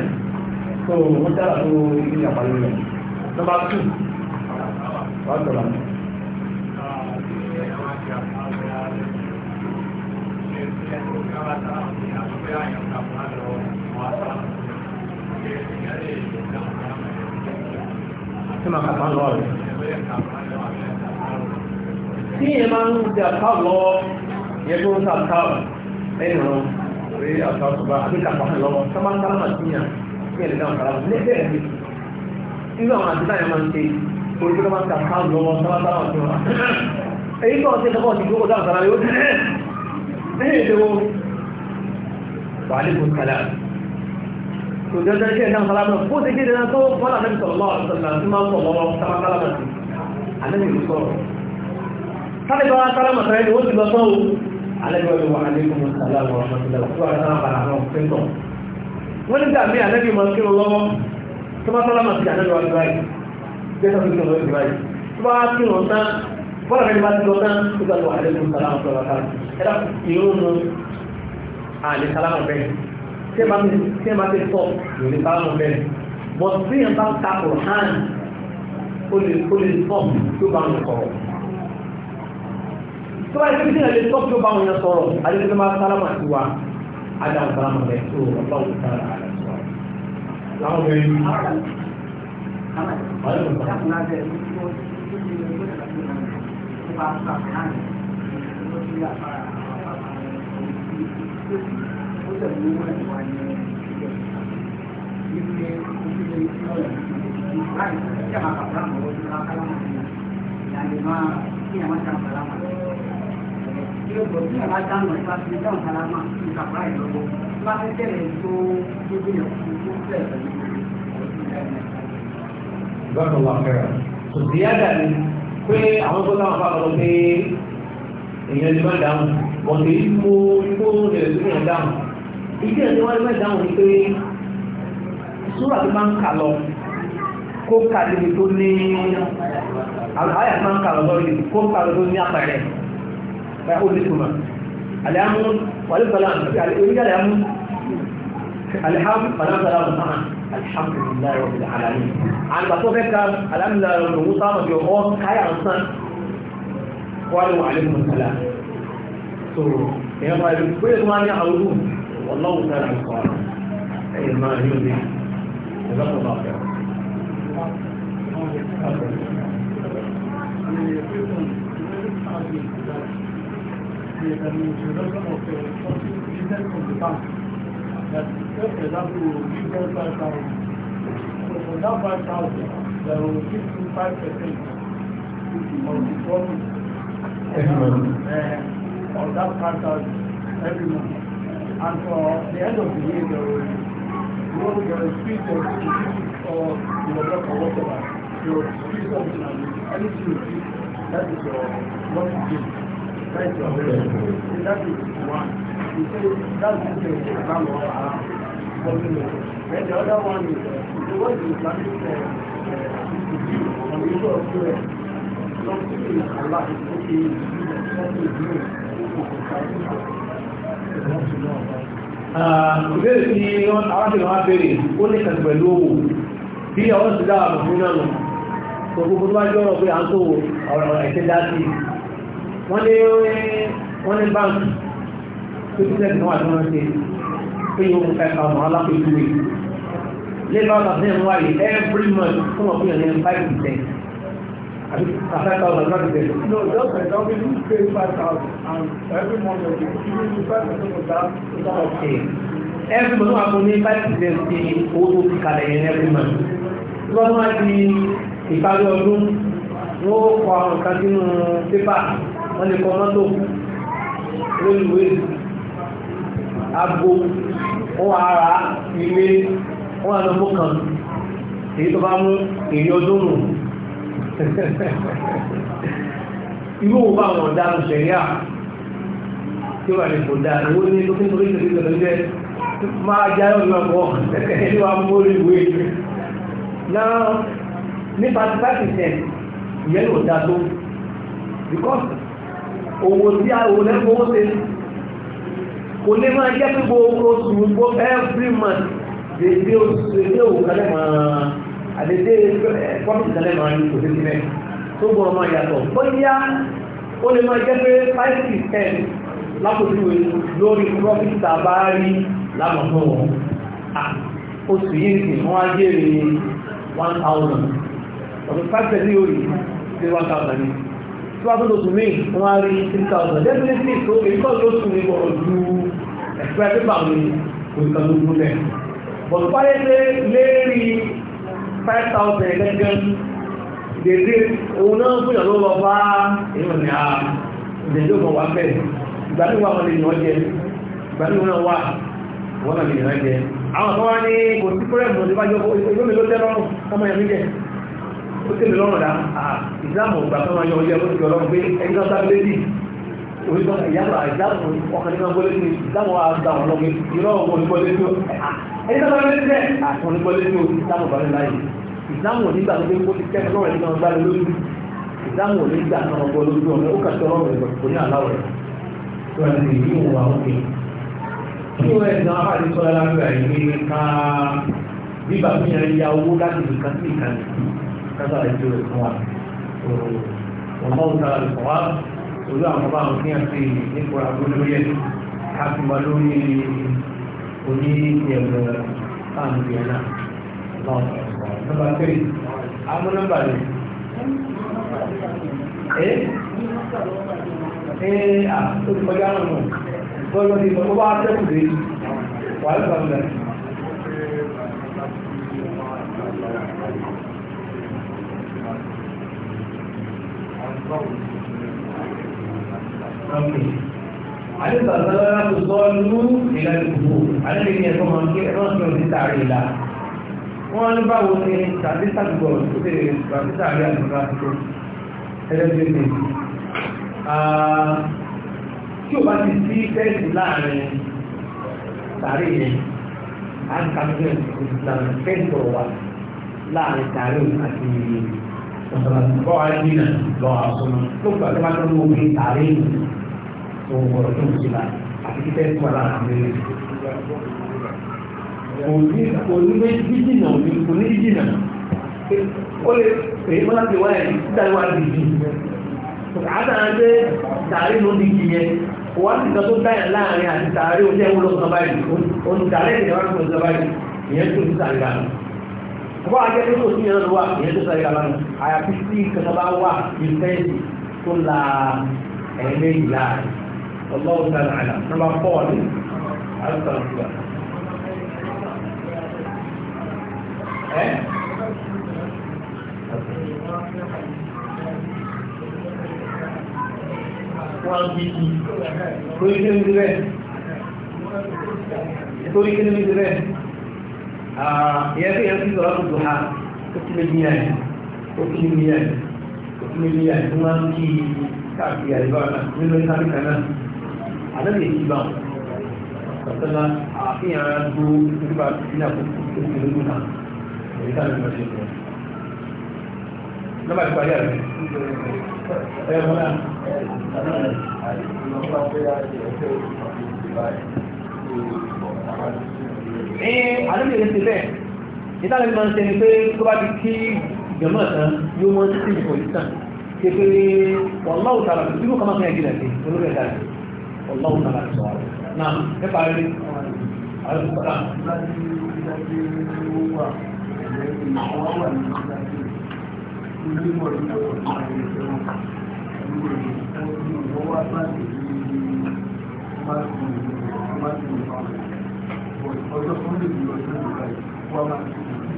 so wọ́n dára tó ní àpàlẹ́ rẹ̀ nọ́mbà tù wọ́n tọ̀lá Kí tí èyàn máa ń ṣe àkáwù lọ́wọ́ yẹn tó ń ṣe àkáwù lẹ́yìn ọ̀rọ̀ orí àkáwù tó bá àbíkà pàtàkì lọ́wọ́ sábà sábà máa ti yàn kí ẹ̀lẹ́dà ọ̀kadà lẹ́gbẹ̀ẹ́ rẹ̀ nínú àwọn àti táyà máa ń ṣe orí tó máa ń ṣe àkáwù lọ́wọ́ sábà sábà ti wà. èyí tó ń ṣe tọ́kọ̀ ti gbogbo dáhùn sára yóò dé lẹ́yìn ìdíwọ́ wàhálì kò kálá kò jọjọ iṣẹ́ ìdáhùn sára Kalau wá sára màtàrà ẹni ó ti lọ sọ́ o alẹ́bà wọ́n wà ní kùnú sàlá àwọn ọmọdé tó wà sára bàrà àwọn pẹ́ntọ̀ wọ́n nígbà mí alẹ́bì máa ń kírun lọ́wọ́ tó bá sára màtàrà alẹ́bì wá dúráì jẹ́sà tó kírun lọ́wọ́ dúráì tó bá kírun tán bọ́ọ̀lù rẹ̀ bá ti lọ tán tó bá wà alẹ́bì sàlá àwọn ọmọdé ẹ̀dá ìrún àlè sàlá àwọn bẹ́ẹ̀ tí ẹ ti sọ ìrún sàlá àwọn bẹ́ẹ̀ bọ̀ sí ẹ̀ bá ta kùrán ó lè sọ tó báyìí pé sínú ẹ̀lẹ́ tọ́pù bá wọn yẹn sọ̀rọ̀ adébíyẹ máa sálámà sí wa ajá wọn sálámà rẹ̀ tó ọ̀pá wọn sára rẹ̀ sọ. láwọn bẹ̀rẹ̀ yìí. Yang lima, ini yang macam lama. ìrọ̀pọ̀ tí àbá dáná ìfà sí ẹjọ́ ìkàlámà ìkàpá ìlọ́wọ́ bá fẹ́ tẹ̀lé tó gbogbo yẹn fún tó fẹ́ Bákan wà fẹ́ràn. Kò sí yá dàbí pé àwọn tó dáhùn fáwọn lọ pé èèyàn ti má dáhùn. Bọ̀dé ipò ipò rẹ̀ ló yàn dáhùn. Ìdí ẹ̀ tí wọ́n fẹ́ dáhùn ni pé súrà tó máa ń kà lọ kó kà níbi tó ní àyà tó máa ń kà lọ lọ́rí kó kà lọ tó ní àpẹẹrẹ. فأقول لكما الأمن والسلام يعني إيه يريد الأمن الحمد فلا سلام الحمد لله رب العالمين على بطوفة كان الأمن الرموز طابة يوم كاية أنسان قالوا عليكم السلام سورو يا غالي كل ما يعودون والله تعالى قال أي ما هي دي الله خير Thank you. that for have to give them 5,000. So for that 5,000, they will give you 5% of the profit uh, of that 5,000 every month. And for the end of the year, they will grow their speed of the or the block or whatever. Your speed of the anything you that is your what And the other one is, uh, what is Islamic uh, uh, view on the issue of QS? Something is Allah, is okay, something is new, ìbéèrè tí arákìnà wá bèèrè ó ní kàtù pẹ̀lú owó bí ọwọ́ sí dáa mọ̀ fún náà nù tó gbogbo tó bá jọ́rọ̀ pé à ń tó ọ̀rọ̀ ẹ̀ṣẹ́ dá sí wọ́n lé wọ́n ní báńkì tó ti lẹ́sìn wà lọ́wọ́ ṣe pé yóò mú five thousand alápèjú rẹ̀ labour campaign wáyé every month fún ọ̀pọ̀ yẹn ní five percent àbí five thousand not percent. no just like how many you pay five thousand and every month you dey give me five percent of that. okay every month wà fún ní five percent ti owó tó ti kalẹ̀ yẹn every month. lọ́dún wá di ìparí ọdún wọ́n kọ àwọn kan sínú pépà wọ́n lè kọ́ mọ́tò rélùwé agbo wọ́n ara ilé wọ́n àlọ́ mú kan èyí tó bá mú èyí ọdún nù (laughs) irú òun bá wọn ọ̀dà ṣẹ̀ríà tí wà ní kò dá ìwé ní tó kékeré tó kékeré tó jẹ́ máa já ọ̀nà ọ̀pọ̀ (laughs) ẹ̀kẹ́ ní wàá mú orí ìwé náà ní 35 percent ìyẹn because òwò tí a òwò lẹ́gbọ́ ó ṣe kò lè máa jẹ́ pé gbogbo oṣù gbogbo every month dédé oṣù dédé òwò kalẹ̀ máa àdédé pọ́pì kalẹ̀ máa ní òṣèlú sílẹ̀ tó gbọ́dọ̀ máa yàtọ̀ ó yá ó lè máa jẹ́ pé five to ten lápòjúwe lórí profit tá a bá rí lámọ̀tọ́ wọn oṣù yìí nìkan wọ́n á jèrè one thousand ọ̀pẹ̀ five percent yóò one thousand Travel to me, tún mí wọ́n á rí 3000 definitely tó nǹkan tó people ní bọ̀rọ̀ ju ẹ̀fẹ́ pépà mi kò nǹkan tó tún lẹ̀ bọ̀dù páyé pé lérí 5000 gẹ́gẹ́ dèdè òun náà fún ìyàwó lọ bá èèyàn ní a dèdè ọmọ wa bẹ́ẹ̀ ìgbà ní wà wọn lè yàn jẹ ìgbà ní wọn wà wọn lè yàn jẹ àwọn kan ní kò sí pẹ́rẹ́ mọ̀ nípa ìjọba ìjọba ìjọba ìjọba ìjọba ó tẹ̀lé lọ́rùn dá ìsìlámù ọgbà kan máa yọ ọjọ́ ẹgbẹ́ ìjọ lọ́rùn pé ẹni tó sáré léjì oríkọ́ ìyàwó àìsàmù ọkàn nígbà gbọ́lé ní ìsìlámù àgbà wọn lọ́gbẹ́ ìrọ̀ ọmọ onígbọ́lé tó ẹni tó sáré léjì rẹ̀ àti onígbọ́lé tó ìsìlámù bá lè láyé ìsìlámù ò nígbà gbé kó ti kẹ́kọ̀ọ́ lọ́rùn nígbà gbá lójú ìsìlámù ò nígbà náà gbọ́ lójú ọ̀nà ó kà sí ọlọ́run ìgbà kò ní àláwọ̀ rẹ̀ tó ẹni tí yìí wà òkè kí wọ́n ẹ̀sán àbáyé sọ́lá lábẹ́ àìgbé ká bíbà fún yẹn ya owó láti nìkan sí ìkànnì kásá ìjọ rẹ̀ fún wa wọ́n mọ́ òtara rẹ̀ fún wa olú àwọn ọba àwọn kíyàn sí nípa olóyè káfíńwá lórí oní ìyẹ̀wò fáàmù yẹn náà lọ́wọ́ nọ́mbà tírì àwọn nọ́mbà rẹ̀ ẹ́ ẹ́ à ó ti kọjá àwọn ọmọ bọ́ọ̀lù ti sọ bó bá tẹ́kù dé wàhálà bàbá عليه الصلاة والسلام لا تصلوا إلى القبور عليه أن يكون هناك رسل في تعليلا وأنا بقول إن تعليل تقول كثير تعليل تعليل مراتب هذا الجنين شو بس في كيس لعنة تعليل عن كم يوم في الإسلام كيس هو لعنة تعليل أكيد bọ́ wa ní nà lọ àsọmọ ló gba tó cuma tó lówó pé tààrí tó wọ̀rọ̀ tó ti la àti kíkẹ́ tó wà lára mi. òní òní méjì jìnnà òní òní jìnnà ó lè di sini. àtàrà pé tààrí ló di jì yẹn wọ́n ti sọ tó dáyà láàrin àti tààrí ó jẹ́ wọ́n lọ́sọ̀ báyìí ó ń tààrí ìdáwà tó lọ́sọ̀ báyìí wọ́n ajẹ́ tó tó sí ẹ̀rọ lọ́wọ́ ìyẹn tó sáré kalánu àyàfi sí kẹsàbá wà ìfẹ́ẹ̀sì tó la ẹ̀mẹ́ ìlà ọlọ́wọ́ sáré àlà nọ́mbà fọ́ọ̀lù àrùsàrùsà. ẹ́ wọ́n bí i ni bẹ́ẹ̀ torí kí ni bẹ́ẹ̀. Ah, ìyẹn tó yẹn ti sọ̀rọ̀ tó dùn ha ó ti lè ní àyè ó ti lè ní àyè ó ti lè ní àyè tó máa ń kí káàkiri àyíká náà nínú ìsáré kan náà àdébìyẹ ti bá wọn ọ̀sánná àfihàn gbó nípa ìpínlẹ̀ àkókò tó ti lójú náà èyí ní àlébìnrin ti bẹ́ẹ̀ ìtàlẹ́bí máa ń ṣe ni pé tó bá ti kí ìjọmọ́ kan yóò mọ́ títí ìkọ̀ ìtàn ṣe pé ọlọ́wọ́ tààrà tó dúró kọ́mọ́ fún ẹgbẹ̀rẹ̀ sí olórí ẹ̀dá rẹ̀ ọlọ́wọ́ tààrà tó wà náà nípa rí àlùfọ́lá. Thank you ọjọ́ sunday ní ọjọ́ ìgbà wà máa ti sùn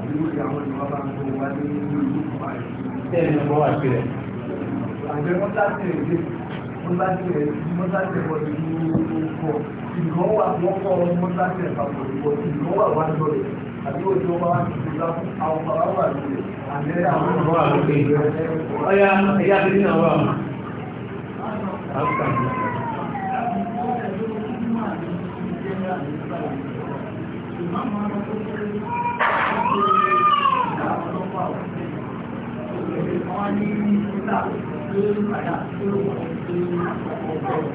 àbí ó ṣe àwọn ìwà máa ń tó wá ní ìlú ìlú ìgbà yìí. bẹ́ẹ̀ ni ọmọ wà sí rẹ̀. àgbẹ̀ wọ́n sá sí èdè wọ́n sá sí ẹ̀ wọ́n sá sí ẹ̀kọ́ ní ìlú kọ̀ ìgbọ́n wà wọ́n kọ́ wọ́n sá sí ẹ̀kọ́ ìgbọ́n ìgbọ́n wà wá jọ rẹ̀ àbí ó jọ wá ti ṣe láfún àwọn bàbá wà lóye àbẹ́ àwọn ọmọ wà lóye. ọ̀ya ẹ̀yà ti ní àwọn àwọn. ní nígbà tó ń padà tó wà ní ọ̀pọ̀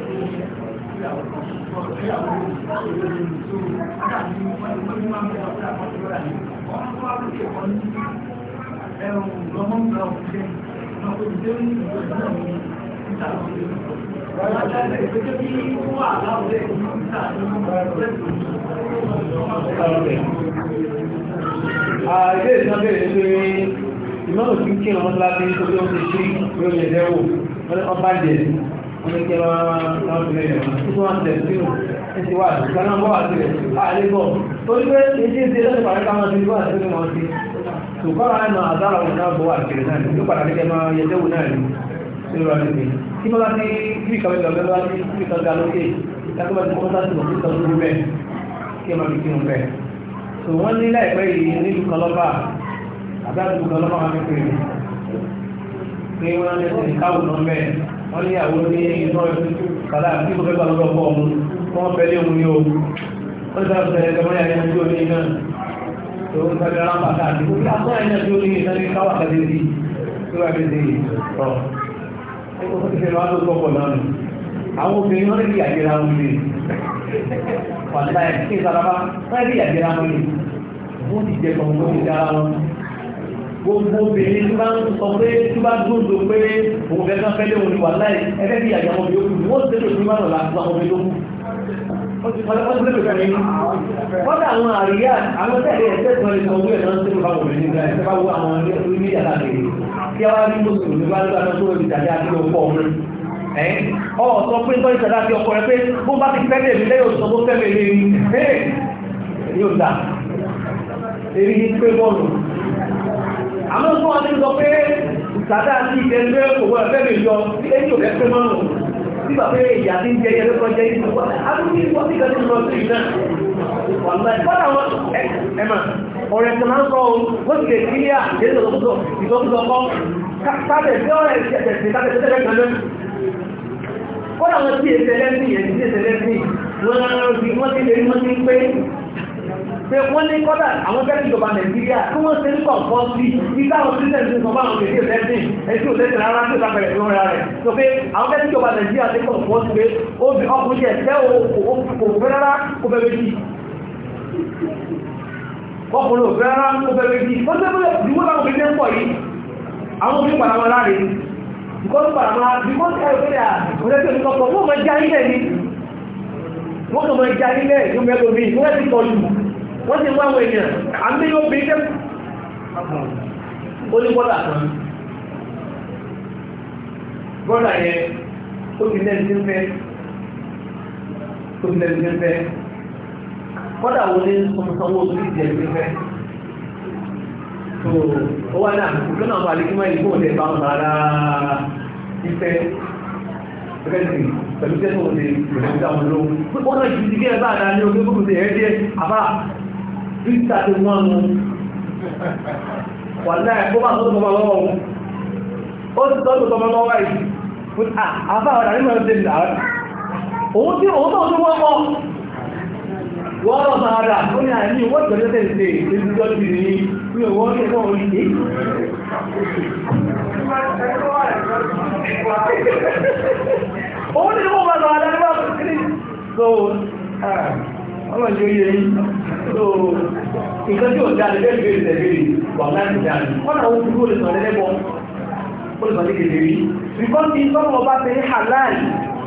Ààrẹ ìsànbẹ̀rẹ̀ lórí ìmọ̀nà tí kí wọn lábí nítorí wọn ti ṣe lórí ẹ̀dẹ́wò wọn lọ́n bá jẹ wọn ní kí wọn lọ́n fi lẹ́yìn wọn tí wọ́n tẹ̀ sí wọn ní ti wà ní kaná bọ́ àti rẹ̀ àlébọ̀ torí pé èdè ìdè lọ́sẹ̀ pàdé káwọn ti wà sí wọn ti tòkọ́ láì máa dára wọn náà bọ́ àti rẹ̀ náà ní pàdé kẹ́kẹ́ máa yẹdẹ́wò náà ní ìlú wa níbi tí wọ́n bá ti bí kọ́ sáà ti wọ́n lórí bẹ́ẹ̀ kí ẹ máa fi kírun bẹ́ẹ̀ tò wọ́n ní láìpẹ́ yìí nílùú kan àbẹ́rẹ́ gbogbo ọlọ́pàá máa fi pè mí pé wọ́n lè ṣe káwọn náà wọ́n ní àwọn ní ní o ó ti sọ̀rọ̀ sẹ́yìn kẹmọ́ yàrá ẹni tí ó ní iná tó ń sáré rán bàtà àti kó kí àwọn ẹni tí ó ní iná ní káwà kàdé sí tó bá fi ṣe tọ̀ ẹ̀kọ́ tó ti fẹ́ máa tó gbọ́pọ̀ náà nù àwọn obìnrin wọn lè fi àjẹrà wọn lè wà láì kí ìsàlábà wọn lè fi àjẹrà wọn lè wọ́n ti jẹ kọ̀ọ̀kan ó wọn gbogbo obìnrin tí bá ń sọ pé tí bá dúró pé òun fẹ́ kan fẹ́lẹ́ òun wà láì ẹgbẹ́ bí àyàwó mi ó kù ni wọ́n ti tẹ́lẹ̀ òun bá lọ láti àwọn ọmọdé lókù. Kọ́dà àwọn àríyá àwọn tẹ̀lé ẹ̀sẹ̀ kan lè sọ owó ẹ̀ náà tẹ́lẹ̀ báwọn obìnrin nígbà ẹ̀sẹ̀ bá wọ àwọn orí ní yàrá rẹ̀. Kí a wá rí mùsùlùmí bá lọ́dọ̀ tó rẹ̀ ìtàgé àti ọkọ̀ ọ̀run. Ọ̀ sọ pé tọ́ ìtàgé àti ọkọ̀ rẹ̀ pé bó bá ti fẹ́ lèmi lẹ́yìn òṣìṣẹ́ tó fẹ́ mi lè rí. Yóò dà. Èrí pé bọ́ọ̀lù àmọ́ fún ọdún sọ pé ìsàdá sí ìtẹ́gbẹ́ òwò ẹ̀fẹ́ mi yọ èyí ò kẹ́kẹ́ mọ́rùn nígbà pé ìyá tí ń jẹ ẹyẹ lọ́kọ́ jẹ ìgbà àdúgbò ìwọ́ sí ìgbà tí mo lọ sí ìgbà wàlúwà ìfọ́nà wọn ẹ̀mà ọ̀rẹ́ kan máa ń sọ ohun wọ́n ti lè kí ní àjẹ́sọ̀ lọ́kùsọ̀ ìtọ́kùsọ̀ kọ́ sábẹ̀ tí ọ̀rẹ́ ìṣẹ̀ṣẹ̀ sábẹ̀ tẹ́tẹ́lẹ́ kan lọ́nà kọ́nà wọn sí èsẹ̀lẹ́sìn èsì èsẹ̀lẹ́sìn wọn ti lè rí pé wọ́n ní kọ́dà àwọn tẹ́lẹ̀ ìjọba nàìjíríà tí wọ́n ṣe ń kọ̀ fọ́ sí ìgbà àwọn christian ṣe sọ fún àwọn kèké lẹ́sìn ẹ̀sìn òlẹ́sìn rárá tí ó ta bẹ̀rẹ̀ fún rárẹ̀ tó pé àwọn tẹ́lẹ̀ ìjọba nàìjíríà ṣe kọ̀ fọ́ sí pé ó fi ọkùnrin jẹ tẹ́ kò fẹ́ rárá kó fẹ́ méjì ọkùnrin ò fẹ́ rárá kó fẹ́ méjì wọ́n tẹ́ bọ́lẹ̀ ìwé àwọn obìnrin ń pọ̀ yìí àwọn obìnrin pàdà wọn láre because pàdà wọn láre because ẹ̀rọ pé à òṣèlú ìkọ̀ pọ̀ wọ́n mọ̀ já ilẹ̀ ni wọ́n kàn mọ̀ já ilẹ̀ ìjọba ẹlòmíì wọ́n ti kọlu wọ́n ti mú àwọn èèyàn àmì yóò bí jẹ́ ó ní bọ́dà kan bọ́dà yẹn ó ti lẹ́nu ní fẹ́ ó ti lẹ́nu ní fẹ́ bọ́dà wo ní sanwó orí ìjẹ́ ní fẹ́ ó wá náà ìjọ náà wà ní kí wọ́n yìí kóòdè bá wọn rárá ìfẹ́ gẹ́gẹ́ pẹ̀lú tẹ́sán òde ìrẹ̀lẹ́ta wọn lóhun ó náà jù sí kí ẹ bá àdáni omi kúrò sí ẹ̀ẹ́dẹ́ àbá ríta ti wọ́n mú wà náà kó máa tó tọmọ lọ́wọ́ wọn ó ti tọ́ tó tọmọ lọ́wọ́ yìí ah, àbá àwọn àríwá ń tẹ̀lé àwọn òun tí òun tó tó wọ́n mọ́ wọ́n lọ sọ ara ó ní àní wọ́n tó tẹ̀lé tẹ̀lé tẹ̀lé tó ti rí ní òwò ní ẹ̀kọ́ òun yìí òun ọlọ́jọ́ yẹ yìí tó nǹkan tí ó dáadé lẹ́gbẹ̀ẹ́ ìtẹ̀gbẹ̀rẹ̀ wà láti dáadé wọ́n náà ó fi kó lè sọ lẹ́lẹ́bọ̀ ó lè sọ ní kèdè rí nǹkan tí tọ́wọ́ bá fẹ́ halal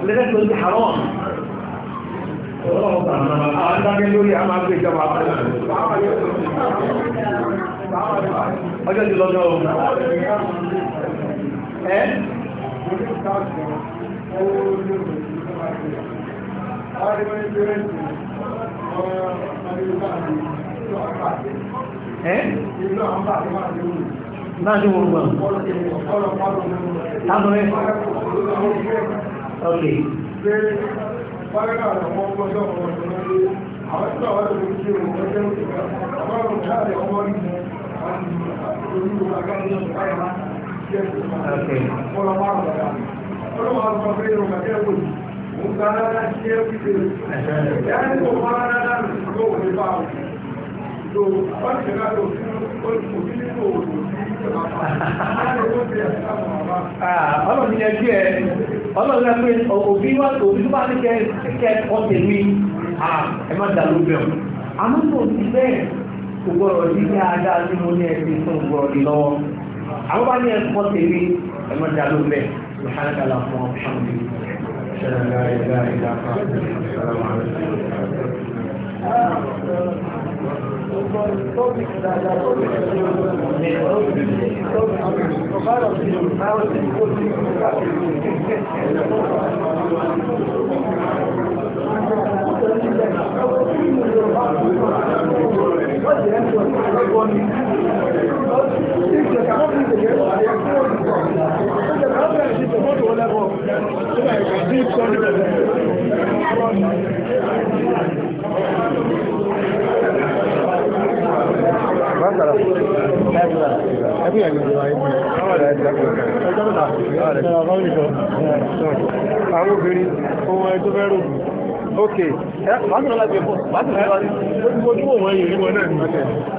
lẹ́lẹ́ tó ti haram ọlọ́wọ́ bàbá àwọn adágẹ́ lórí a máa gbé ìjọba ọjọ́ ti lọ́jọ́ ẹ́ Thank you. Láti wọn gbọ́n. Láti rẹ̀. Ok. Okay o mukana shi ya fi da ya yi tsohon na nan su ga wani ba to wani na to Ọlọ́run ni ẹgbẹ́ ẹ, ọlọ́run ni ẹgbẹ́ òbí wá òbí tó bá ní kẹ́ kẹ́ ọ̀tẹ̀ mi, ẹ má dà lóbi ọ̀. Àmọ́ tó ti bẹ́ẹ̀ kò gbọ́dọ̀ sí ní ajá tí mo ní ẹgbẹ́ tó ń gbọ́ ọ̀dì lọ́wọ́. Àwọn bá ní ẹ̀kọ́ tèmi, ẹ má dà lóbi ẹ̀, lọ́sàn-án kàlà fún ọ̀ṣọ́ mi. أشهد أن لا إله إلا أنت السلام عليكم Thank you. Àwọn obìnrin ohun ẹ̀ tó fẹ́ rògbò. Ok, bákan láti ẹ̀kọ́, bákan láti ẹ̀kọ́, ojú òun ẹ̀yìn ìrìnwọ̀n náà.